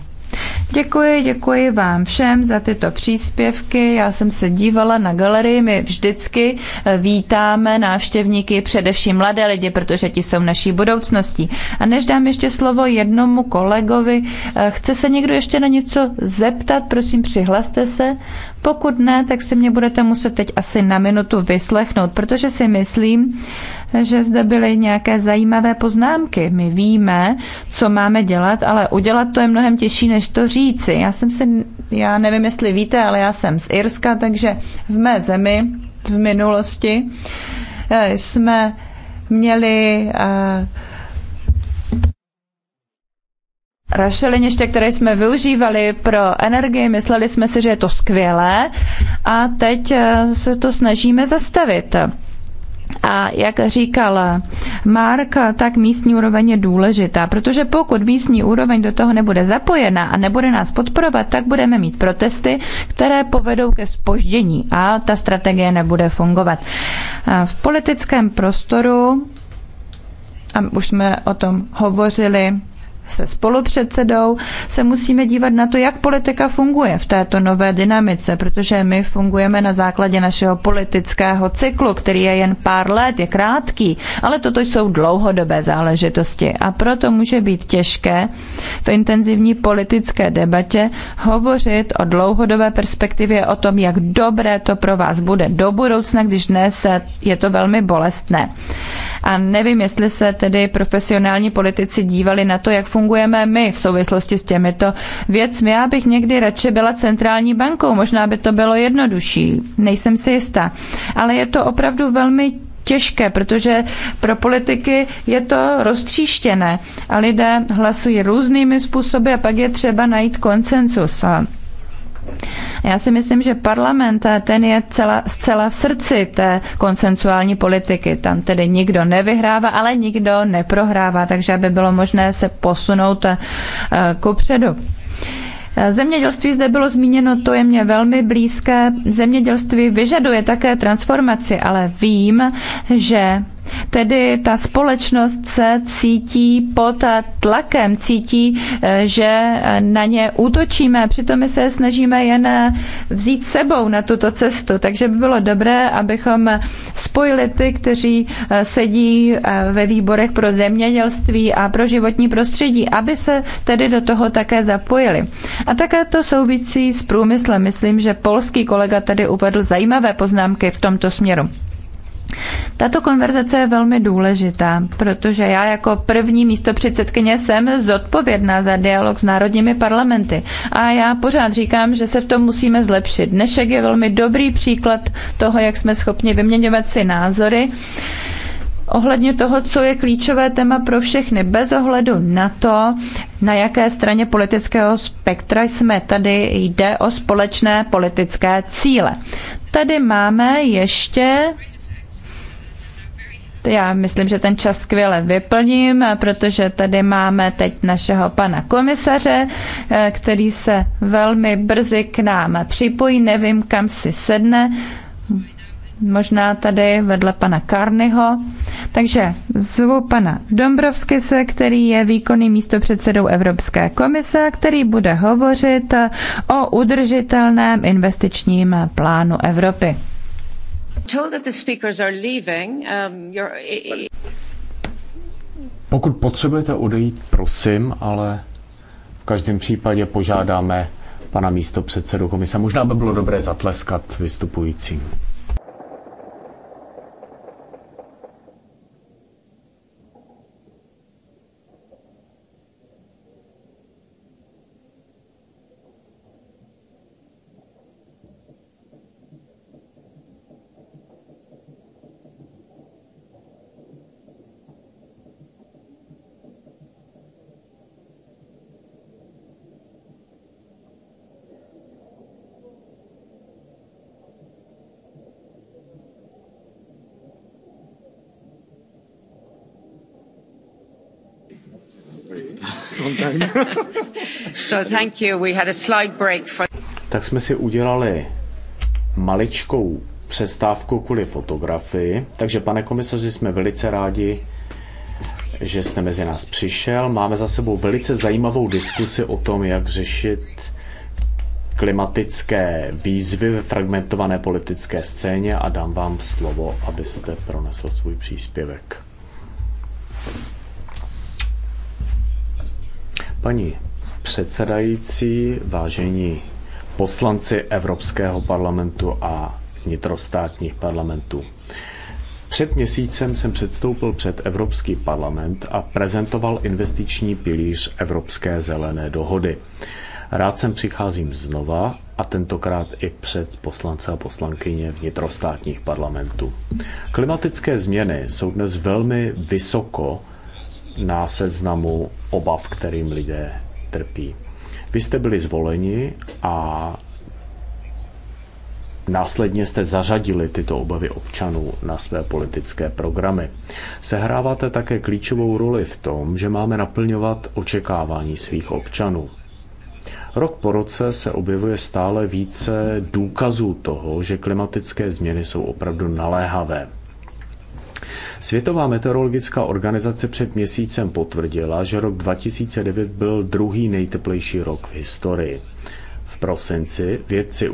Děkuji, děkuji vám všem za tyto příspěvky. Já jsem se dívala na galerii, my vždycky eh, vítáme návštěvníky, především mladé lidi, protože ti jsou naší budoucností. A než dám ještě slovo jednomu kolegovi, eh, chce se někdo ještě na něco zeptat, prosím, přihlaste se. Pokud ne, tak si mě budete muset teď asi na minutu vyslechnout, protože si myslím, že zde byly nějaké zajímavé poznámky. My víme, co máme dělat, ale udělat to je mnohem těžší, než to říci. Já jsem si, já nevím, jestli víte, ale já jsem z Irska, takže v mé zemi v minulosti eh, jsme měli uh, rašeliniště, které jsme využívali pro energii, mysleli jsme si, že je to skvělé a teď eh, se to snažíme zastavit. A jak říkal Mark, tak místní úroveň je důležitá, protože pokud místní úroveň do toho nebude zapojena a nebude nás podporovat, tak budeme mít protesty, které povedou ke spoždění a ta strategie nebude fungovat. V politickém prostoru, a už jsme o tom hovořili, se spolupředsedou se musíme dívat na to, jak politika funguje v této nové dynamice, protože my fungujeme na základě našeho politického cyklu, který je jen pár let, je krátký, ale toto jsou dlouhodobé záležitosti a proto může být těžké v intenzivní politické debatě hovořit o dlouhodobé perspektivě, o tom, jak dobré to pro vás bude do budoucna, když dnes je to velmi bolestné. A nevím, jestli se tedy profesionální politici dívali na to, jak funguje fungujeme my v souvislosti s těmito věcmi. Já bych někdy radši byla centrální bankou, možná by to bylo jednodušší, nejsem si jistá. Ale je to opravdu velmi těžké, protože pro politiky je to roztříštěné a lidé hlasují různými způsoby a pak je třeba najít koncensus. Já si myslím, že parlament eh, ten je celá, zcela v srdci té konsensuální politiky. Tam tedy nikdo nevyhrává, ale nikdo neprohrává, takže aby bylo možné se posunout eh, ku předu. Eh, zemědělství zde bylo zmíněno, to je mě velmi blízké. Zemědělství vyžaduje také transformaci, ale vím, že Tedy ta společnost se cítí pod tlakem, cítí, eh, že na ně útočíme, přitom my se snažíme jen eh, vzít sebou na tuto cestu. Takže by bylo dobré, abychom spojili ty, kteří eh, sedí ve výborech pro zemědělství a pro životní prostředí, aby se tedy do toho také zapojili. A také to souvisí s průmyslem. Myslím, že polský kolega tady uvedl zajímavé poznámky v tomto směru. Tato konverzace je velmi důležitá, protože já jako první místo předsedkyně jsem zodpovědná za dialog s národními parlamenty. A já pořád říkám, že se v tom musíme zlepšit. Dnešek je velmi dobrý příklad toho, jak jsme schopni vyměňovat si názory ohledně toho, co je klíčové téma pro všechny, bez ohledu na to, na jaké straně politického spektra jsme. Tady jde o společné politické cíle. Tady máme ještě já myslím, že ten čas skvěle vyplním, protože tady máme teď našeho pana komisaře, eh, který se velmi brzy k nám připojí. Nevím, kam si sedne možná tady vedle pana Karnyho. Takže zvu pana Dombrovskise, který je výkonný místopředsedou Evropské komise, který bude hovořit o udržitelném investičním plánu Evropy. Um, Pokud potřebujete odejít, prosím, ale v každém případě požádáme pana místo předsedu komise. Možná by bylo dobré zatleskat vystupujícím. (laughs) so thank you. We had a slight break for... Tak jsme si udělali maličkou přestávku kvůli fotografii. Takže, pane komisaři, jsme velice rádi, že jste mezi nás přišel. Máme za sebou velice zajímavou diskusi o tom, jak řešit klimatické výzvy ve fragmentované politické scéně a dám vám slovo, abyste pronesl svůj příspěvek. Paní předsedající, vážení poslanci Evropského parlamentu a vnitrostátních parlamentů. Před měsícem jsem předstoupil před Evropský parlament a prezentoval investiční pilíř Evropské zelené dohody. Rád sem přicházím znova a tentokrát i před poslance a poslankyně vnitrostátních parlamentů. Klimatické změny jsou dnes velmi vysoko na seznamu obav, kterým lidé trpí. Vy jste byli zvoleni a Následně jste zařadili tyto obavy občanů na své politické programy. Sehráváte také klíčovou roli v tom, že máme naplňovat očekávání svých občanů. Rok po roce se objevuje stále více důkazů toho, že klimatické změny jsou opravdu naléhavé. Světová meteorologická organizace před měsícem potvrdila, že rok 2009 byl druhý nejteplejší rok v historii. V prosinci vědci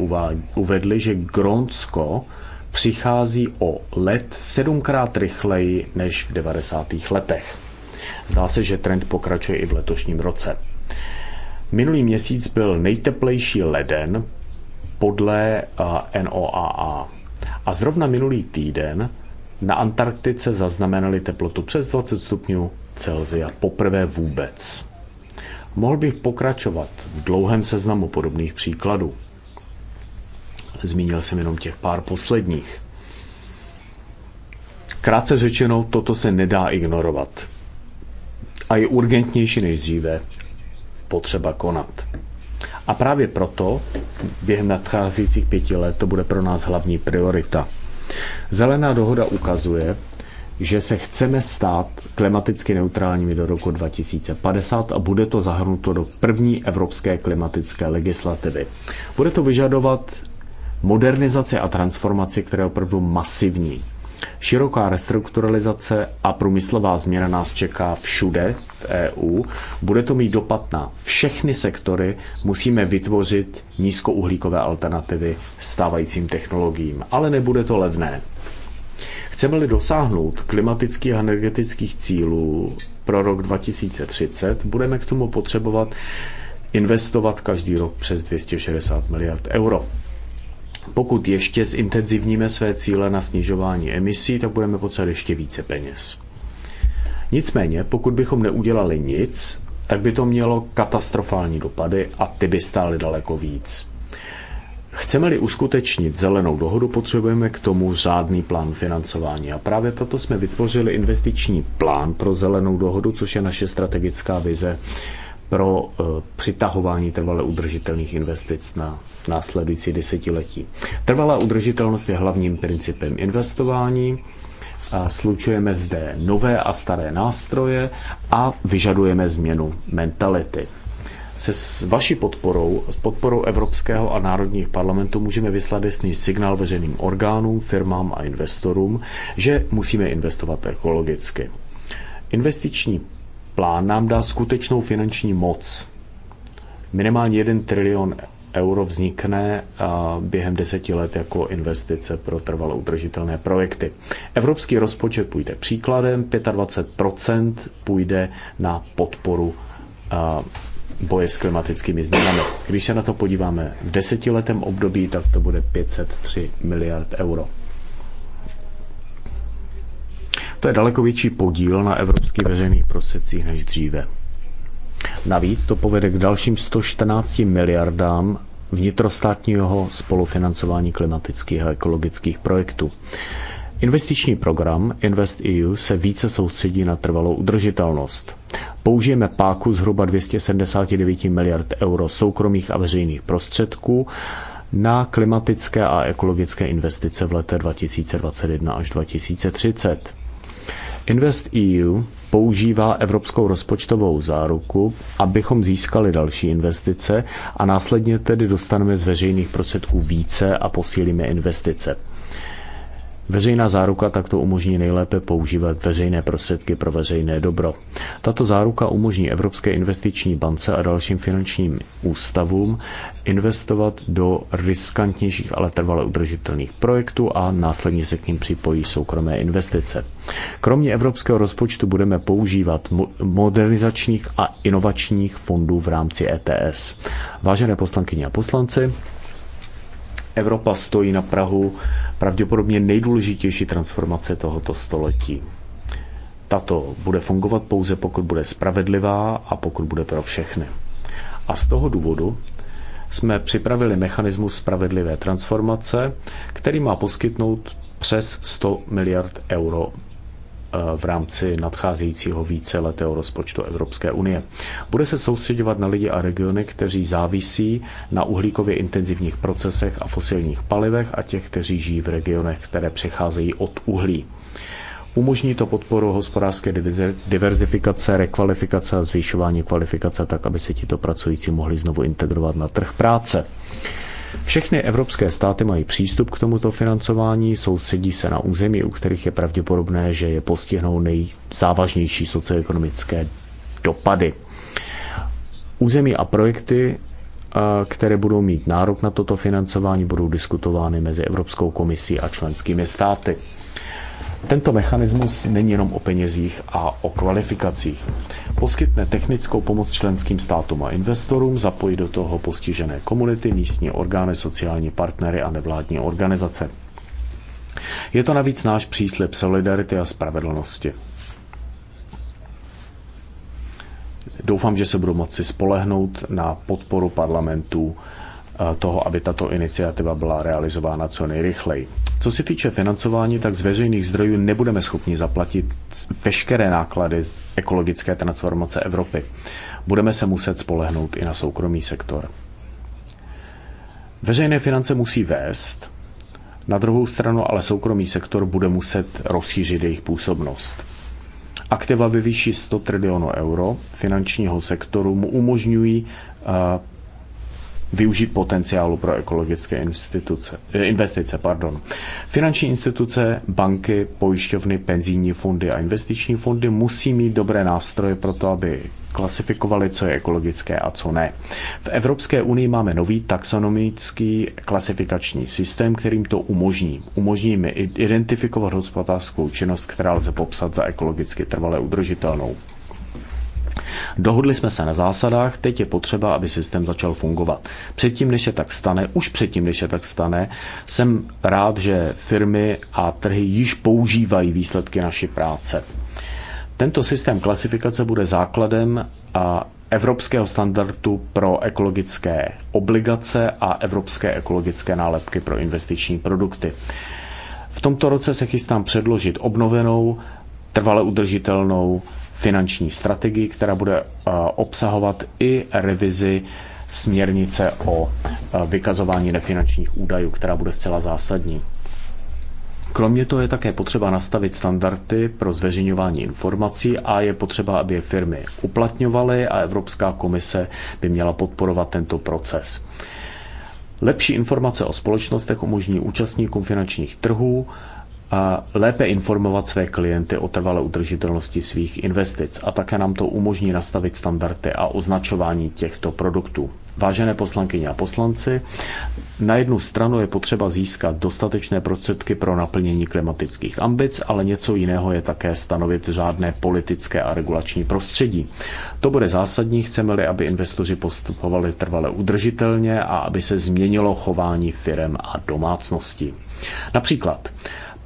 uvedli, že Gronsko přichází o let sedmkrát rychleji než v 90. letech. Zdá se, že trend pokračuje i v letošním roce. Minulý měsíc byl nejteplejší leden podle eh, NOAA. A zrovna minulý týden na Antarktice zaznamenali teplotu přes 20 stupňů Celsia poprvé vůbec. Mohl bych pokračovat v dlouhém seznamu podobných příkladů. Zmínil jsem jenom těch pár posledních. Krátce řečeno, toto se nedá ignorovat. A je urgentnější než dříve potřeba konat. A právě proto během nadcházejících pěti let to bude pro nás hlavní priorita. Zelená dohoda ukazuje, že se chceme stát klimaticky neutrálními do roku 2050 a bude to zahrnuto do první evropské klimatické legislativy. Bude to vyžadovat modernizaci a transformaci, která je opravdu masivní. Široká restrukturalizace a průmyslová změna nás čeká všude v EU. Bude to mít dopad na všechny sektory. Musíme vytvořit nízkouhlíkové alternativy stávajícím technologiím, ale nebude to levné. Chceme-li dosáhnout klimatických a energetických cílů pro rok 2030, budeme k tomu potřebovat investovat každý rok přes 260 miliard euro. Pokud ještě zintenzivníme své cíle na snižování emisí, tak budeme potřebovat ještě více peněz. Nicméně, pokud bychom neudělali nic, tak by to mělo katastrofální dopady a ty by stály daleko víc. Chceme-li uskutečnit zelenou dohodu, potřebujeme k tomu řádný plán financování. A právě proto jsme vytvořili investiční plán pro zelenou dohodu, což je naše strategická vize pro eh, přitahování trvale udržitelných investic na následující desetiletí. Trvalá udržitelnost je hlavním principem investování, slučujeme zde nové a staré nástroje a vyžadujeme změnu mentality. Se s vaší podporou, s podporou Evropského a národních parlamentů, můžeme vyslat jasný signál veřejným orgánům, firmám a investorům, že musíme investovat ekologicky. Investiční plán nám dá skutečnou finanční moc. Minimálně 1 trilion euro vznikne eh, během deseti let jako investice pro trvalo udržitelné projekty. Evropský rozpočet půjde příkladem, 25% půjde na podporu eh, boje s klimatickými změnami. Když se na to podíváme v desetiletém období, tak to bude 503 miliard euro. To je daleko větší podíl na evropských veřejných prostředcích než dříve. Navíc to povede k dalším 114 miliardám vnitrostátního spolufinancování klimatických a ekologických projektů. Investiční program InvestEU se více soustředí na trvalou udržitelnost. Použijeme páku zhruba 279 miliard euro soukromých a veřejných prostředků na klimatické a ekologické investice v letech 2021 až 2030. Invest EU používá evropskou rozpočtovou záruku, abychom získali další investice a následně tedy dostaneme z veřejných prostředků více a posílíme investice. Veřejná záruka takto umožní nejlépe používat veřejné prostředky pro veřejné dobro. Tato záruka umožní Evropské investiční bance a dalším finančním ústavům investovat do riskantnějších, ale trvale udržitelných projektů a následně se k ním připojí soukromé investice. Kromě evropského rozpočtu budeme používat modernizačních a inovačních fondů v rámci ETS. Vážené poslankyně a poslanci, Evropa stojí na Prahu pravděpodobně nejdůležitější transformace tohoto století. Tato bude fungovat pouze pokud bude spravedlivá a pokud bude pro všechny. A z toho důvodu jsme připravili mechanismus spravedlivé transformace, který má poskytnout přes 100 miliard euro v rámci nadcházejícího víceletého rozpočtu Evropské unie. Bude se soustředovat na lidi a regiony, kteří závisí na uhlíkově intenzivních procesech a fosilních palivech a těch, kteří žijí v regionech, které přecházejí od uhlí. Umožní to podporu hospodářské diverzifikace, rekvalifikace a zvyšování kvalifikace tak, aby se tito pracující mohli znovu integrovat na trh práce. Všechny evropské státy mají přístup k tomuto financování, soustředí se na území, u kterých je pravděpodobné, že je postihnou nejzávažnější socioekonomické dopady. Území a projekty, eh, které budou mít nárok na toto financování, budou diskutovány mezi Evropskou komisí a členskými státy. Tento mechanismus není jenom o penězích a o kvalifikacích. Poskytne technickou pomoc členským státům a investorům, zapojí do toho postižené komunity, místní orgány, sociální partnery a nevládní organizace. Je to navíc náš příslip solidarity a spravedlnosti. Doufám, že se budu moci spolehnout na podporu parlamentů Eh, toho, aby tato iniciativa byla realizována co nejrychleji. Co se týče financování, tak z veřejných zdrojů nebudeme schopni zaplatit veškeré náklady z ekologické transformace Evropy. Budeme se muset spolehnout i na soukromý sektor. Veřejné finance musí vést, na druhou stranu ale soukromý sektor bude muset rozšířit jejich působnost. Aktiva ve výši 100 trilionů euro finančního sektoru mu umožňují eh, využít potenciálu pro ekologické instituce, eh, investice. Pardon. Finanční instituce, banky, pojišťovny, penzijní fondy a investiční fondy musí mít dobré nástroje pro to, aby klasifikovali, co je ekologické a co ne. V Evropské unii máme nový taxonomický klasifikační systém, kterým to umožní. Umožní mi identifikovat hospodářskou činnost, která lze popsat za ekologicky trvale udržitelnou. Dohodli jsme se na zásadách, teď je potřeba, aby systém začal fungovat. Předtím, než se tak stane, už předtím, než se tak stane, jsem rád, že firmy a trhy již používají výsledky naší práce. Tento systém klasifikace bude základem a evropského standardu pro ekologické obligace a evropské ekologické nálepky pro investiční produkty. V tomto roce se chystám předložit obnovenou, trvale udržitelnou finanční strategii, která bude eh, obsahovat i revizi směrnice o eh, vykazování nefinančních údajů, která bude zcela zásadní. Kromě toho je také potřeba nastavit standardy pro zveřejňování informací a je potřeba, aby je firmy uplatňovaly a Evropská komise by měla podporovat tento proces. Lepší informace o společnostech umožní účastníkům finančních trhů a lépe informovat své klienty o trvalé udržitelnosti svých investic a také nám to umožní nastavit standardy a označování těchto produktů. Vážené poslankyně a poslanci, na jednu stranu je potřeba získat dostatečné prostředky pro naplnění klimatických ambic, ale něco jiného je také stanovit řádné politické a regulační prostředí. To bude zásadní, chceme-li, aby investoři postupovali trvale udržitelně a aby se změnilo chování firem a domácností. Například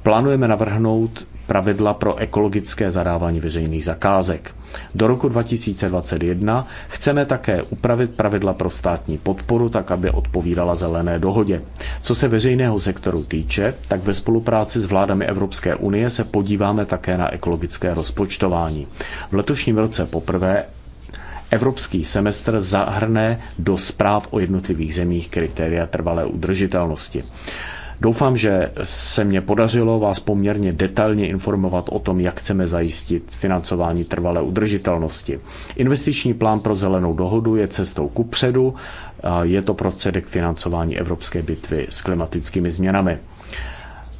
plánujeme navrhnout pravidla pro ekologické zadávání veřejných zakázek. Do roku 2021 chceme také upravit pravidla pro státní podporu, tak aby odpovídala zelené dohodě. Co se veřejného sektoru týče, tak ve spolupráci s vládami Evropské unie se podíváme také na ekologické rozpočtování. V letošním roce poprvé Evropský semestr zahrne do zpráv o jednotlivých zemích kritéria trvalé udržitelnosti. Doufám, že se mě podařilo vás poměrně detailně informovat o tom, jak chceme zajistit financování trvalé udržitelnosti. Investiční plán pro zelenou dohodu je cestou kupředu, je to prostředek financování evropské bitvy s klimatickými změnami.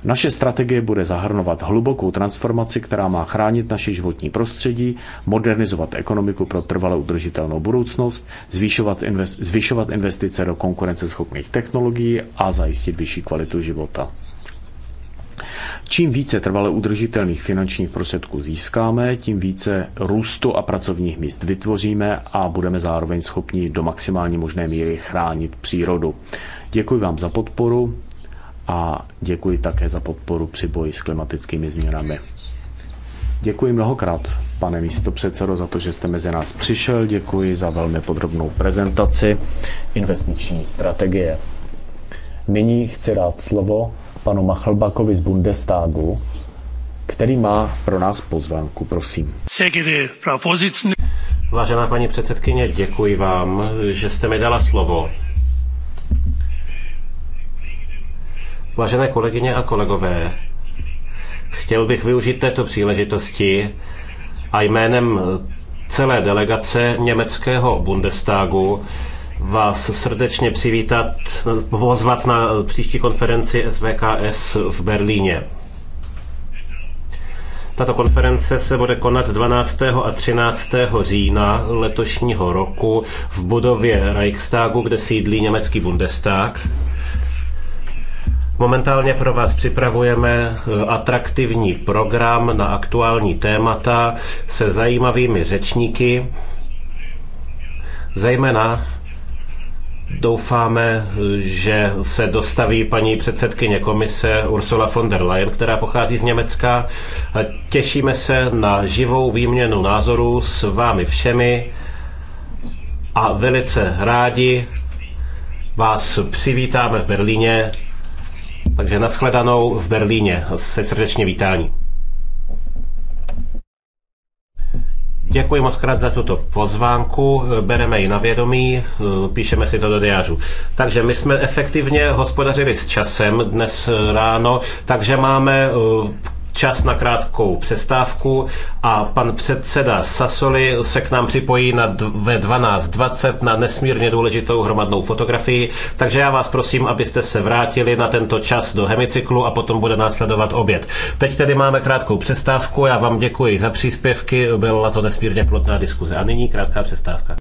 Naše strategie bude zahrnovat hlubokou transformaci, která má chránit naše životní prostředí, modernizovat ekonomiku pro trvale udržitelnou budoucnost, zvýšovat, invest, zvýšovat investice do konkurenceschopných technologií a zajistit vyšší kvalitu života. Čím více trvale udržitelných finančních prostředků získáme, tím více růstu a pracovních míst vytvoříme a budeme zároveň schopni do maximální možné míry chránit přírodu. Děkuji vám za podporu a děkuji také za podporu při boji s klimatickými změnami. Děkuji mnohokrát, pane místo předsedo, za to, že jste mezi nás přišel. Děkuji za velmi podrobnou prezentaci investiční strategie. Nyní chci dát slovo panu Machlbakovi z Bundestagu, který má pro nás pozvánku. Prosím. Vážená paní předsedkyně, děkuji vám, že jste mi dala slovo. Vážené kolegyně a kolegové, chtěl bych využít této příležitosti a jménem celé delegace německého Bundestagu vás srdečně přivítat, pozvat na příští konferenci SVKS v Berlíně. Tato konference se bude konat 12. a 13. října letošního roku v budově Reichstagu, kde sídlí německý Bundestag. Momentálně pro vás připravujeme eh, atraktivní program na aktuální témata se zajímavými řečníky. Zejména Doufáme, eh, že se dostaví paní předsedkyně komise Ursula von der Leyen, která pochází z Německa. Těšíme se na živou výměnu názorů s vámi všemi a velice rádi vás přivítáme v Berlíně takže nashledanou v Berlíně. Se srdečně vítání. Děkuji moc krát za tuto pozvánku, bereme ji na vědomí, píšeme si to do diářů. Takže my jsme efektivně hospodařili s časem dnes ráno, takže máme čas na krátkou přestávku a pan předseda Sasoli se k nám připojí na d- ve 12.20 na nesmírně důležitou hromadnou fotografii, takže já vás prosím, abyste se vrátili na tento čas do hemicyklu a potom bude následovat oběd. Teď tedy máme krátkou přestávku, já vám děkuji za příspěvky, byla to nesmírně plodná diskuze a nyní krátká přestávka.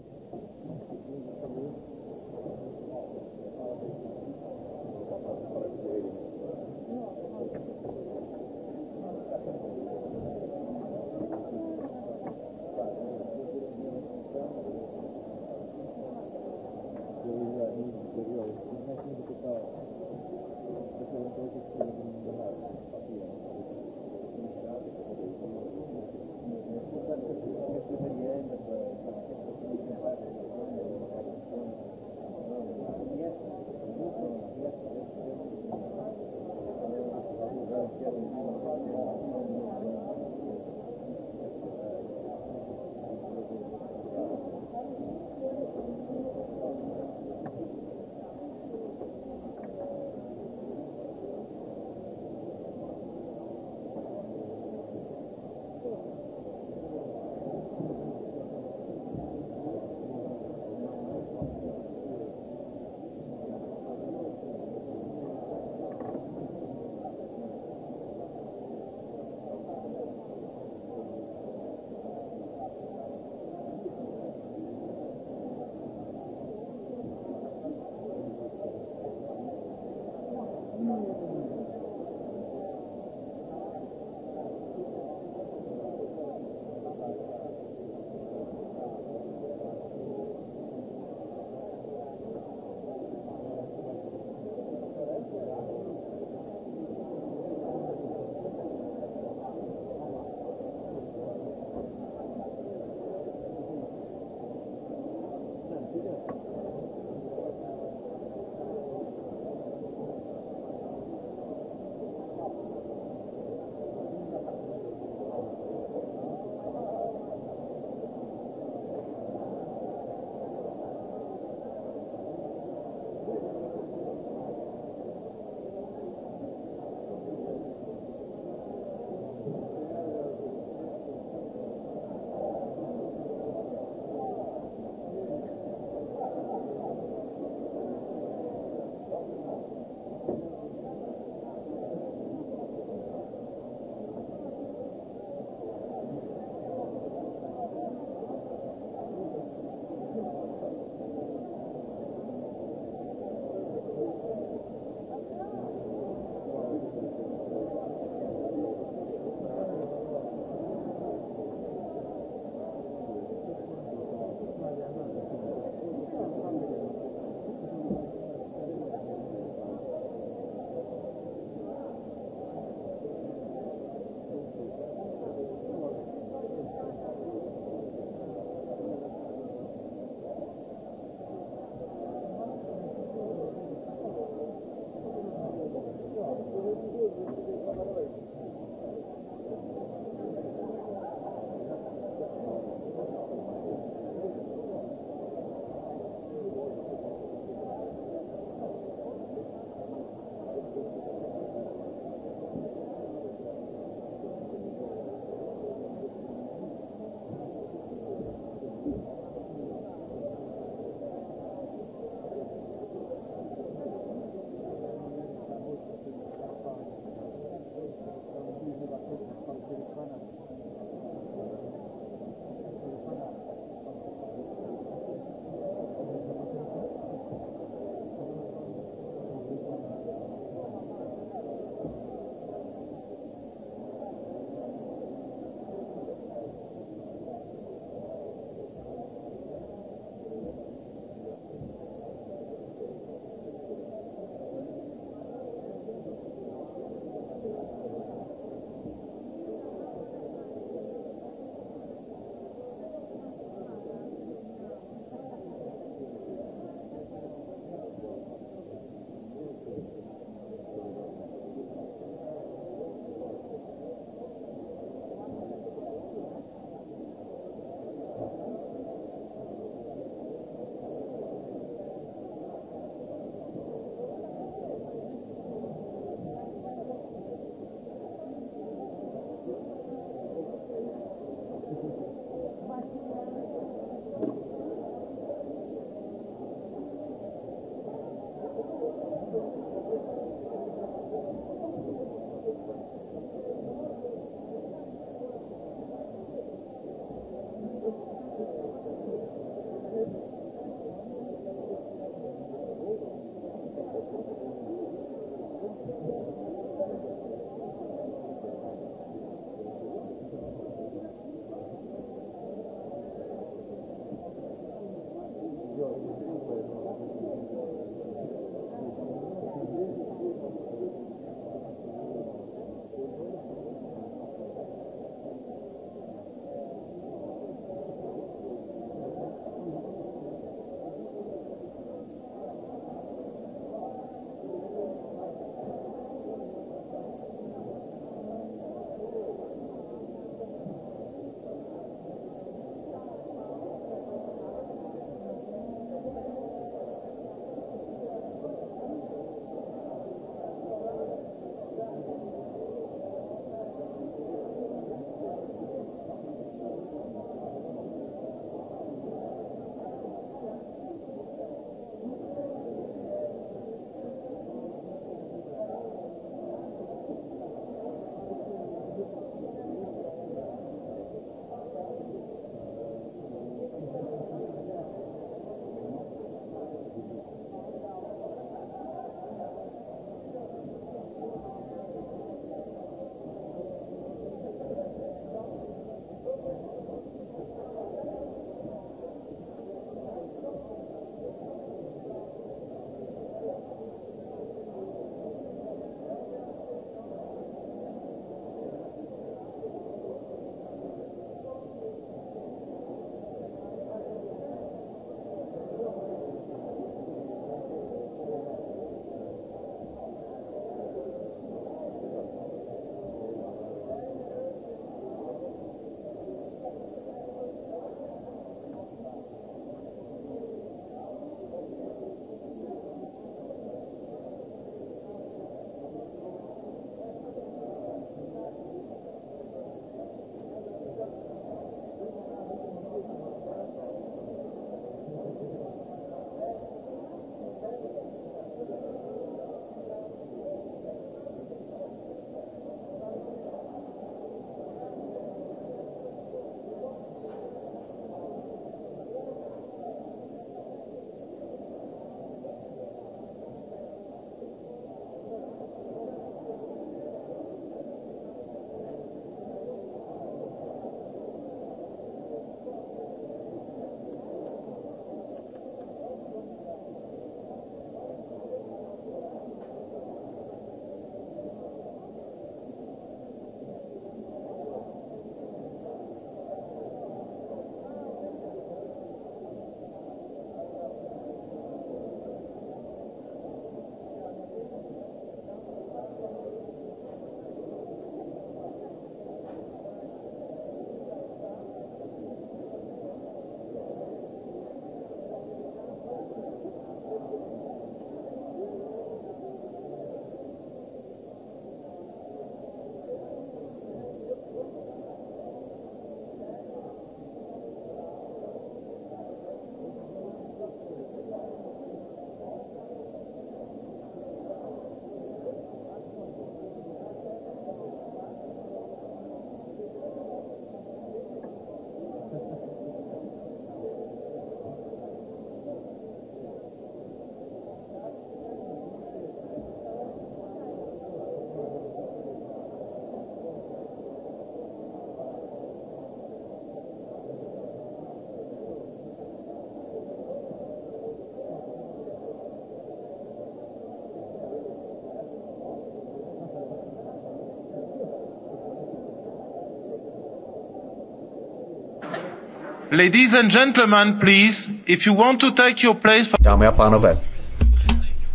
Ladies and gentlemen, please, if you want to take your place... Dámy a pánové,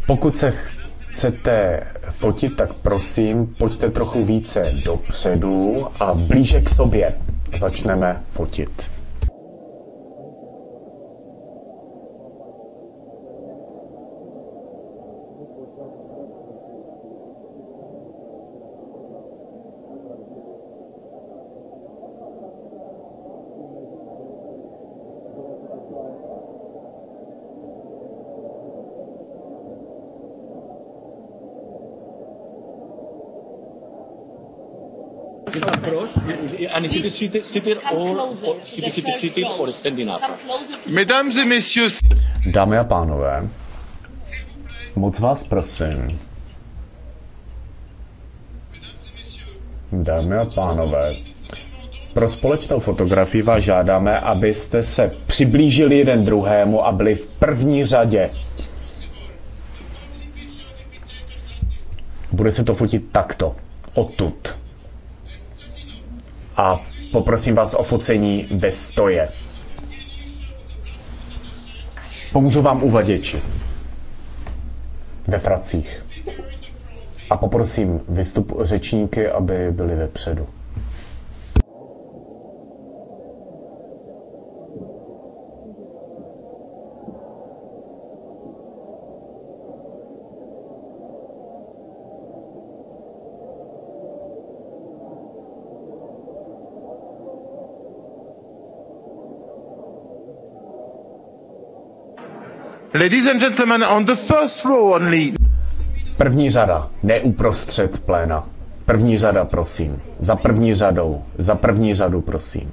pokud se chcete fotit, tak prosím, pojďte trochu více dopředu a blíže k sobě začneme fotit. Dámy a pánové, moc vás prosím. Dámy a pánové, pro společnou fotografii vás žádáme, abyste se přiblížili jeden druhému a byli v první řadě. Bude se to fotit takto, odtud. A Poprosím vás o focení ve stoje. Pomůžu vám uvaděči ve fracích. A poprosím vystup řečníky, aby byli vepředu. Ladies and gentlemen, on the first row only. První řada, ne uprostřed pléna. První řada, prosím. Za první řadou, za první řadu, prosím.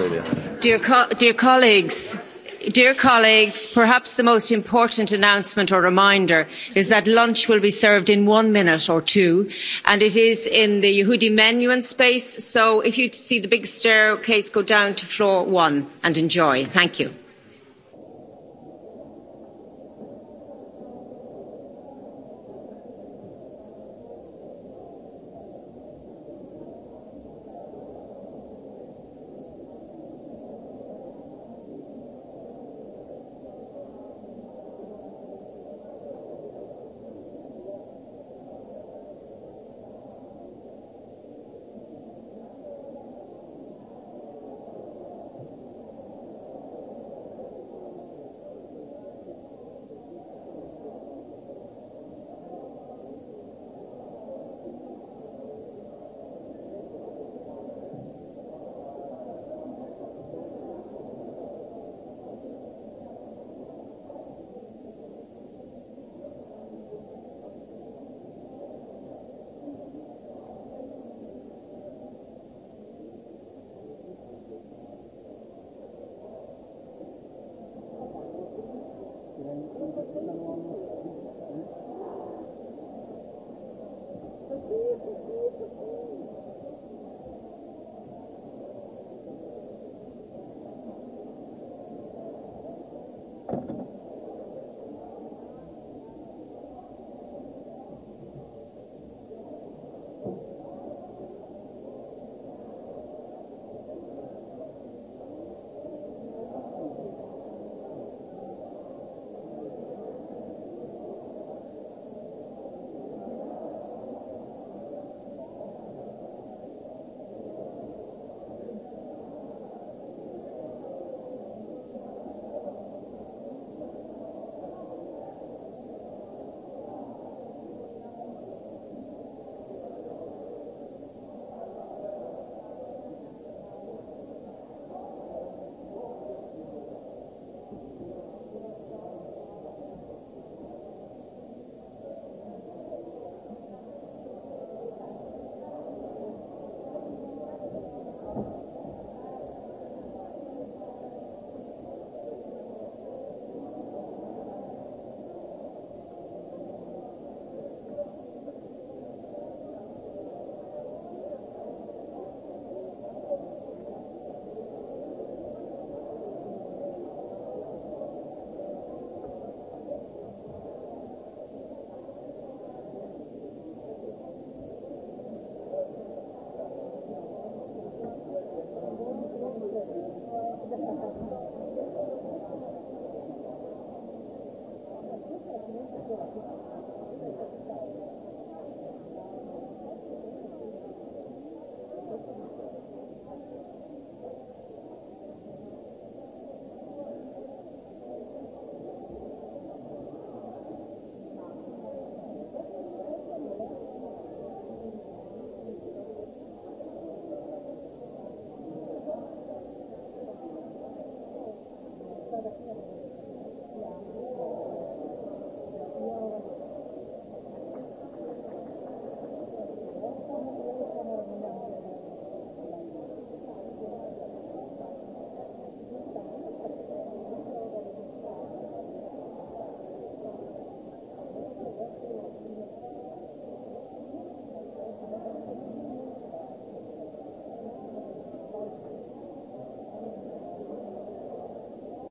Australia. Dear, co dear colleagues, dear colleagues, perhaps the most important announcement or reminder is that lunch will be served in one minute or two, and it is in the Yehudi Menuhin space. So if you see the big staircase, go down to floor one and enjoy. Thank you.